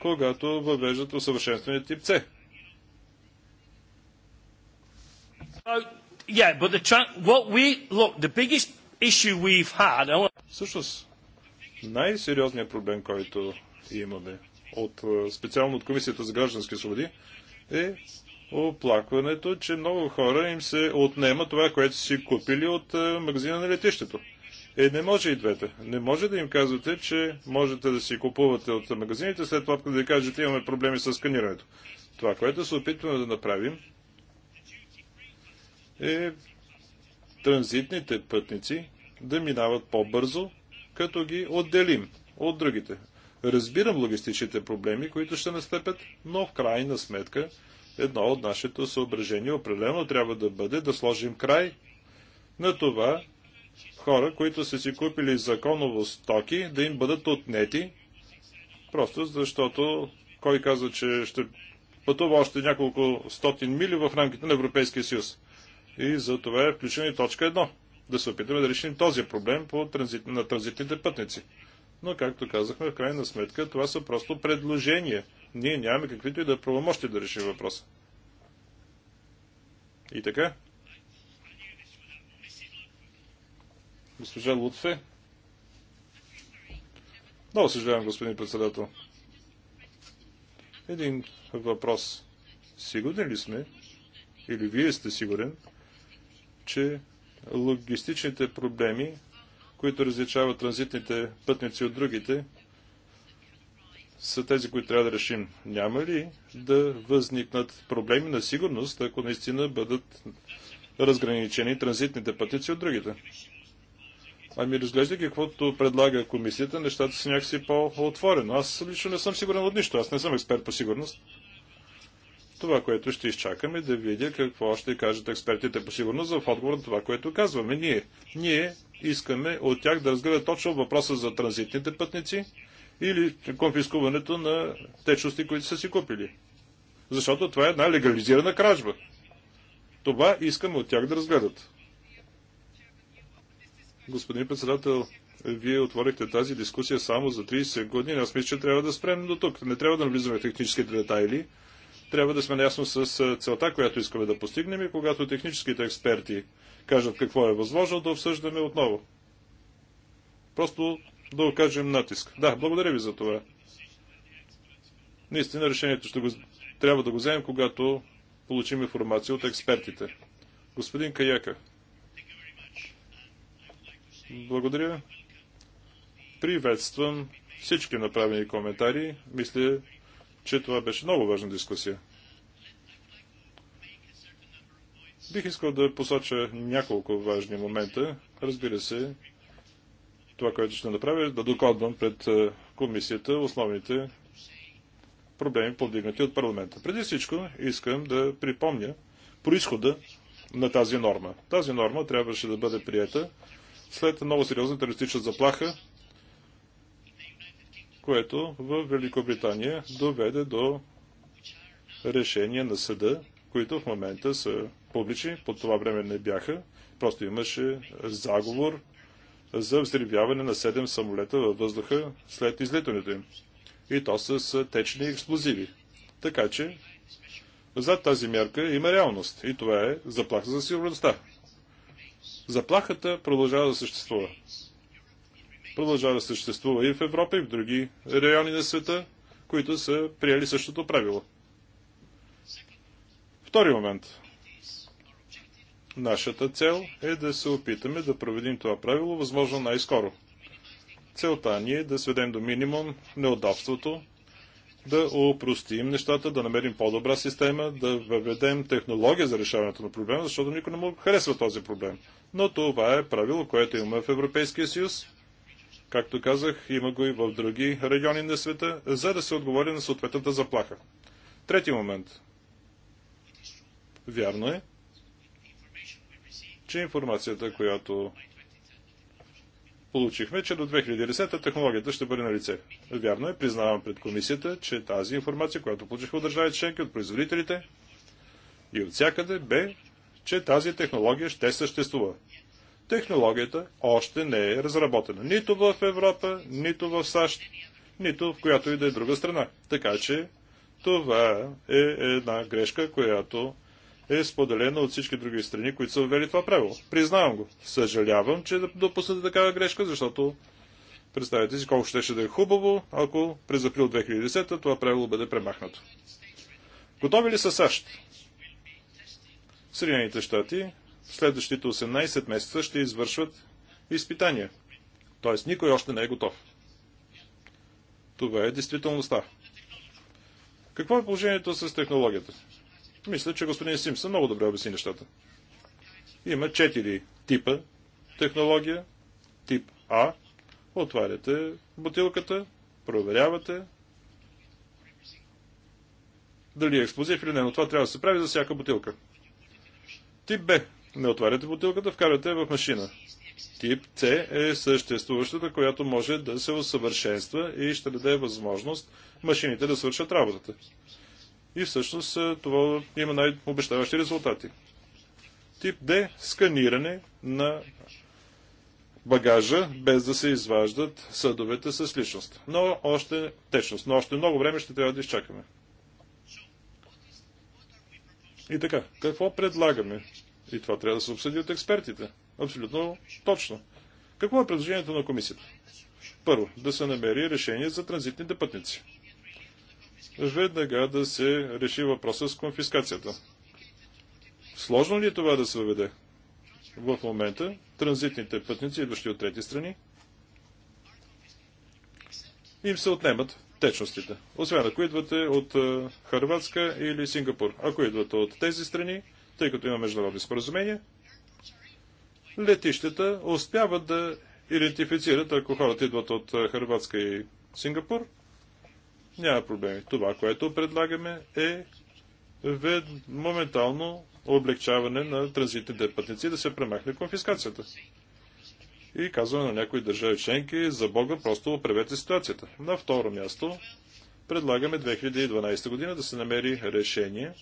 когато въвеждат усъвършенстване тип С. Uh, Всъщност, най-сериозният проблем, който имаме от, специално от Комисията за граждански свободи, е оплакването, че много хора им се отнема това, което си купили от е, магазина на летището. Е, не може и двете. Не може да им казвате, че можете да си купувате от магазините, след това да ви кажете, имаме проблеми с сканирането. Това, което се опитваме да направим, е транзитните пътници да минават по-бързо, като ги отделим от другите. Разбирам логистичните проблеми, които ще настъпят, но в крайна сметка едно от нашето съображение определено трябва да бъде да сложим край на това хора, които са си купили законово стоки, да им бъдат отнети, просто защото кой каза, че ще пътува още няколко стотин мили в рамките на Европейския съюз. И за това е включена и точка 1. Да се опитаме да решим този проблем по транзит, на транзитните пътници но както казахме, в крайна сметка това са просто предложения. Ние нямаме каквито и да е правомощи да решим въпроса. И така? Госпожа Лутфе? Много съжалявам, господин председател. Един въпрос. Сигурни ли сме, или вие сте сигурен, че логистичните проблеми които различават транзитните пътници от другите, са тези, които трябва да решим. Няма ли да възникнат проблеми на сигурност, ако наистина бъдат разграничени транзитните пътници от другите? Ами разглежда каквото предлага комисията, нещата са някакси по-отворено. Аз лично не съм сигурен от нищо. Аз не съм експерт по сигурност. Това, което ще изчакаме, да видя какво ще кажат експертите по сигурност в отговор на това, което казваме ние. Ние искаме от тях да разгледат точно въпроса за транзитните пътници или конфискуването на течности, които са си купили. Защото това е една легализирана кражба. Това искаме от тях да разгледат. Господин председател, вие отворихте тази дискусия само за 30 години. Аз мисля, че трябва да спрем до тук. Не трябва да навлизаме в техническите детайли, трябва да сме наясно с целта, която искаме да постигнем и когато техническите експерти кажат какво е възможно, да обсъждаме отново. Просто да окажем натиск. Да, благодаря ви за това. Наистина решението ще го... трябва да го вземем, когато получим информация от експертите. Господин Каяка. Благодаря. Приветствам всички направени коментари. Мисля, че това беше много важна дискусия. Бих искал да посоча няколко важни момента. Разбира се, това, което ще направя, е да докладвам пред е, комисията основните проблеми, повдигнати от парламента. Преди всичко искам да припомня происхода на тази норма. Тази норма трябваше да бъде приета след много сериозна терористична заплаха което в Великобритания доведе до решения на съда, които в момента са публични, по това време не бяха. Просто имаше заговор за взривяване на 7 самолета във въздуха след излитането им. И то с течни експлозиви. Така че зад тази мярка има реалност. И това е заплаха за сигурността. Заплахата продължава да съществува продължава да съществува и в Европа, и в други райони на света, които са приели същото правило. Втори момент. Нашата цел е да се опитаме да проведим това правило възможно най-скоро. Целта ни е да сведем до минимум неудобството, да опростим нещата, да намерим по-добра система, да въведем технология за решаването на проблема, защото никой не му харесва този проблем. Но това е правило, което имаме в Европейския съюз Както казах, има го и в други райони на света, за да се отговори на съответната заплаха. Трети момент. Вярно е, че информацията, която получихме, че до 2010 технологията ще бъде на лице. Вярно е, признавам пред комисията, че тази информация, която получихме от държавите членки, от производителите и от всякъде, бе, че тази технология ще съществува. Технологията още не е разработена нито в Европа, нито в САЩ, нито в която и да е друга страна. Така че това е една грешка, която е споделена от всички други страни, които са ввели това правило. Признавам го. Съжалявам, че да допуснете такава грешка, защото представете си колко ще, ще да е хубаво, ако през април 2010 това правило бъде премахнато. Готови ли са САЩ? Съединените щати следващите 18 месеца ще извършват изпитания. Т.е. никой още не е готов. Това е действителността. Какво е положението с технологията? Мисля, че господин Симпсън много добре обясни нещата. Има четири типа технология. Тип А. Отваряте бутилката, проверявате дали е експлозив или не, но това трябва да се прави за всяка бутилка. Тип Б не отваряте бутилката, вкарвате в машина. Тип С е съществуващата, която може да се усъвършенства и ще даде възможност машините да свършат работата. И всъщност е, това има най-обещаващи резултати. Тип Д – сканиране на багажа, без да се изваждат съдовете с личност. Но още течност, но още много време ще трябва да изчакаме. И така, какво предлагаме? И това трябва да се обсъди от експертите. Абсолютно точно. Какво е предложението на комисията? Първо, да се намери решение за транзитните пътници. Веднага да се реши въпроса с конфискацията. Сложно ли е това да се въведе? В момента транзитните пътници, идващи от трети страни, им се отнемат течностите. Освен ако идвате от е, Харватска или Сингапур. Ако идвате от тези страни, тъй като има международни споразумения, летищата успяват да идентифицират, ако хората идват от Харватска и Сингапур, няма проблеми. Това, което предлагаме е вед моментално облегчаване на транзитните пътници да се премахне конфискацията. И казваме на някои държави членки, за Бога, просто оправете ситуацията. На второ място, предлагаме 2012 година да се намери решение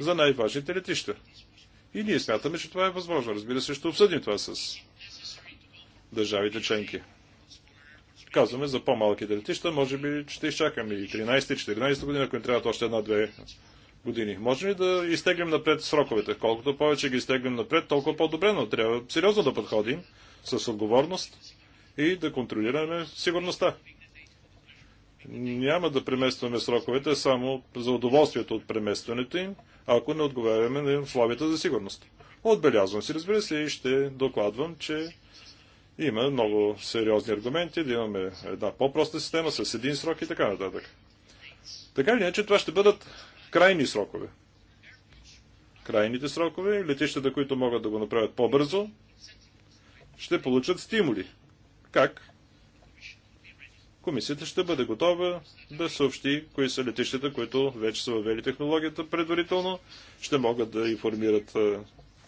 за най-важните летища. И ние смятаме, че това е възможно. Разбира се, ще обсъдим това с държавите членки. Казваме за по-малките летища, може би ще изчакаме и 13-14 година, ако ни трябват още една-две години. Може ли да изтеглим напред сроковете? Колкото повече ги изтеглим напред, толкова по-добре, но трябва сериозно да подходим с отговорност и да контролираме сигурността. Няма да преместваме сроковете само за удоволствието от преместването им, ако не отговаряме на условията за сигурност. Отбелязвам си, разбира се, и ще докладвам, че има много сериозни аргументи, да имаме една по-проста система с един срок и така нататък. Така или иначе, това ще бъдат крайни срокове. Крайните срокове, летищата, които могат да го направят по-бързо, ще получат стимули. Как? комисията ще бъде готова да съобщи кои са летищата, които вече са въвели технологията предварително, ще могат да информират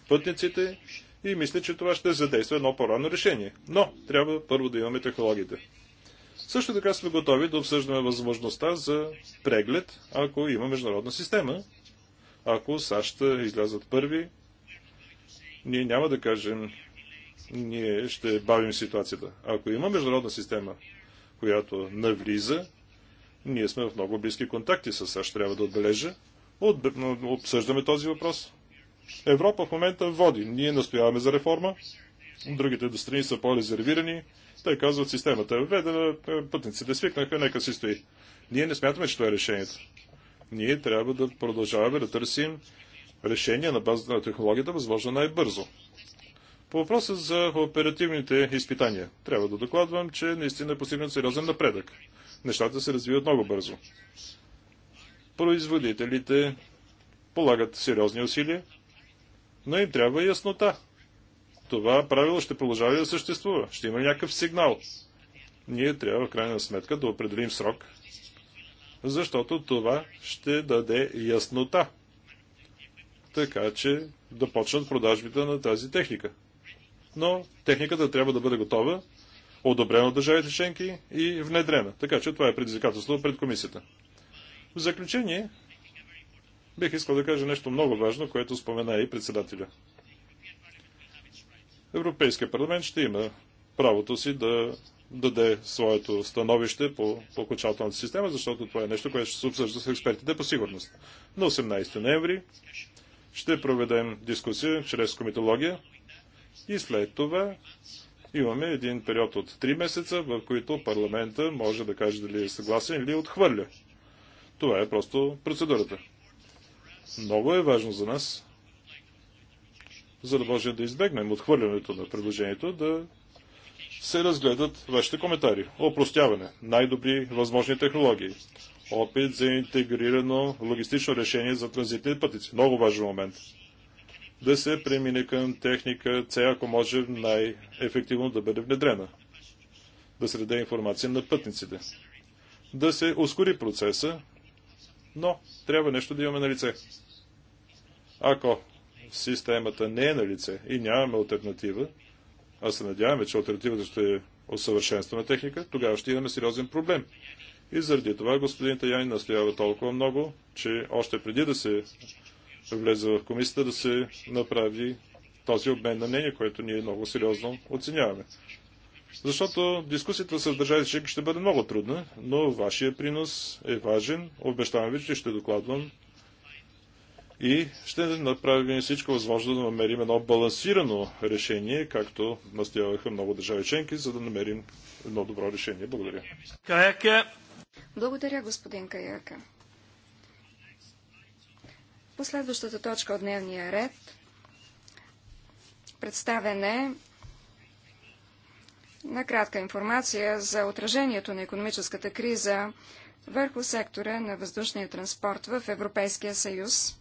пътниците и мисля, че това ще задейства едно по-рано решение. Но трябва първо да имаме технологиите. Също така сме готови да обсъждаме възможността за преглед, ако има международна система. Ако САЩ излязат първи, ние няма да кажем, ние ще бавим ситуацията. Ако има международна система, която навлиза. Ние сме в много близки контакти с САЩ, трябва да отбележа. От... Обсъждаме този въпрос. Европа в момента води. Ние настояваме за реформа. Другите страни са по-резервирани. Те казват, системата е введена, е, пътниците свикнаха, нека си стои. Ние не смятаме, че това е решението. Ние трябва да продължаваме да търсим решение на базата на технологията, възможно най-бързо. По въпроса за оперативните изпитания, трябва да докладвам, че наистина е постигнат сериозен напредък. Нещата се развиват много бързо. Производителите полагат сериозни усилия, но им трябва яснота. Това правило ще продължава да съществува. Ще има някакъв сигнал. Ние трябва в крайна сметка да определим срок, защото това ще даде яснота, така че да почнат продажбите на тази техника но техниката трябва да бъде готова, одобрена от държавите членки и внедрена. Така че това е предизвикателство пред комисията. В заключение, бих искал да кажа нещо много важно, което спомена и председателя. Европейския парламент ще има правото си да даде своето становище по, окончателната система, защото това е нещо, което ще се обсъжда с експертите по сигурност. На 18 ноември ще проведем дискусия чрез комитология и след това имаме един период от 3 месеца, в които парламента може да каже дали е съгласен или отхвърля. Това е просто процедурата. Много е важно за нас, за да може да избегнем отхвърлянето на предложението, да се разгледат вашите коментари. Опростяване. Най-добри възможни технологии. Опит за интегрирано логистично решение за транзитни пътици. Много важен момент да се премине към техника C, ако може най-ефективно да бъде внедрена. Да се даде информация на пътниците. Да се ускори процеса, но трябва нещо да имаме на лице. Ако системата не е на лице и нямаме альтернатива, а се надяваме, че альтернативата ще е усъвършенствана техника, тогава ще имаме сериозен проблем. И заради това господин Таяни настоява толкова много, че още преди да се влезе в комисията, да се направи този обмен на мнение, което ние много сериозно оценяваме. Защото дискусията с държавите членки ще бъде много трудна, но вашия принос е важен. Обещавам ви, че ще докладвам и ще направим всичко възможно да намерим едно балансирано решение, както настояваха много държави членки, за да намерим едно добро решение. Благодаря. Каяка. Благодаря, господин Каяка. Последващата точка от дневния ред представене на кратка информация за отражението на економическата криза върху сектора на въздушния транспорт в Европейския съюз.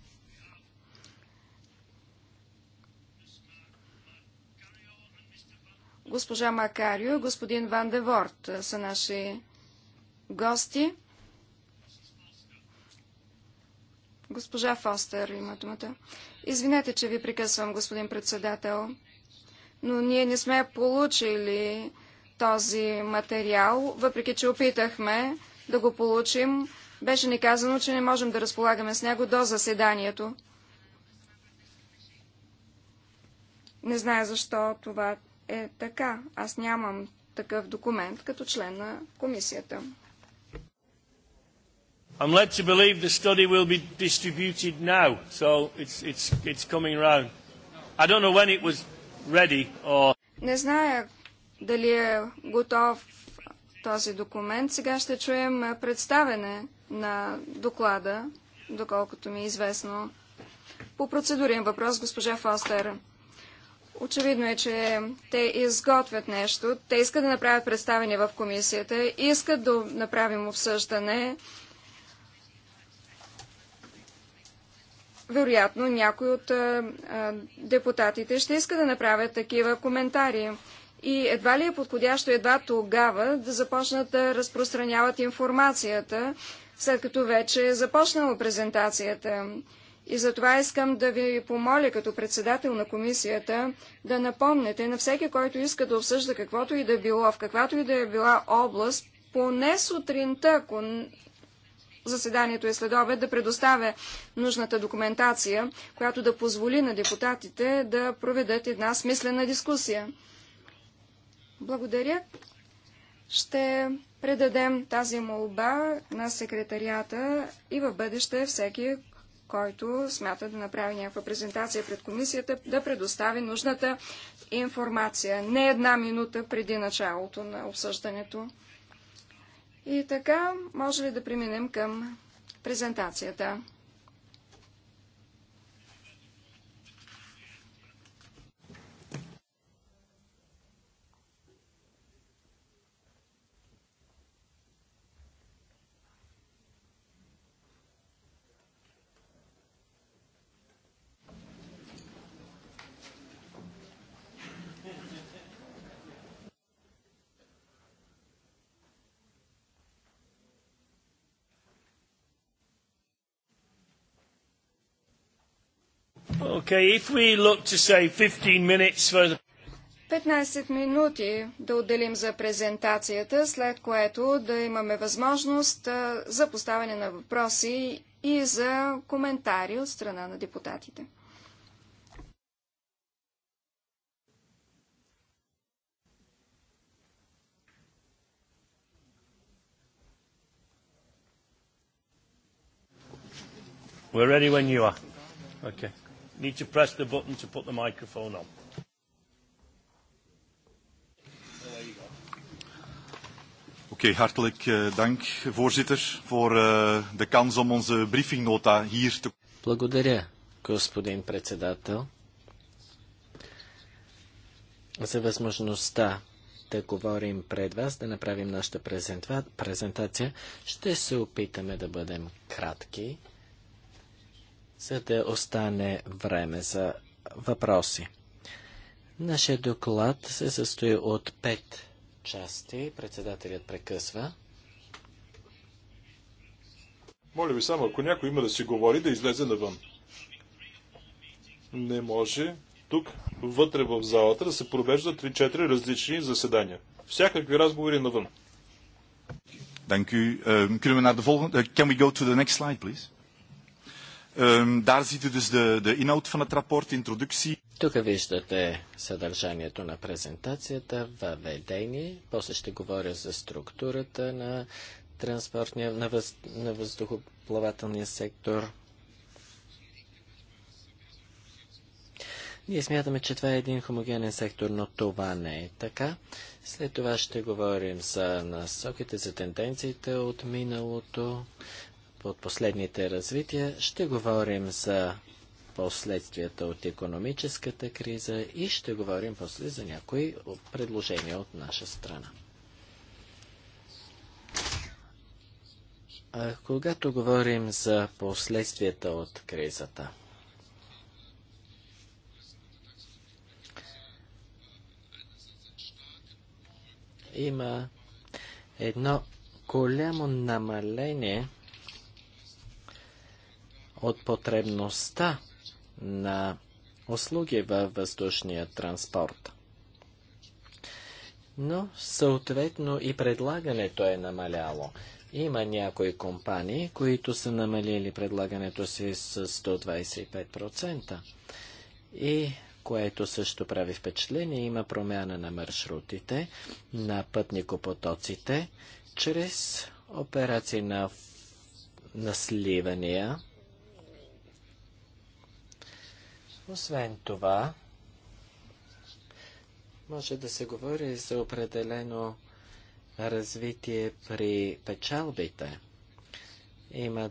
Госпожа Макарио и господин Ван Деворт са наши гости. Госпожа Фостер има думата. Извинете, че ви прекъсвам, господин председател, но ние не сме получили този материал, въпреки че опитахме да го получим. Беше ни казано, че не можем да разполагаме с него до заседанието. Не зная защо това е така. Аз нямам такъв документ като член на комисията. I'm led to believe the study will be distributed now, so it's, it's, it's coming around. I don't know when it was ready or... Не зная дали е готов този документ. Сега ще чуем представене на доклада, доколкото ми е известно. По процедурен въпрос, госпожа Фостер. Очевидно е, че те изготвят нещо. Те искат да направят представене в комисията, искат да направим обсъждане Вероятно, някои от а, депутатите ще иска да направят такива коментари. И едва ли е подходящо едва тогава да започнат да разпространяват информацията, след като вече е започнала презентацията. И затова искам да ви помоля като председател на комисията да напомнете на всеки, който иска да обсъжда каквото и да било, в каквато и да е била област, поне сутринта, ако заседанието е след да предоставя нужната документация, която да позволи на депутатите да проведат една смислена дискусия. Благодаря. Ще предадем тази молба на секретарията и в бъдеще всеки, който смята да направи някаква презентация пред комисията, да предостави нужната информация. Не една минута преди началото на обсъждането. И така, може ли да преминем към презентацията? Okay, if we look to say 15 minutes for the 15 минути да отделим за презентацията, след което да имаме възможност за поставяне на въпроси и за коментари от страна на депутатите. We're ready when you are. Okay need to press the button to put the microphone on. Oké, okay, hartelijk uh, dank voorzitter voor uh, de kans om onze briefingnota hier te... Благодаря, господин председател, за възможността да говорим пред вас, да направим нашата презентация. Ще се опитаме да бъдем кратки за да остане време за въпроси. Нашия доклад се състои от пет части. Председателят прекъсва. Моля ви само, ако някой има да си говори, да излезе навън. Не може тук, вътре в залата, да се провеждат 3-4 различни заседания. Всякакви разговори навън. Dank u. Uh, we Uh, can we go to the next slide, please? Ehm, daar ziet u dus de, de inhoud van het rapport, introductie. Тук виждате съдържанието на презентацията, въведение. После ще говоря за структурата на транспортния, на, въз, на въздухоплавателния сектор. Ние смятаме, че това е един хомогенен сектор, но това не е така. След това ще говорим за насоките, за тенденциите от миналото, от последните развития, ще говорим за последствията от економическата криза и ще говорим после за някои предложения от наша страна. А когато говорим за последствията от кризата, има едно голямо намаление от потребността на услуги във въздушния транспорт. Но съответно и предлагането е намаляло. Има някои компании, които са намалили предлагането си с 125%. И което също прави впечатление, има промяна на маршрутите, на пътникопотоците, чрез операции на, на сливания Освен това, може да се говори за определено развитие при печалбите. Има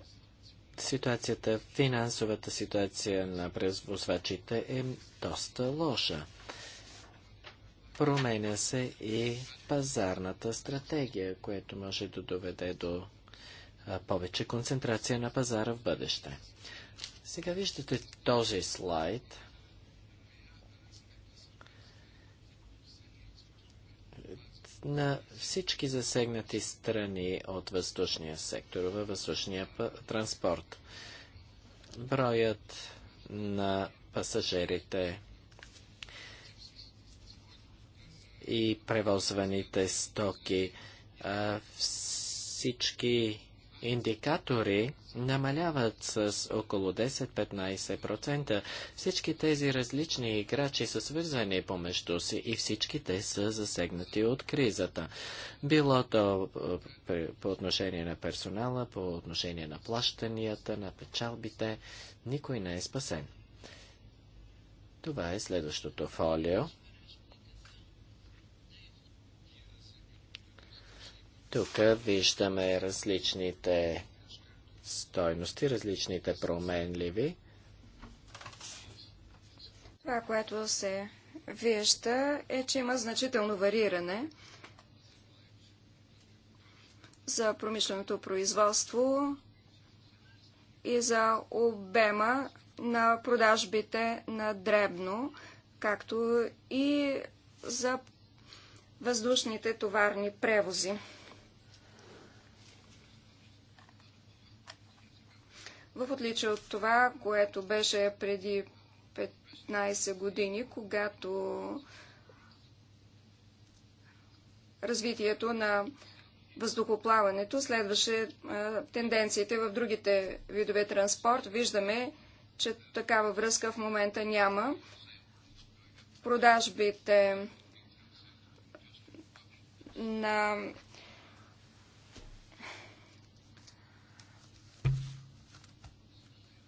ситуацията, финансовата ситуация на превозвачите е доста лоша. Променя се и пазарната стратегия, което може да доведе до повече концентрация на пазара в бъдеще. Сега виждате този слайд. на всички засегнати страни от въздушния сектор, във въздушния транспорт. Броят на пасажирите и превозваните стоки, всички индикатори намаляват с около 10-15%. Всички тези различни играчи са свързани помежду си и всички те са засегнати от кризата. Било то е, по отношение на персонала, по отношение на плащанията, на печалбите, никой не е спасен. Това е следващото фолио. Тук виждаме различните стойности, различните променливи. Това, което се вижда, е, че има значително вариране за промишленото производство и за обема на продажбите на дребно, както и за въздушните товарни превози. в отличие от това, което беше преди 15 години, когато развитието на въздухоплаването следваше тенденциите в другите видове транспорт. Виждаме, че такава връзка в момента няма. Продажбите на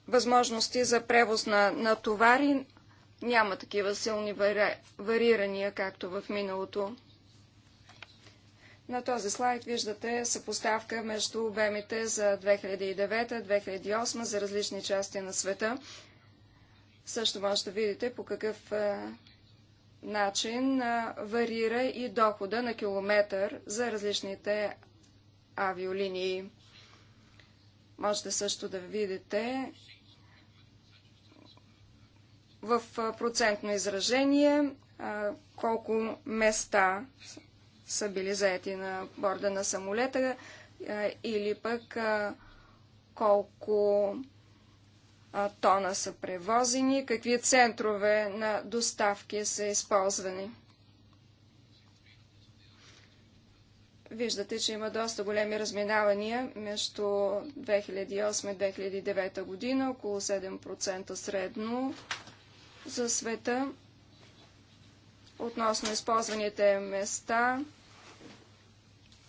възможности за превоз на, на товари. Няма такива силни вари... варирания, както в миналото. На този слайд виждате съпоставка между обемите за 2009-2008 за различни части на света. Също може да видите по какъв начин варира и дохода на километър за различните авиолинии. Можете също да видите в процентно изражение колко места са били заети на борда на самолета или пък колко тона са превозени, какви центрове на доставки са използвани. Виждате, че има доста големи разминавания между 2008-2009 година, около 7% средно за света относно използваните места.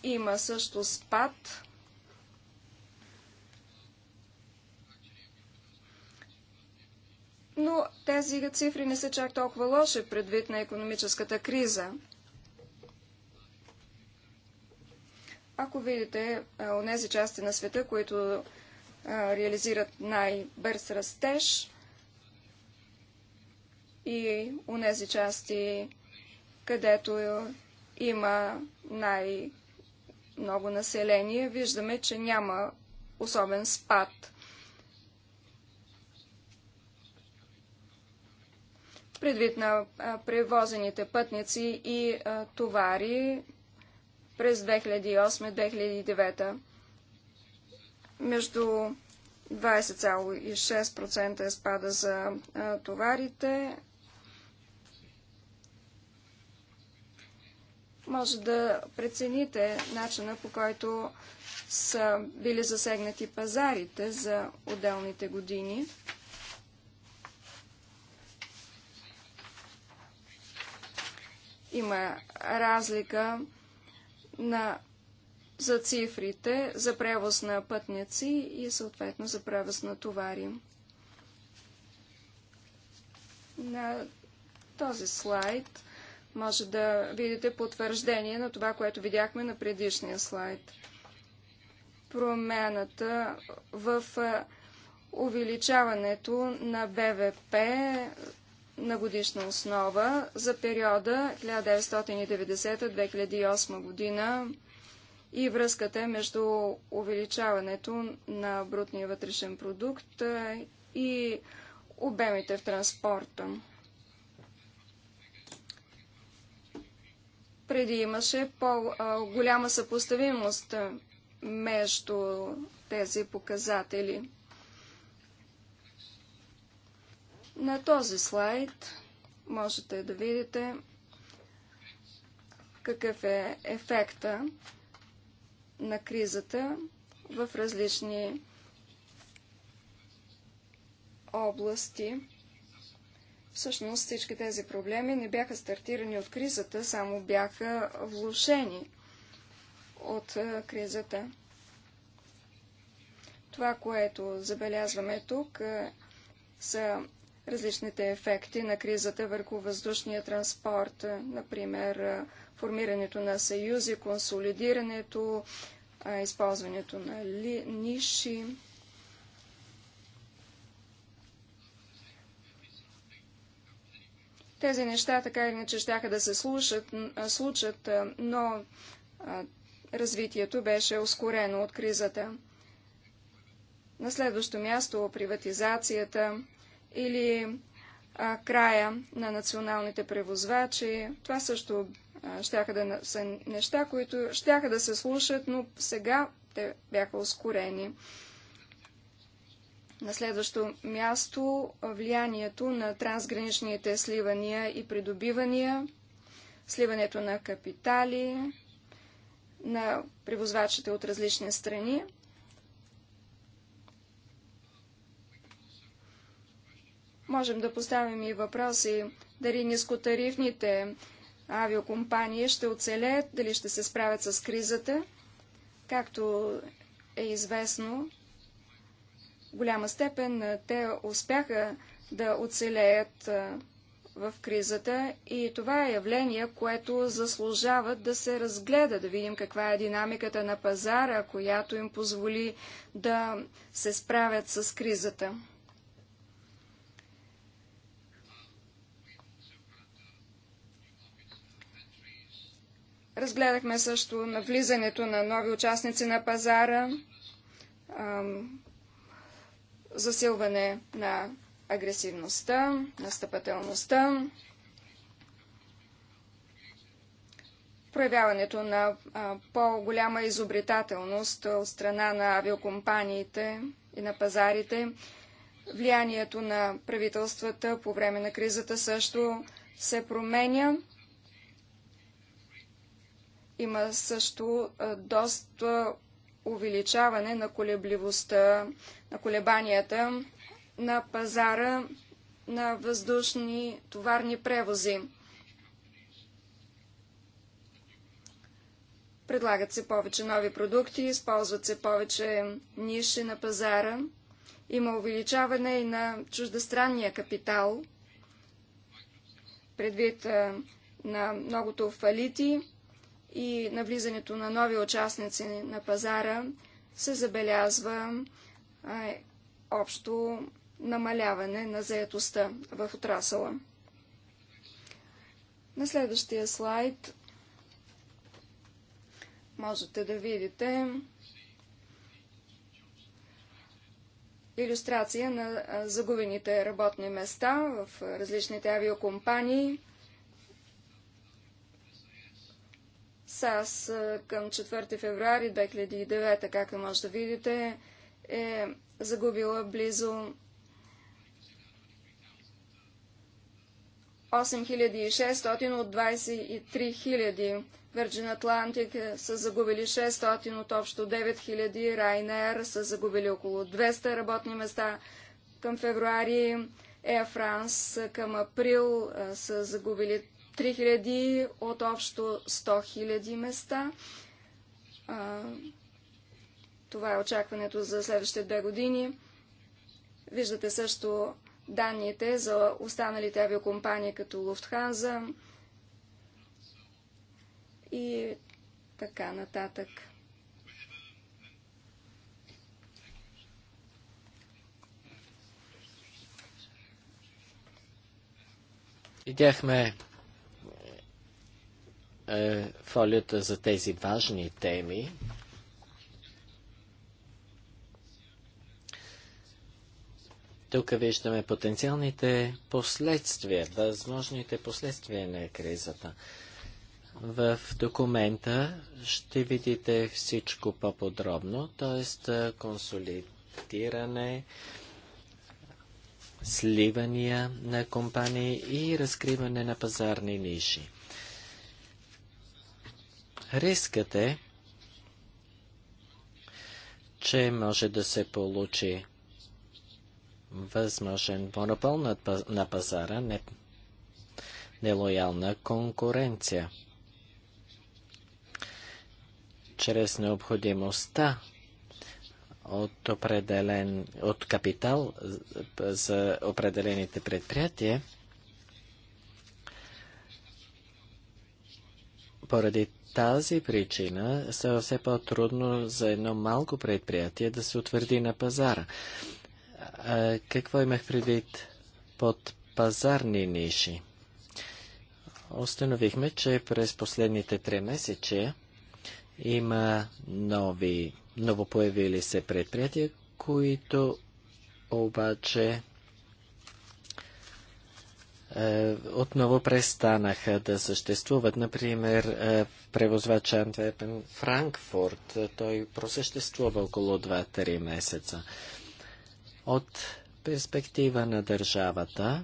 Има също спад. Но тези цифри не са чак толкова лоши предвид на економическата криза. Ако видите от тези части на света, които реализират най-бърз растеж, и унези части, където има най-много население, виждаме, че няма особен спад. Предвид на превозените пътници и товари през 2008-2009 между 20,6% е спада за товарите, може да прецените начина по който са били засегнати пазарите за отделните години. Има разлика на, за цифрите за превоз на пътници и съответно за превоз на товари. На този слайд може да видите потвърждение на това, което видяхме на предишния слайд. Промената в увеличаването на БВП на годишна основа за периода 1990-2008 година и връзката между увеличаването на брутния вътрешен продукт и обемите в транспорта. Преди имаше по-голяма съпоставимост между тези показатели. На този слайд можете да видите какъв е ефекта на кризата в различни области. Всъщност всички тези проблеми не бяха стартирани от кризата, само бяха влушени от е, кризата. Това, което забелязваме тук, е, са различните ефекти на кризата върху въздушния транспорт, е, например формирането на съюзи, консолидирането, използването на ниши. Тези неща така или иначе щяха да се слушат, случат, но развитието беше ускорено от кризата. На следващо място приватизацията или а, края на националните превозвачи. Това също а, щяха да са неща, които щяха да се слушат, но сега те бяха ускорени. На следващо място влиянието на трансграничните сливания и придобивания, сливането на капитали, на превозвачите от различни страни. Можем да поставим и въпроси дали нискотарифните авиокомпании ще оцелеят, дали ще се справят с кризата. Както е известно, голяма степен те успяха да оцелеят в кризата и това е явление, което заслужава да се разгледа, да видим каква е динамиката на пазара, която им позволи да се справят с кризата. Разгледахме също навлизането на нови участници на пазара, засилване на агресивността, настъпателността, проявяването на по-голяма изобретателност от страна на авиокомпаниите и на пазарите, влиянието на правителствата по време на кризата също се променя. Има също доста увеличаване на колебливостта, на колебанията на пазара на въздушни товарни превози. Предлагат се повече нови продукти, използват се повече ниши на пазара, има увеличаване и на чуждестранния капитал, предвид на многото фалити, и навлизането на нови участници на пазара се забелязва а, е общо намаляване на заетостта в отрасъла. На следващия слайд можете да видите иллюстрация на загубените работни места в различните авиокомпании – САС към 4 февруари 2009, както може да видите, е загубила близо 8600 от 23 000. Virgin Atlantic са загубили 600 от общо 9 000. Ryanair са загубили около 200 работни места към февруари. Air France към април са загубили 3000 от общо 100 000 места. А, това е очакването за следващите две години. Виждате също данните за останалите авиокомпании като Луфтханза и така нататък. Видяхме е, фолията за тези важни теми. Тук виждаме потенциалните последствия, възможните последствия на кризата. В документа ще видите всичко по-подробно, т.е. консолидиране, сливания на компании и разкриване на пазарни ниши. Рискът е, че може да се получи възможен монопол на, пазара, не, нелоялна конкуренция. Чрез необходимостта от, определен, от капитал за определените предприятия, поради тази причина са все по-трудно за едно малко предприятие да се утвърди на пазара. А, какво имах предвид под пазарни ниши? Установихме, че през последните три месече има нови, новопоявили се предприятия, които обаче е, отново престанаха да съществуват. Например, е, превозвача Антвепен Франкфурт, е, той просъществува около 2-3 месеца. От перспектива на държавата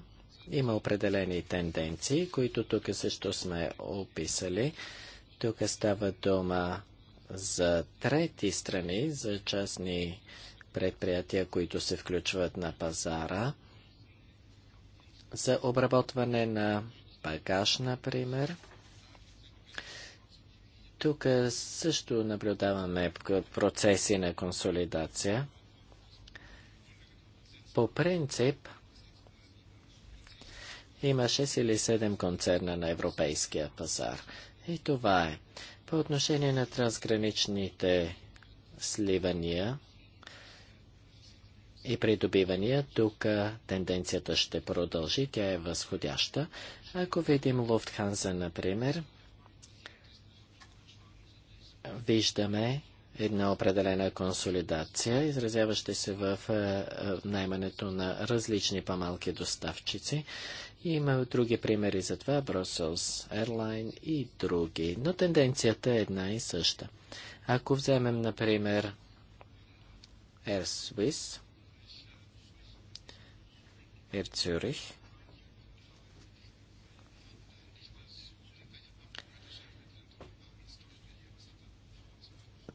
има определени тенденции, които тук също сме описали. Тук става дума за трети страни, за частни предприятия, които се включват на пазара – за обработване на багаж, например. Тук също наблюдаваме процеси на консолидация. По принцип, има 6 или 7 концерна на европейския пазар. И това е. По отношение на трансграничните сливания, и придобивания. Тук тенденцията ще продължи, тя е възходяща. Ако видим Луфтханза, например, виждаме една определена консолидация, изразяваща се в наймането на различни по-малки доставчици. има други примери за това, Brussels Airline и други, но тенденцията е една и съща. Ако вземем, например, Air Swiss, е в Zürich.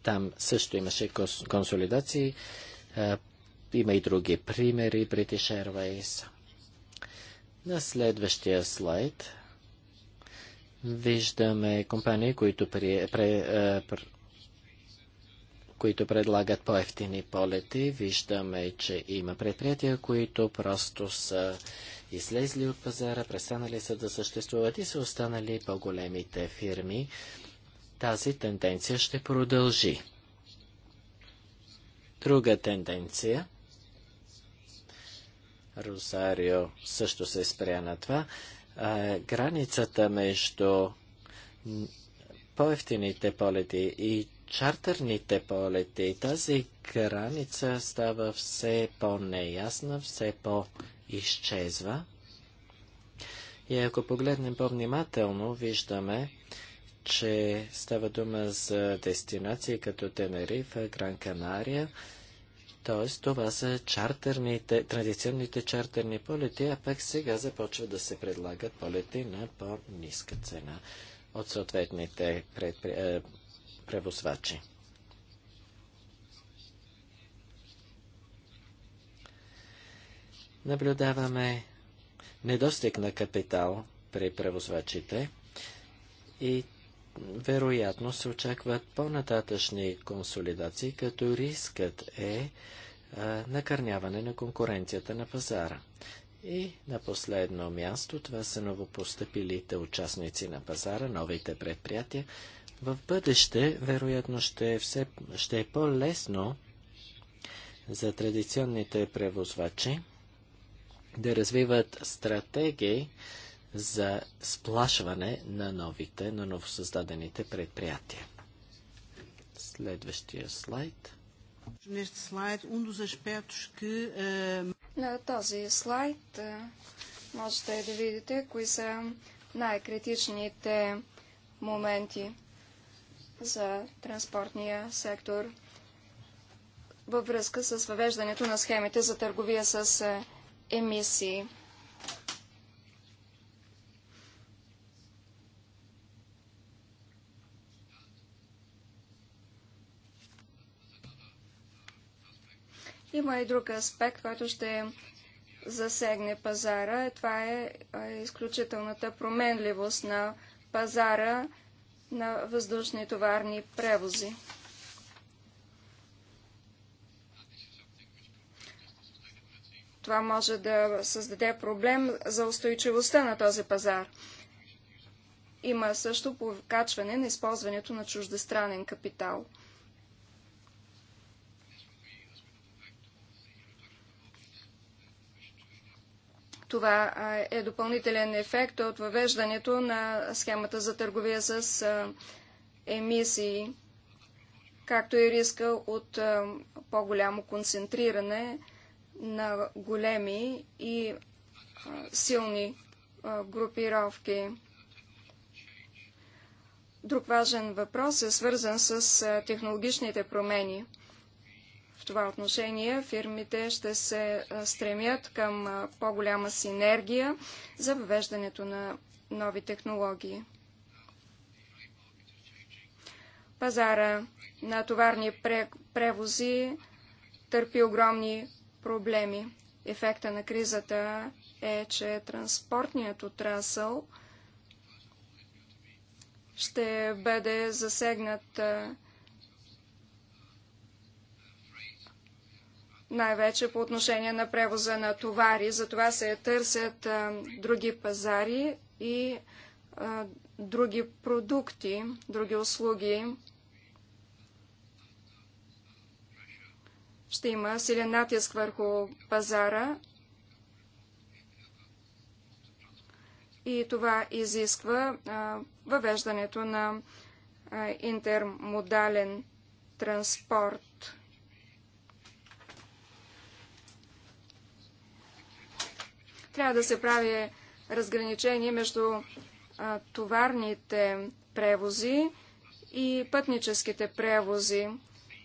Там също имаше консолидации. Има и други примери. British Airways. На следващия слайд виждаме компании, които при, при, които предлагат по-ефтини полети. Виждаме, че има предприятия, които просто са излезли от пазара, престанали са да съществуват и са останали по-големите фирми. Тази тенденция ще продължи. Друга тенденция. Розарио също се спря на това. А, границата между по-ефтините полети и чартерните полети. Тази граница става все по-неясна, все по-изчезва. И ако погледнем по-внимателно, виждаме, че става дума за дестинации като Тенериф, Гран Канария, т.е. това са чартерните, традиционните чартерни полети, а пък сега започва да се предлагат полети на по-ниска цена от съответните предпри... Е, превозвачи. Наблюдаваме недостиг на капитал при превозвачите и вероятно се очакват по-нататъчни консолидации, като рискът е а, накърняване на конкуренцията на пазара. И на последно място това са новопостъпилите участници на пазара, новите предприятия, в бъдеще, вероятно, ще е, все, ще е по-лесно за традиционните превозвачи да развиват стратегии за сплашване на новите, на новосъздадените предприятия. Следващия слайд. Um eh, на този слайд е, можете да видите кои са най-критичните моменти за транспортния сектор във връзка с въвеждането на схемите за търговия с е, емисии. Има и друг аспект, който ще засегне пазара. Това е, е изключителната променливост на пазара на въздушни товарни превози. Това може да създаде проблем за устойчивостта на този пазар. Има също покачване на използването на чуждестранен капитал – Това е допълнителен ефект от въвеждането на схемата за търговия с емисии, както и риска от по-голямо концентриране на големи и силни групировки. Друг важен въпрос е свързан с технологичните промени – в това отношение фирмите ще се стремят към по-голяма синергия за въвеждането на нови технологии. Пазара на товарни превози търпи огромни проблеми. Ефекта на кризата е, че транспортният отрасъл ще бъде засегнат най-вече по отношение на превоза на товари. Затова се търсят а, други пазари и а, други продукти, други услуги. Ще има силен натиск върху пазара и това изисква а, въвеждането на интермодален транспорт. Трябва да се прави разграничение между а, товарните превози и пътническите превози.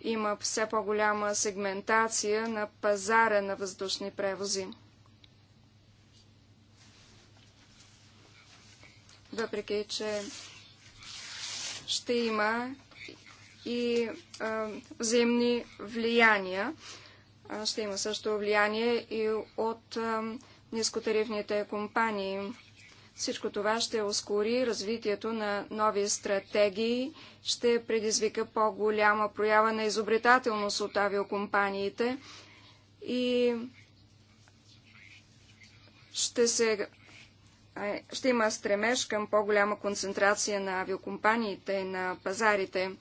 Има все по-голяма сегментация на пазара на въздушни превози. Въпреки, че ще има и а, взаимни влияния. А, ще има също влияние и от а, нискотарифните компании. Всичко това ще ускори развитието на нови стратегии, ще предизвика по-голяма проява на изобретателност от авиокомпаниите и ще, се, ще има стремеж към по-голяма концентрация на авиокомпаниите и на пазарите.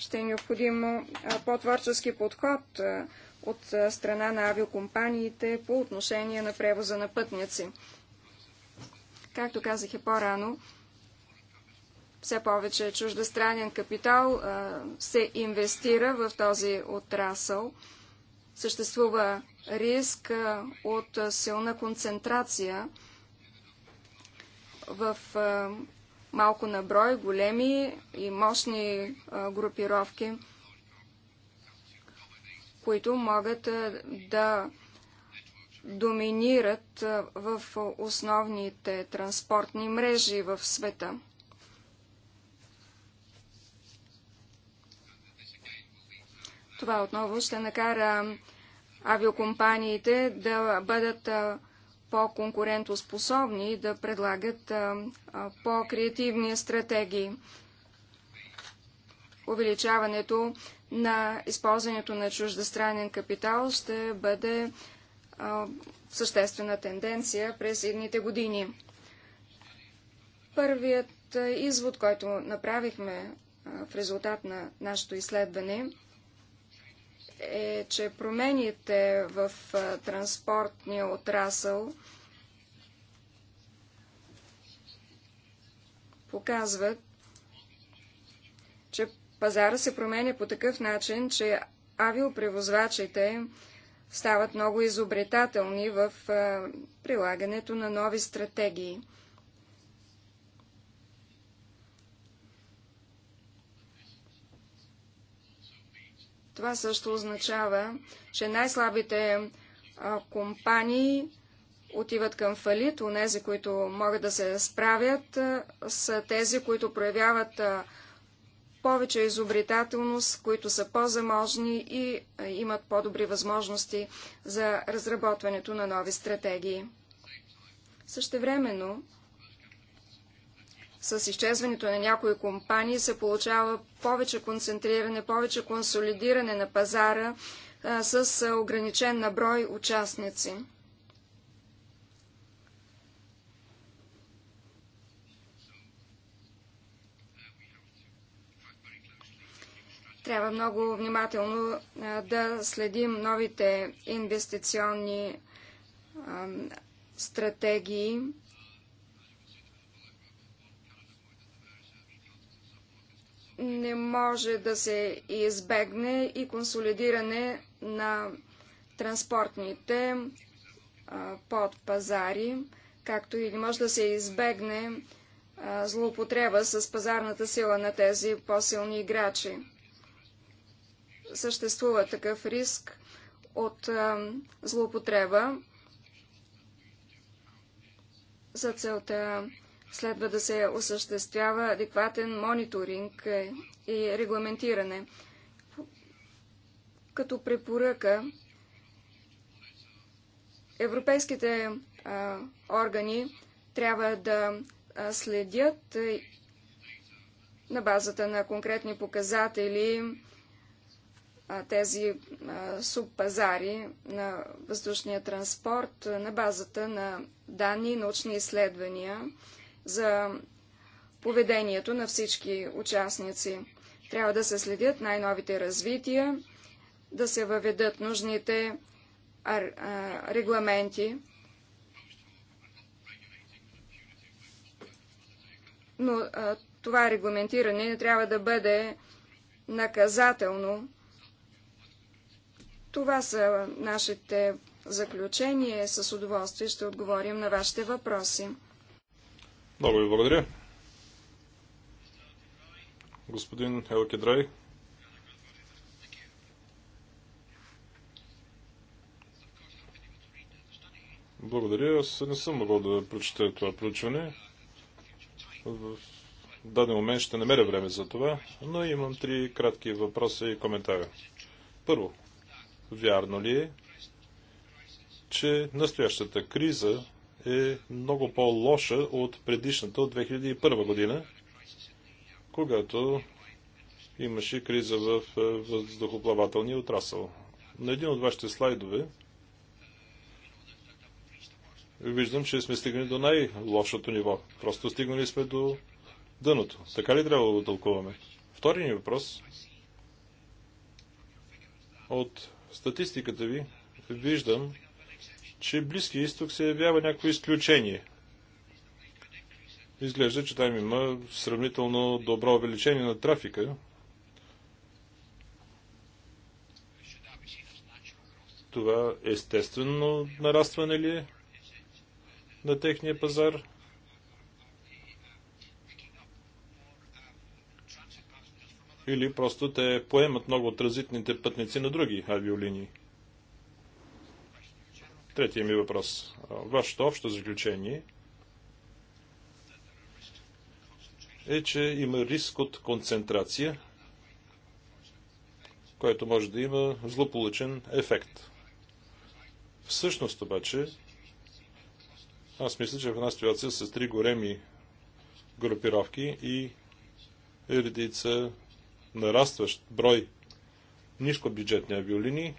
ще е необходимо по-творчески подход от страна на авиокомпаниите по отношение на превоза на пътници. Както казах и по-рано, все повече чуждестранен капитал се инвестира в този отрасъл. Съществува риск от силна концентрация в малко на брой, големи и мощни групировки, които могат да доминират в основните транспортни мрежи в света. Това отново ще накара авиокомпаниите да бъдат по-конкурентоспособни и да предлагат по-креативни стратегии. Увеличаването на използването на чуждестранен капитал ще бъде съществена тенденция през едните години. Първият извод, който направихме в резултат на нашето изследване – е, че промените в транспортния отрасъл показват, че пазара се променя по такъв начин, че авиопревозвачите стават много изобретателни в прилагането на нови стратегии. Това също означава, че най-слабите компании отиват към фалит. Онези, които могат да се справят, а, са тези, които проявяват а, повече изобретателност, които са по-заможни и а, имат по-добри възможности за разработването на нови стратегии. Същевременно, с изчезването на някои компании се получава повече концентриране, повече консолидиране на пазара а, с ограничен наброй участници. Трябва много внимателно а, да следим новите инвестиционни стратегии не може да се избегне и консолидиране на транспортните подпазари, както и не може да се избегне злоупотреба с пазарната сила на тези по-силни играчи. Съществува такъв риск от злоупотреба. За целта Следва да се осъществява адекватен мониторинг и регламентиране. Като препоръка, европейските а, органи трябва да следят на базата на конкретни показатели тези субпазари на въздушния транспорт на базата на данни и научни изследвания за поведението на всички участници. Трябва да се следят най-новите развития, да се въведат нужните регламенти, но а, това регламентиране не трябва да бъде наказателно. Това са нашите заключения. С удоволствие ще отговорим на вашите въпроси. Много ви благодаря. Господин Драй, Благодаря. Аз не съм могъл да прочета това проучване. В даден момент ще намеря време за това, но имам три кратки въпроса и коментара. Първо, вярно ли е, че настоящата криза е много по-лоша от предишната от 2001 година, когато имаше криза в е, въздухоплавателния отрасъл. На един от вашите слайдове виждам, че сме стигнали до най-лошото ниво. Просто стигнали сме до дъното. Така ли трябва да го тълкуваме? Втори ни въпрос. От статистиката ви виждам, че Близкия изток се явява някакво изключение. Изглежда, че там има сравнително добро увеличение на трафика. Това естествено нарастване ли е на техния пазар? Или просто те поемат много от транзитните пътници на други авиолинии? Третия ми въпрос. Вашето общо заключение е, че има риск от концентрация, което може да има злополучен ефект. Всъщност обаче, аз мисля, че в една ситуация с три големи групировки и редица нарастващ брой нискобюджетни авиолинии,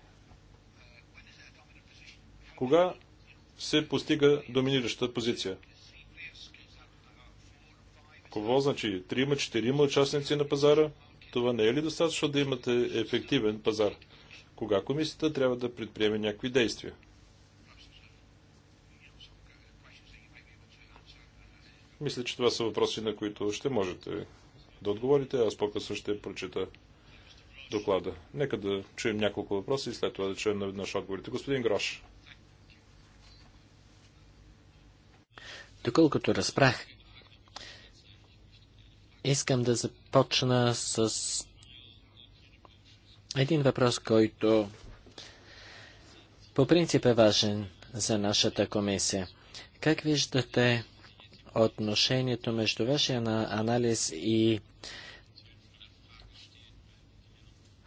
кога се постига доминираща позиция? Какво значи? Трима, четирима участници на пазара? Това не е ли достатъчно да имате ефективен пазар? Кога комисията трябва да предприеме някакви действия? Мисля, че това са въпроси, на които ще можете да отговорите. Аз по-късно ще прочета доклада. Нека да чуем няколко въпроса и след това да чуем наведнъж отговорите. Господин Грош. Доколкото разбрах, искам да започна с един въпрос, който по принцип е важен за нашата комисия. Как виждате отношението между вашия анализ и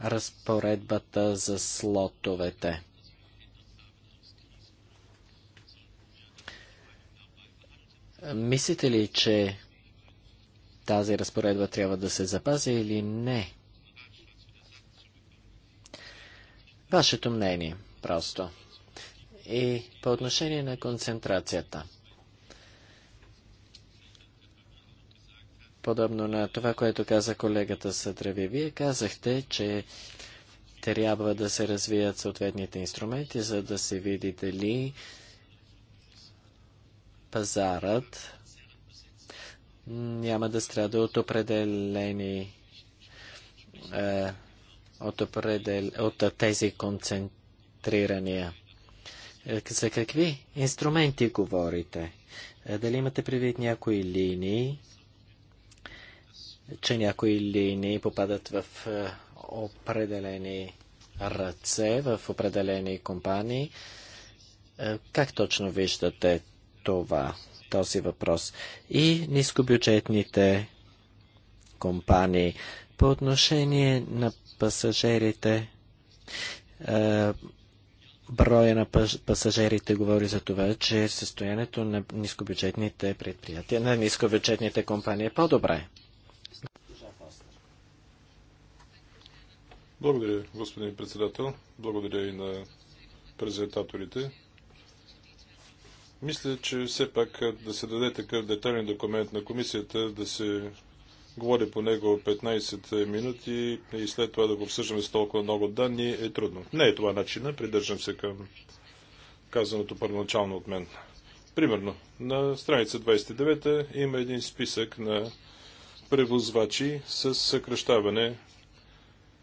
разпоредбата за слотовете? Мислите ли, че тази разпоредба трябва да се запази или не? Вашето мнение, просто. И по отношение на концентрацията. Подобно на това, което каза колегата Сътреви, вие казахте, че трябва да се развият съответните инструменти, за да се види дали пазарът няма да страда от определени е, от, определ... от тези концентрирания. Е, за какви инструменти говорите? Е, дали имате предвид някои линии, че някои линии попадат в определени ръце, в определени компании? Как точно виждате това, този въпрос. И нискобюджетните компании. По отношение на пасажирите, е, броя на пасажирите говори за това, че състоянието на нискобюджетните предприятия, на нискобюджетните компании е по-добре. Благодаря, господин председател. Благодаря и на презентаторите. Мисля, че все пак да се даде такъв детален документ на комисията, да се говори по него 15 минути и след това да го обсъждаме с толкова много данни е трудно. Не е това начина, придържам се към казаното първоначално от мен. Примерно, на страница 29 има един списък на превозвачи с съкръщаване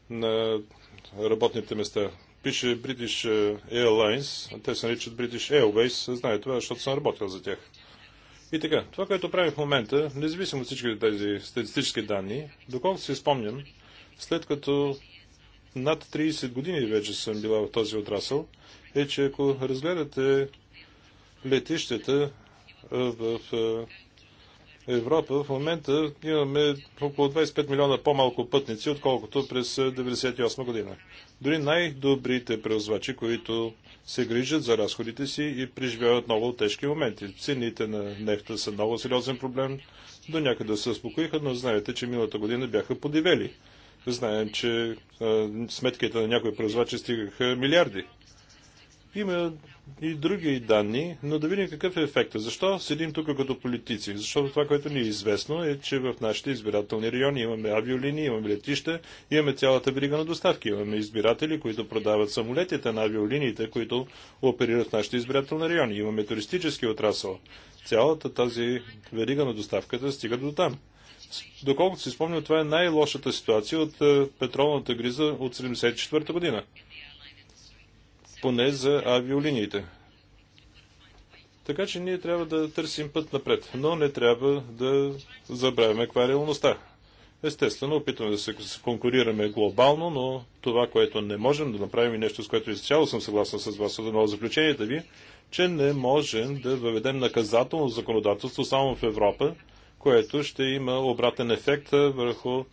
на работните места пише British е, Airlines, а те се наричат British Airways, знае това, защото съм работил за тях. И така, това, което правим в момента, независимо от всички тези статистически данни, доколкото си спомням, след като над 30 години вече съм била в този отрасъл, е, че ако разгледате летищата в Европа в момента имаме около 25 милиона по-малко пътници, отколкото през 1998 е, година. Дори най-добрите превозвачи, които се грижат за разходите си и преживяват много тежки моменти. Цените на нефта са много сериозен проблем. До някъде се успокоиха, но знаете, че миналата година бяха подивели. Знаем, че а, е, сметките на някои превозвачи стигаха милиарди. Има и други данни, но да видим какъв е ефекта. Защо седим тук като политици? Защото това, което ни е известно е, че в нашите избирателни райони имаме авиолинии, имаме летища, имаме цялата верига на доставки. Имаме избиратели, които продават самолетите на авиолиниите, които оперират в нашите избирателни райони. Имаме туристически отрасъл. Цялата тази верига на доставката стига до там. Доколкото си спомням, това е най-лошата ситуация от е, петролната гриза от 1974 година поне за авиолиниите. Така че ние трябва да търсим път напред, но не трябва да забравяме каква е реалността. Естествено, опитваме да се конкурираме глобално, но това, което не можем да направим и нещо, с което изцяло съм съгласен с вас, е едно заключението ви, че не можем да въведем наказателно законодателство само в Европа, което ще има обратен ефект върху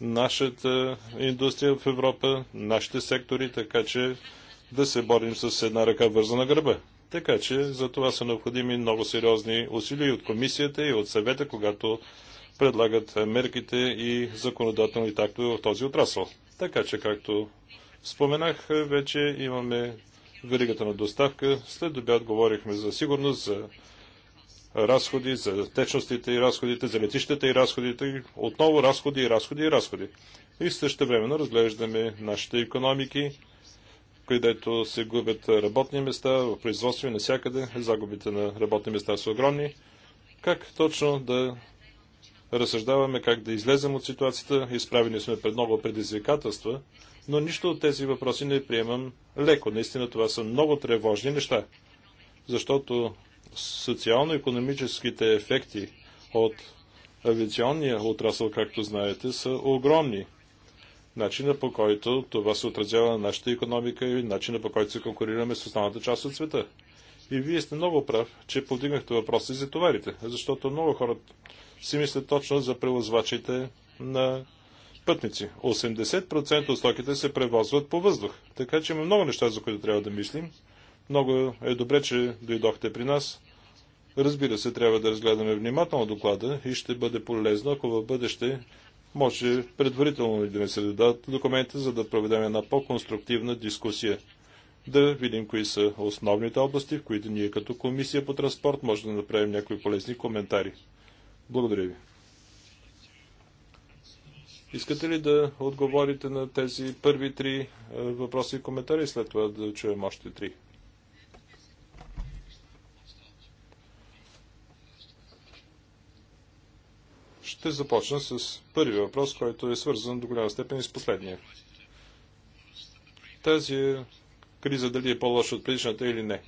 нашата индустрия в Европа, нашите сектори, така че да се борим с една ръка върза на гърба. Така че за това са необходими много сериозни усилия и от комисията и от съвета, когато предлагат мерките и законодателните такто в този отрасъл. Така че, както споменах, вече имаме веригата на доставка. След обяд говорихме за сигурност, за разходи, за течностите и разходите, за летищата и разходите, отново разходи и разходи и разходи. И също времено разглеждаме нашите економики, където се губят работни места, в производство и навсякъде. Загубите на работни места са огромни. Как точно да разсъждаваме как да излезем от ситуацията. Изправени сме пред много предизвикателства, но нищо от тези въпроси не приемам леко. Наистина това са много тревожни неща, защото социално-економическите ефекти от авиационния отрасъл, както знаете, са огромни начина по който това се отразява на нашата економика и начина по който се конкурираме с останалата част от света. И вие сте много прав, че повдигнахте въпроса и за товарите, защото много хора си мислят точно за превозвачите на пътници. 80% от стоките се превозват по въздух. Така че има много неща, за които трябва да мислим. Много е добре, че дойдохте при нас. Разбира се, трябва да разгледаме внимателно доклада и ще бъде полезно, ако в бъдеще може предварително да ни се дадат документи, за да проведем една по-конструктивна дискусия. Да видим кои са основните области, в които ние като комисия по транспорт може да направим някои полезни коментари. Благодаря ви. Искате ли да отговорите на тези първи три въпроси и коментари, след това да чуем още три? Ще започна с първи въпрос, който е свързан до голяма степен и с последния. Тази криза дали е по-лоша от предишната или не.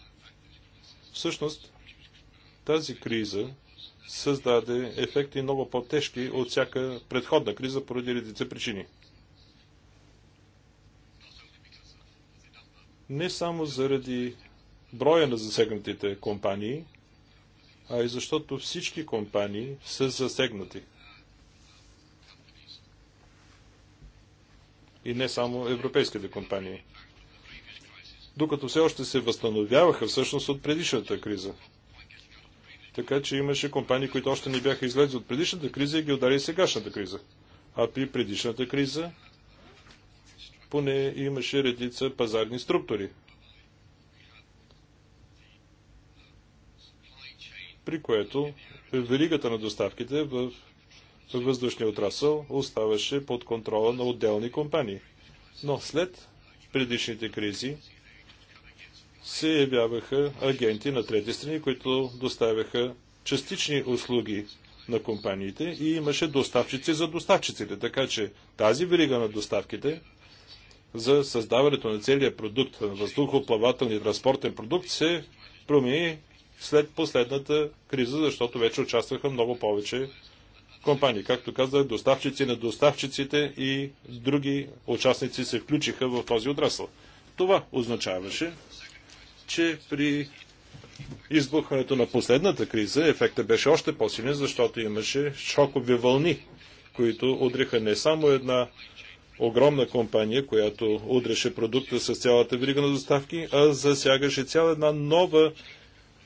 Всъщност, тази криза създаде ефекти много по-тежки от всяка предходна криза поради редица причини. Не само заради броя на засегнатите компании, а и защото всички компании са засегнати – и не само европейските компании. Докато все още се възстановяваха всъщност от предишната криза. Така че имаше компании, които още не бяха излезли от предишната криза и ги удари сегашната криза. А при предишната криза поне имаше редица пазарни структури, при което веригата на доставките в въздушния отрасъл оставаше под контрола на отделни компании. Но след предишните кризи се явяваха агенти на трети страни, които доставяха частични услуги на компаниите и имаше доставчици за доставчиците. Така че тази верига на доставките за създаването на целият продукт, въздухоплавателни и транспортен продукт, се промени след последната криза, защото вече участваха много повече компании. Както казах, доставчици на доставчиците и други участници се включиха в този отрасъл. Това означаваше, че при избухването на последната криза ефектът беше още по-силен, защото имаше шокови вълни, които удриха не само една огромна компания, която удреше продукта с цялата верига на доставки, а засягаше цяла една нова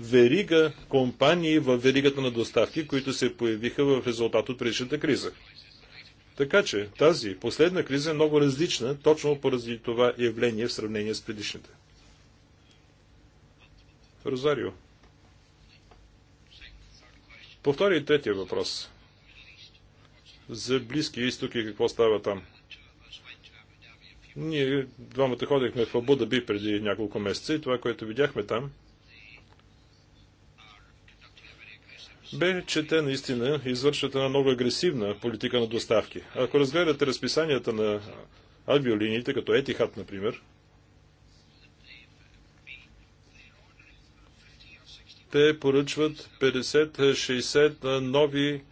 верига компании в веригата на доставки, които се появиха в резултат от предишната криза. Така че тази последна криза е много различна, точно поради това явление в сравнение с предишните. Розарио. повтори и третия въпрос. За Близкия изток и какво става там. Ние двамата ходихме в Абудаби преди няколко месеца и това, което видяхме там, бе, че те наистина извършват една много агресивна политика на доставки. Ако разгледате разписанията на авиолиниите, като Етихат, например, те поръчват 50-60 нови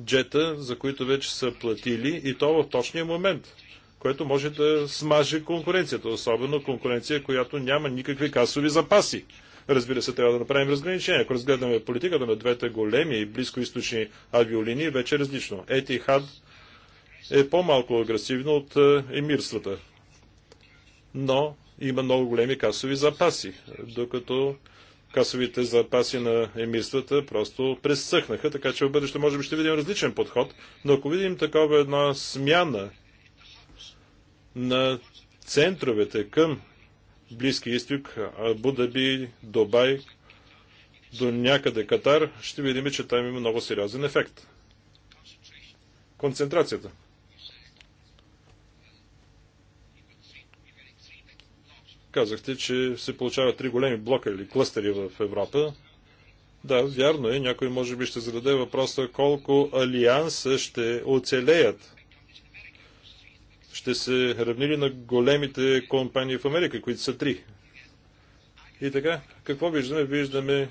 джета, за които вече са платили и то в точния момент, което може да смаже конкуренцията, особено конкуренция, която няма никакви касови запаси. Разбира се, трябва да направим разграничение. Ако разгледаме политиката на двете големи и близкоисточни авиолинии, вече е различно. Етихад е по-малко агресивно от е, емирствата, но има много големи касови запаси, докато касовите запаси на емирствата просто пресъхнаха, така че в бъдеще може би ще видим различен подход, но ако видим такова една смяна на центровете към Близки изток, Абу-Даби, Дубай, до някъде Катар, ще видим, че там има много сериозен ефект. Концентрацията. Казахте, че се получават три големи блока или клъстери в Европа. Да, вярно е. Някой може би ще зададе въпроса колко алианса ще оцелеят ще се равнили на големите компании в Америка, които са три. И така, какво виждаме? Виждаме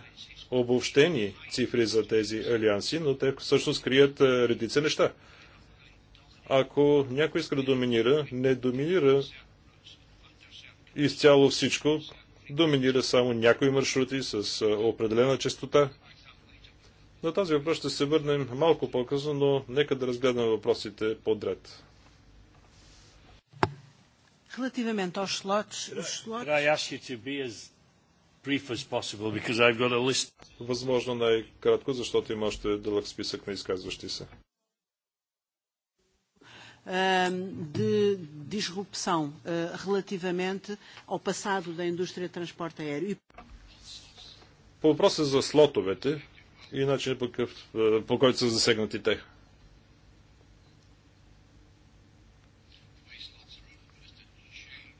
обобщени цифри за тези алианси, но те всъщност крият редица неща. Ако някой иска да доминира, не доминира изцяло всичко, доминира само някои маршрути с определена частота. На тази въпрос ще се върнем малко по-късно, но нека да разгледаме въпросите подред. Relativamente aos slots, os slots... Възможно най-кратко, защото има още дълъг списък на изказващи се. de disrupção relativamente ao passado da indústria de transporte aéreo. По въпроса за слотовете и начин по който са засегнати те.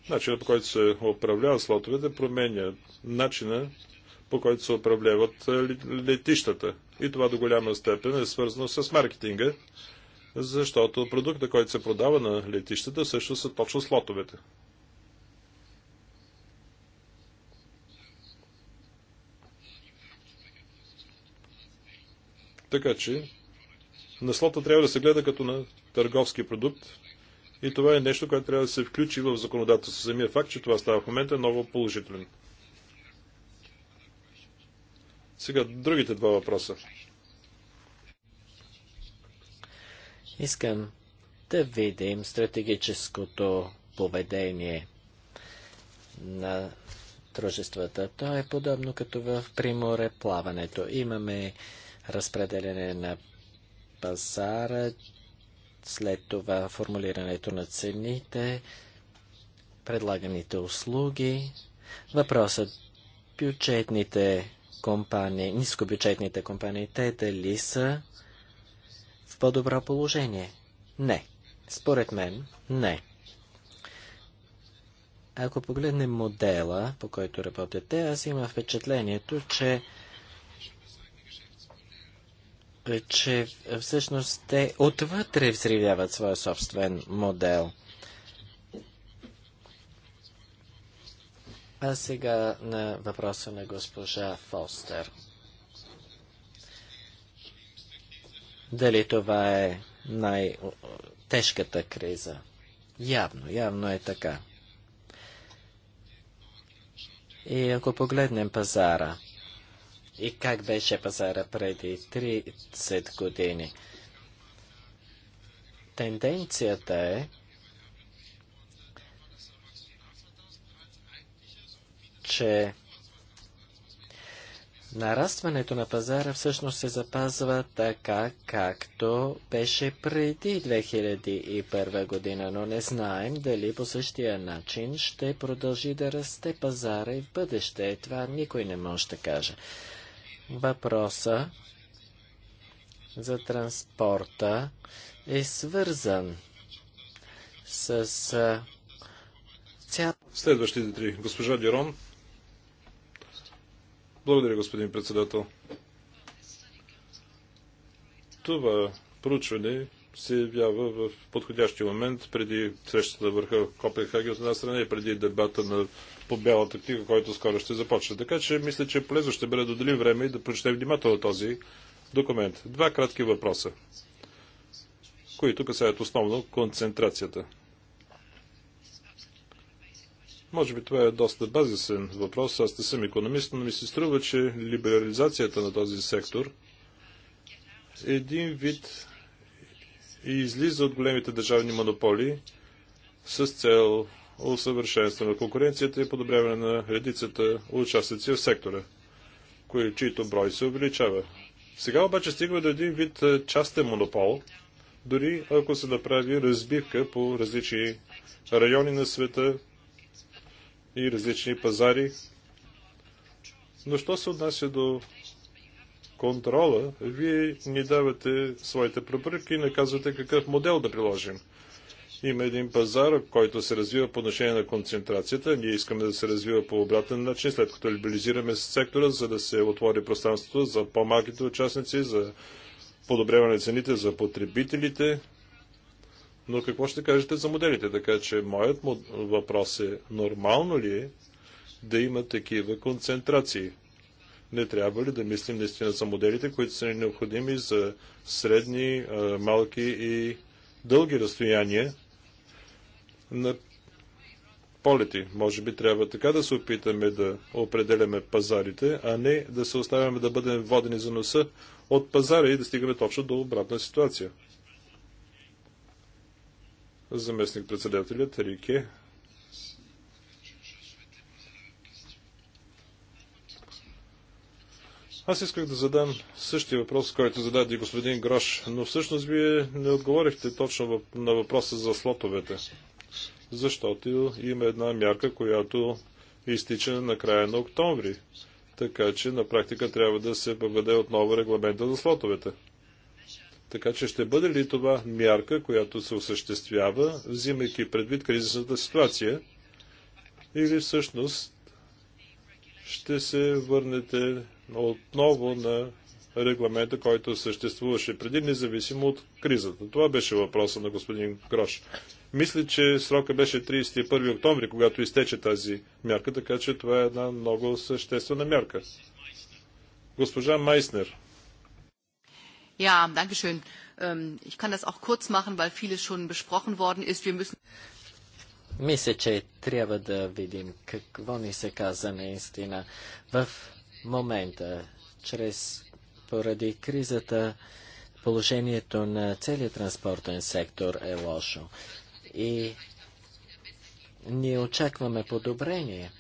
Начинът, по който се управляват слотовете променя начина по който се управляват летищата. И това до голяма степен е свързано с маркетинга, защото продукта, който се продава на летищата, също са точно слотовете. Така че на слота трябва да се гледа като на търговски продукт, и това е нещо, което трябва да се включи в законодателство. Самия факт, че това става в момента е много положителен. Сега другите два въпроса. Искам да видим стратегическото поведение на дружествата. То е подобно като в приморе плаването. Имаме разпределение на пазара, след това формулирането на цените, предлаганите услуги, въпросът бюджетните компании, нискобюджетните компании, те дали са в по-добро положение? Не. Според мен, не. Ако погледнем модела, по който работят те, аз имам впечатлението, че че всъщност те отвътре взривяват своя собствен модел. А сега на въпроса на госпожа Фостер. Дали това е най-тежката криза? Явно, явно е така. И ако погледнем пазара, и как беше пазара преди 30 години. Тенденцията е, че нарастването на пазара всъщност се запазва така, както беше преди 2001 година, но не знаем дали по същия начин ще продължи да расте пазара и в бъдеще. Това никой не може да каже въпроса за транспорта е свързан с цял... Следващите три. Госпожа Дирон. Благодаря, господин председател. Това проучване се явява в подходящия момент преди срещата върха Копенхаги Копенхаген от една страна и преди дебата на по Бялата книга, който скоро ще започне. Така че мисля, че полезно ще бъде да отделим време и да прочетем внимателно този документ. Два кратки въпроса, които касаят основно концентрацията. Може би това е доста базисен въпрос. Аз не съм економист, но ми се струва, че либерализацията на този сектор е един вид и излиза от големите държавни монополи с цел усъвършенстване на конкуренцията и подобряване на редицата участници в сектора, кои, чието брой се увеличава. Сега обаче стигва до един вид частен монопол, дори ако се направи разбивка по различни райони на света и различни пазари. Но що се отнася до контрола, вие ни давате своите препоръки и наказвате какъв модел да приложим. Има един пазар, който се развива по отношение на концентрацията. Ние искаме да се развива по обратен начин, след като либерализираме сектора, за да се отвори пространството за по-малките участници, за подобряване на цените за потребителите. Но какво ще кажете за моделите? Така че моят въпрос е, нормално ли е да има такива концентрации? не трябва ли да мислим наистина за моделите, които са необходими за средни, малки и дълги разстояния, на полети. Може би трябва така да се опитаме да определяме пазарите, а не да се оставяме да бъдем водени за носа от пазара и да стигаме точно до обратна ситуация. Заместник председателят Рике. Аз исках да задам същия въпрос, който зададе господин Грош, но всъщност вие не отговорихте точно на въпроса за слотовете защото има една мярка, която изтича на края на октомври. Така че на практика трябва да се въведе отново регламента за слотовете. Така че ще бъде ли това мярка, която се осъществява, взимайки предвид кризисната ситуация, или всъщност ще се върнете отново на регламента, който съществуваше преди, независимо от кризата. Това беше въпроса на господин Грош. Мисля, че срока беше 31 октомври, когато изтече тази мярка, така че това е една много съществена мярка. Госпожа Майснер. Ja, danke schön. Ähm, ich kann das auch kurz machen, weil vieles schon besprochen worden ist. Wir müssen мисля, че трябва да видим какво ни се каза наистина. В момента, чрез поради кризата, положението на целият транспортен сектор е лошо и ние очакваме подобрение.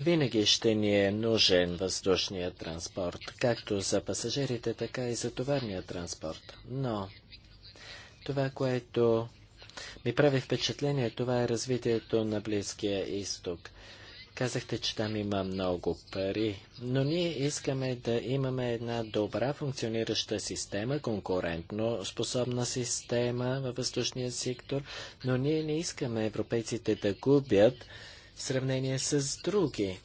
Винаги ще ни е нужен въздушния транспорт, както за пасажирите, така и за товарния транспорт. Но това, което ми прави впечатление, това е развитието на Близкия изток – Казахте, че там има много пари, но ние искаме да имаме една добра функционираща система, конкурентно способна система във въздушния сектор, но ние не искаме европейците да губят в сравнение с други.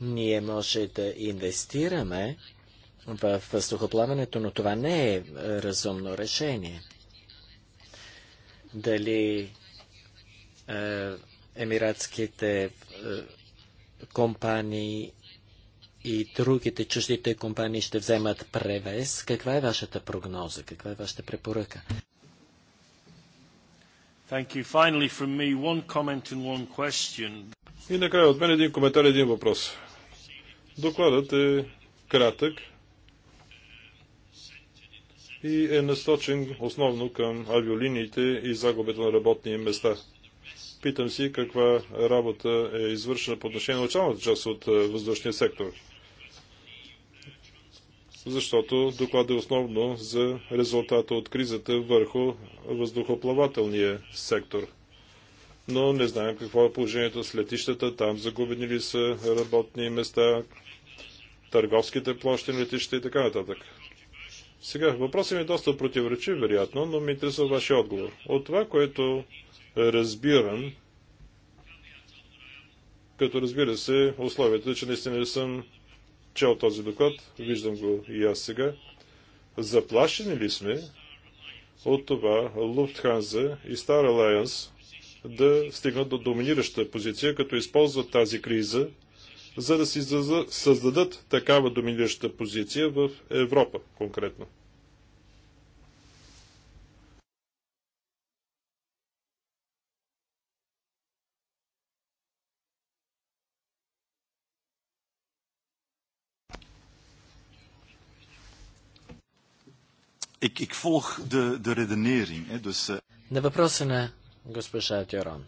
Ние може да инвестираме в въздухоплаването, но това не е разумно решение. Дали е, емиратските е, компании и другите чуждите компании ще вземат превес. Каква е вашата прогноза? Каква е вашата препоръка? Thank you. Finally, from me, one comment and one question. И накрая от мен един коментар и един въпрос. Докладът е кратък и е насочен основно към авиолиниите и загубите на работни места. Питам си каква работа е извършена по отношение на началната част от е, въздушния сектор. Защото доклад е основно за резултата от кризата върху въздухоплавателния сектор. Но не знаем какво е положението с летищата. Там загубени ли са работни места, търговските площи на летища и така нататък. Сега, въпросът ми е доста противоречив, вероятно, но ми интересува вашия отговор. От това, което разбирам, като разбира се, условията, че наистина не съм чел този доклад, виждам го и аз сега, заплашени ли сме от това Луфтханза и Стар Алайанс да стигнат до доминираща позиция, като използват тази криза за да си създадат такава доминираща позиция в Европа конкретно. Ik, ik volg de, de redenering. Hè, dus, uh... На въпроса на госпожа Дюрон.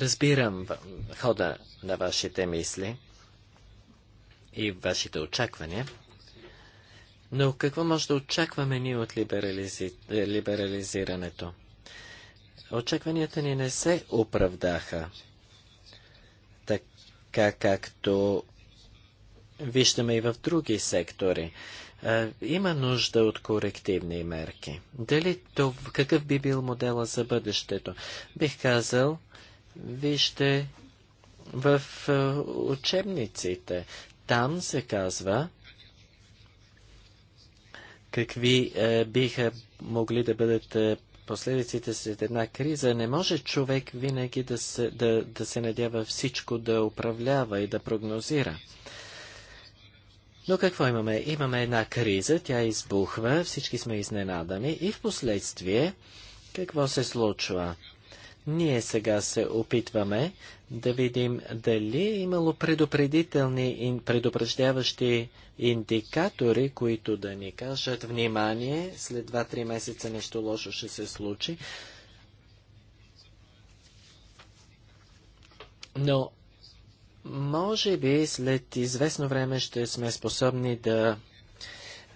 Разбирам хода на вашите мисли и вашите очаквания, но какво може да очакваме ние от либерализи... либерализирането? Очакванията ни не се оправдаха така, както виждаме и в други сектори. има нужда от корективни мерки. Дали то, какъв би бил модела за бъдещето? Бих казал, Вижте в е, учебниците. Там се казва какви е, биха могли да бъдат е, последиците след една криза. Не може човек винаги да се, да, да се надява всичко да управлява и да прогнозира. Но какво имаме? Имаме една криза, тя избухва, всички сме изненадани и в последствие какво се случва? Ние сега се опитваме да видим дали е имало предупредителни, предупреждаващи индикатори, които да ни кажат внимание, след 2-3 месеца нещо лошо ще се случи. Но може би след известно време ще сме способни да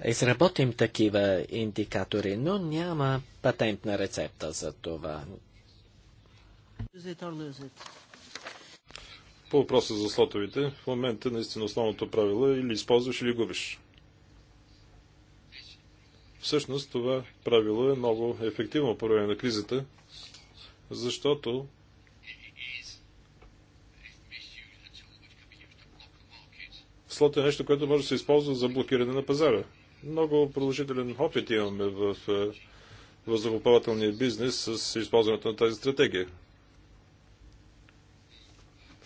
изработим такива индикатори, но няма патентна рецепта за това. По въпроса за слотовите, в момента наистина основното правило е или използваш, или губиш. Всъщност това правило е много ефективно по време на кризата, защото слот е нещо, което може да се използва за блокиране на пазара. Много продължителен опит имаме в е, въздухоплавателния бизнес с използването на тази стратегия.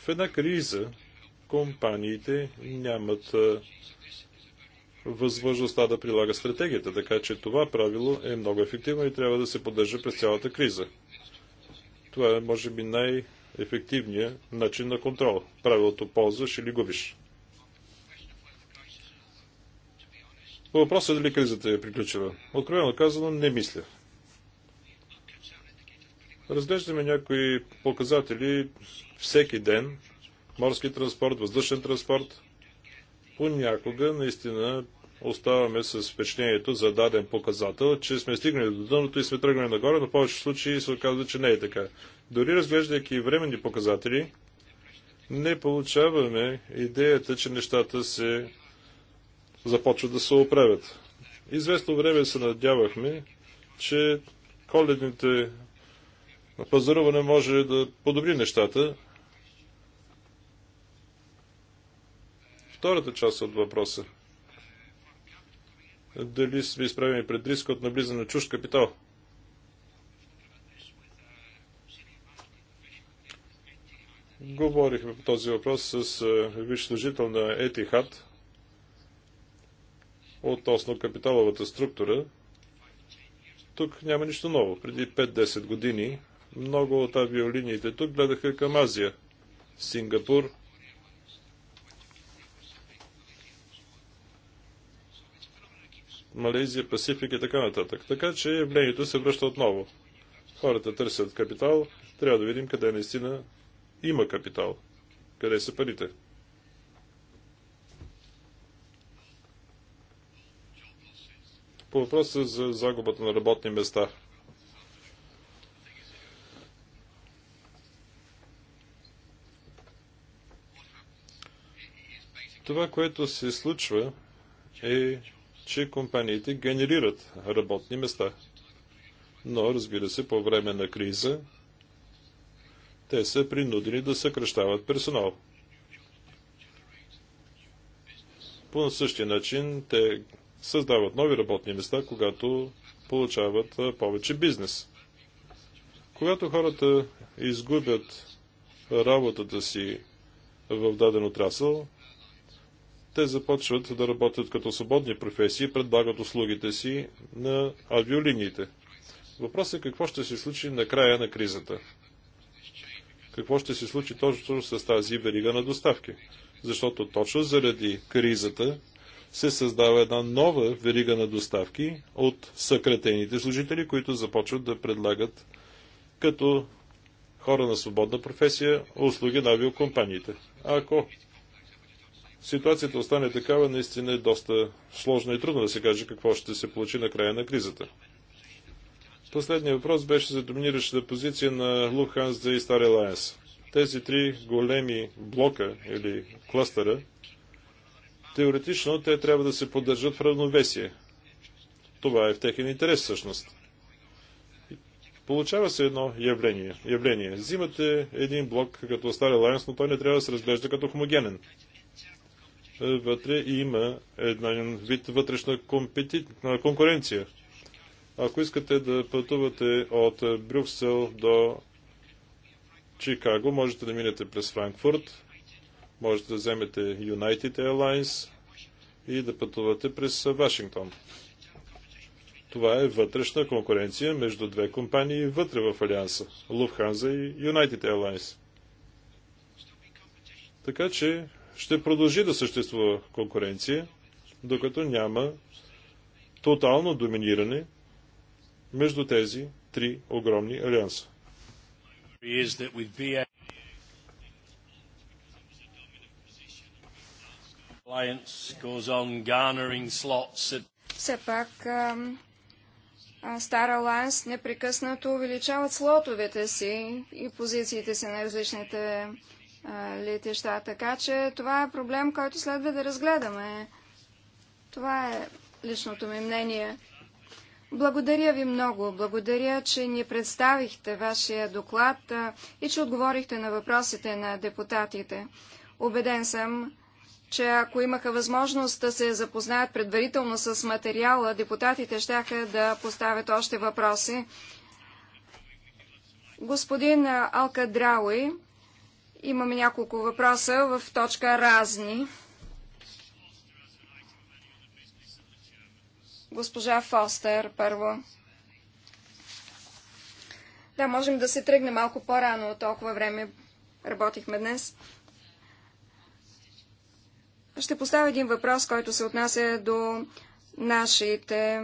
В една криза компаниите нямат възможността да прилага стратегията, така че това правило е много ефективно и трябва да се поддържа през цялата криза. Това е, може би, най-ефективният начин на контрол. Правилото ползваш или губиш. По въпроса дали кризата е приключила. Откровено казано, не мисля. Разглеждаме някои показатели всеки ден. Морски транспорт, въздушен транспорт. Понякога наистина оставаме с впечатлението за даден показател, че сме стигнали до дъното и сме тръгнали нагоре, но в повечето случаи се оказва, че не е така. Дори разглеждайки временни показатели, не получаваме идеята, че нещата се започват да се оправят. Известно време се надявахме, че коледните пазаруване може да подобри нещата. Втората част от въпроса. Дали сме изправени пред риска от наблизане на чужд капитал? Говорихме по този въпрос с е, виш служител на Етихад относно капиталовата структура. Тук няма нищо ново. Преди 5-10 години много от авиолиниите тук гледаха към Азия. Сингапур, Малайзия, Пасифик и така нататък. Така че явлението се връща отново. Хората търсят капитал, трябва да видим къде наистина има капитал. Къде са парите? По въпроса за загубата на работни места – Това, което се случва е, че компаниите генерират работни места. Но, разбира се, по време на криза те са принудени да съкръщават персонал. По същия начин те създават нови работни места, когато получават повече бизнес. Когато хората изгубят работата си в даден отрасъл, те започват да работят като свободни професии, предлагат услугите си на авиолиниите. Въпросът е какво ще се случи на края на кризата. Какво ще се случи точно с тази верига на доставки. Защото точно заради кризата се създава една нова верига на доставки от съкратените служители, които започват да предлагат като хора на свободна професия услуги на авиокомпаниите. Ако ситуацията остане такава, наистина е доста сложно и трудно да се каже какво ще се получи на края на кризата. Последният въпрос беше за доминиращата позиция на Lufthansa и Стария Лайенс. Тези три големи блока или кластера, теоретично те трябва да се поддържат в равновесие. Това е в техен интерес всъщност. Получава се едно явление. явление. Взимате един блок като Стария Лайенс, но той не трябва да се разглежда като хомогенен. Е, вътре има една вид вътрешна компети... конкуренция. Ако искате да пътувате от Брюксел до Чикаго, можете да минете през Франкфурт, можете да вземете United Airlines и да пътувате през Вашингтон. Това е вътрешна конкуренция между две компании вътре в Алианса – Луфханза и United Airlines. Така че ще продължи да съществува конкуренция, докато няма тотално доминиране между тези три огромни алианса. Все пак Стар Аланс непрекъснато увеличават слотовете си и позициите си на различните летища. Така че това е проблем, който следва да разгледаме. Това е личното ми мнение. Благодаря ви много. Благодаря, че ни представихте вашия доклад и че отговорихте на въпросите на депутатите. Обеден съм, че ако имаха възможност да се запознаят предварително с материала, депутатите щяха да поставят още въпроси. Господин Алкадрауи Имаме няколко въпроса в точка разни. Госпожа Фостер, първо. Да, можем да се тръгне малко по-рано, от толкова време работихме днес. Ще поставя един въпрос, който се отнася до нашите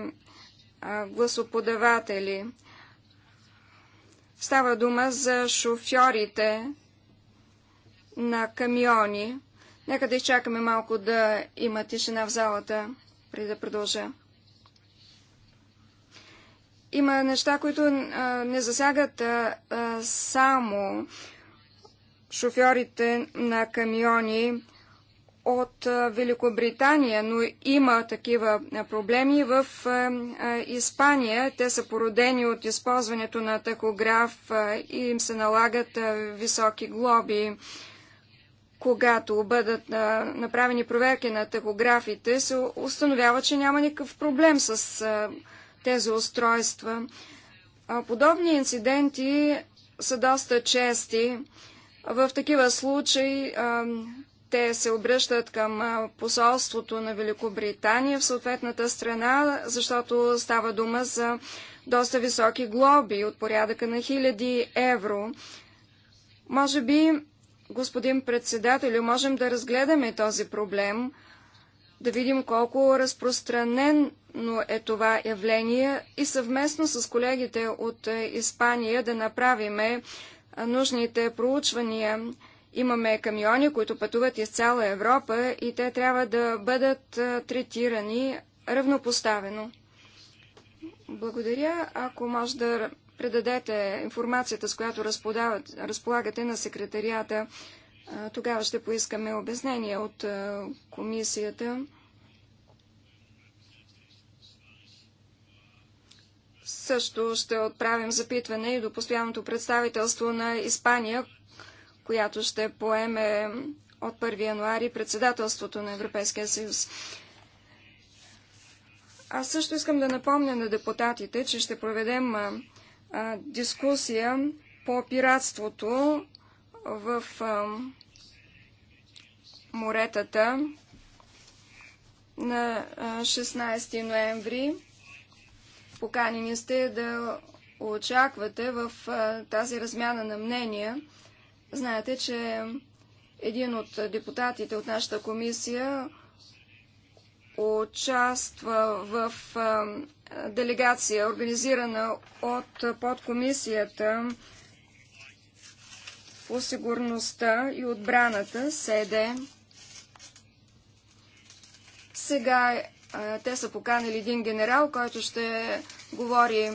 гласоподаватели. Става дума за шофьорите на камиони. Нека да изчакаме малко да има тишина в залата, преди да продължа. Има неща, които а, не засягат а, а, само шофьорите на камиони от Великобритания, но има такива проблеми в Испания. Те са породени от използването на такограф и им се налагат високи глоби когато бъдат направени проверки на тахографите, се установява, че няма никакъв проблем с тези устройства. Подобни инциденти са доста чести. В такива случаи те се обръщат към посолството на Великобритания в съответната страна, защото става дума за доста високи глоби от порядъка на хиляди евро. Може би Господин председател, можем да разгледаме този проблем, да видим колко разпространено е това явление и съвместно с колегите от е, Испания да направиме нужните проучвания. Имаме камиони, които пътуват из цяла Европа и те трябва да бъдат третирани равнопоставено. Благодаря. Ако може да предадете информацията, с която разполагате на секретарията. Тогава ще поискаме обяснение от комисията. Също ще отправим запитване и до постоянното представителство на Испания, която ще поеме от 1 януари председателството на Европейския съюз. Аз също искам да напомня на депутатите, че ще проведем дискусия по пиратството в моретата на 16 ноември. Поканени сте да очаквате в тази размяна на мнения. Знаете, че един от депутатите от нашата комисия участва в делегация, организирана от подкомисията по сигурността и отбраната, СЕДЕ. Сега е, те са поканили един генерал, който ще говори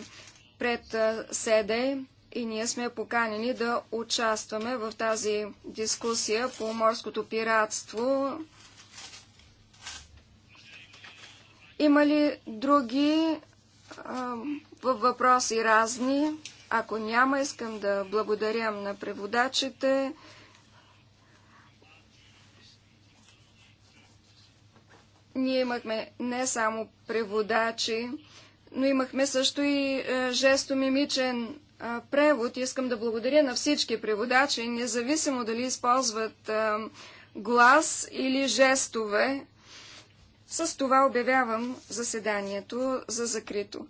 пред СЕДЕ и ние сме поканени да участваме в тази дискусия по морското пиратство Има ли други а, въпроси разни? Ако няма, искам да благодарям на преводачите. Ние имахме не само преводачи, но имахме също и е, жестомимичен превод. Искам да благодаря на всички преводачи, независимо дали използват глас или жестове. С това обявявам заседанието за закрито.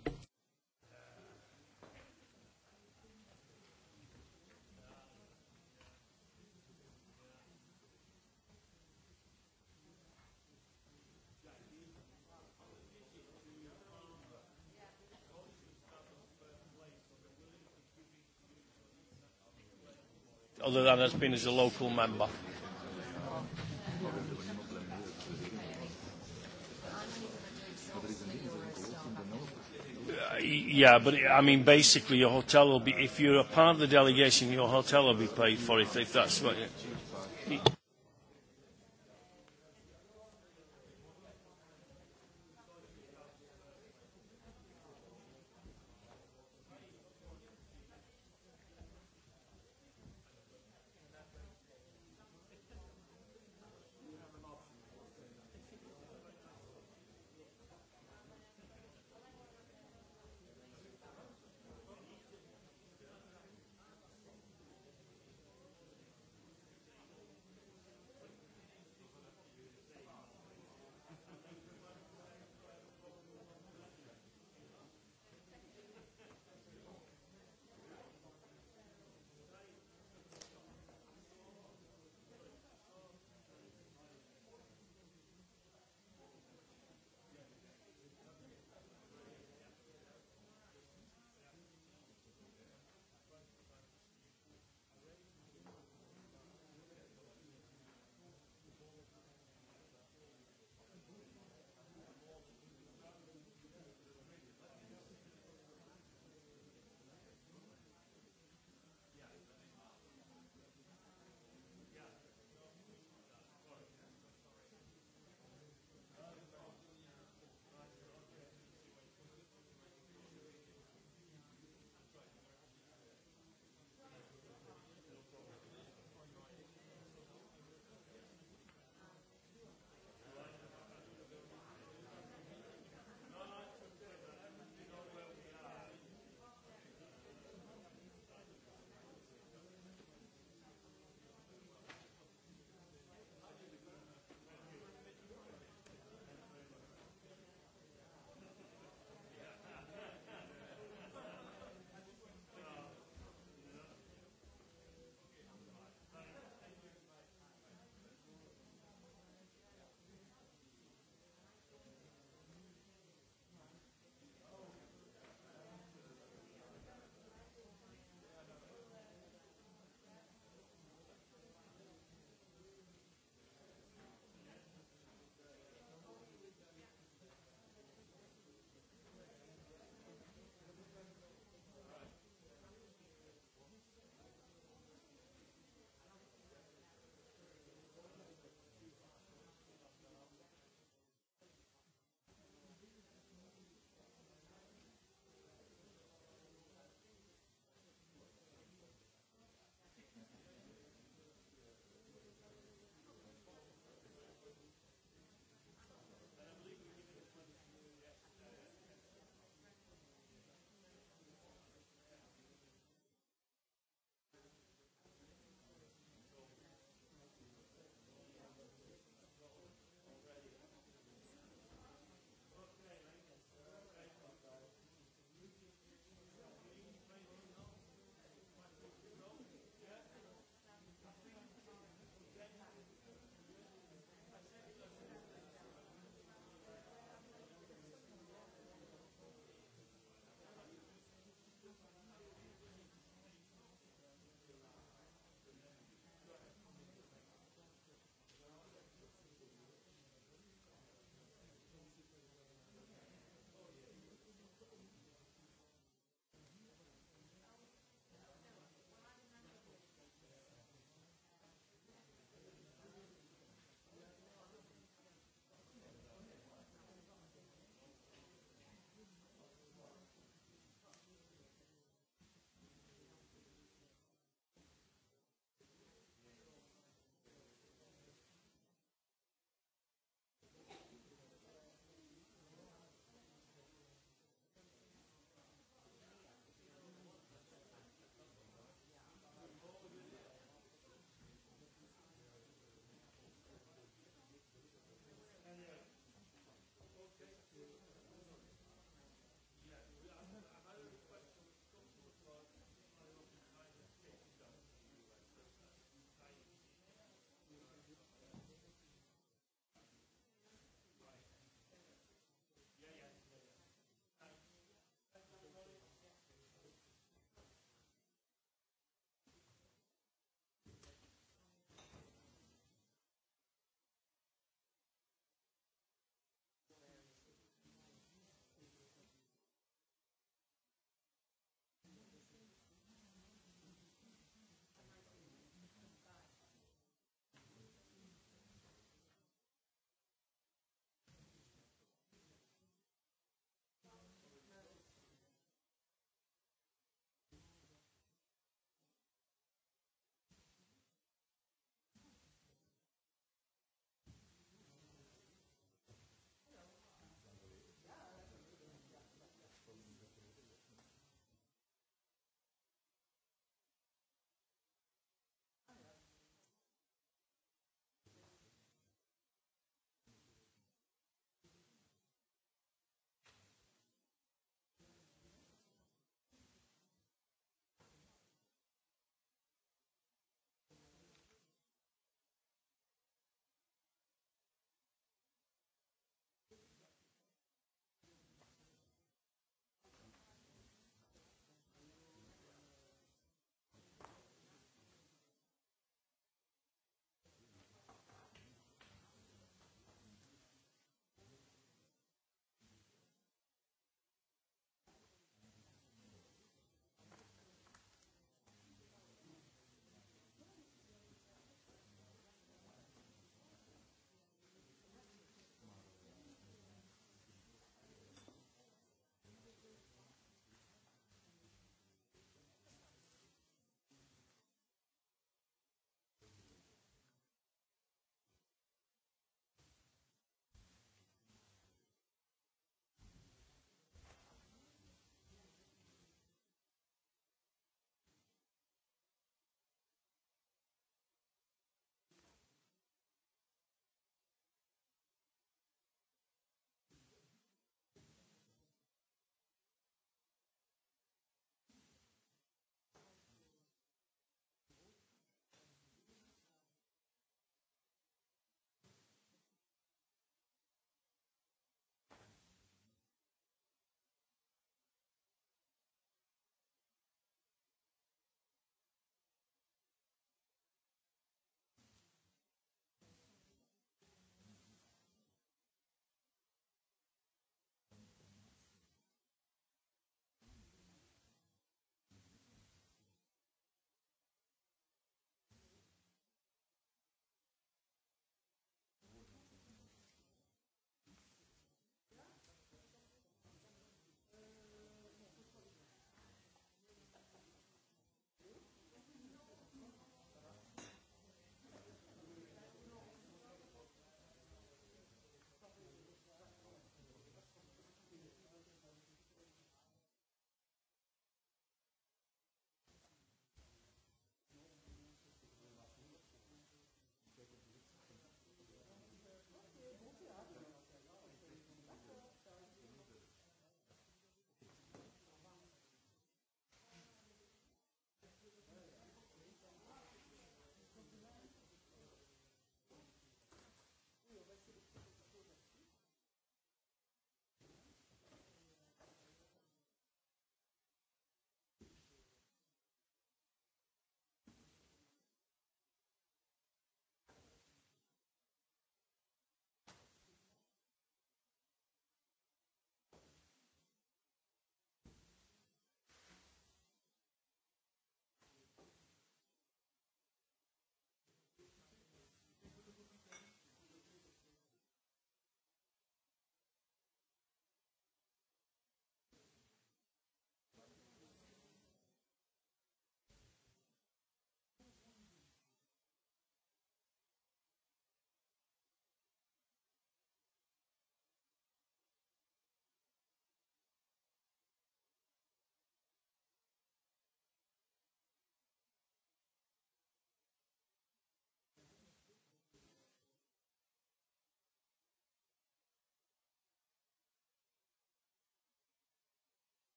other than as being as a local member. Yeah, but I mean, basically, your hotel will be, if you're a part of the delegation, your hotel will be paid for it, if that's what.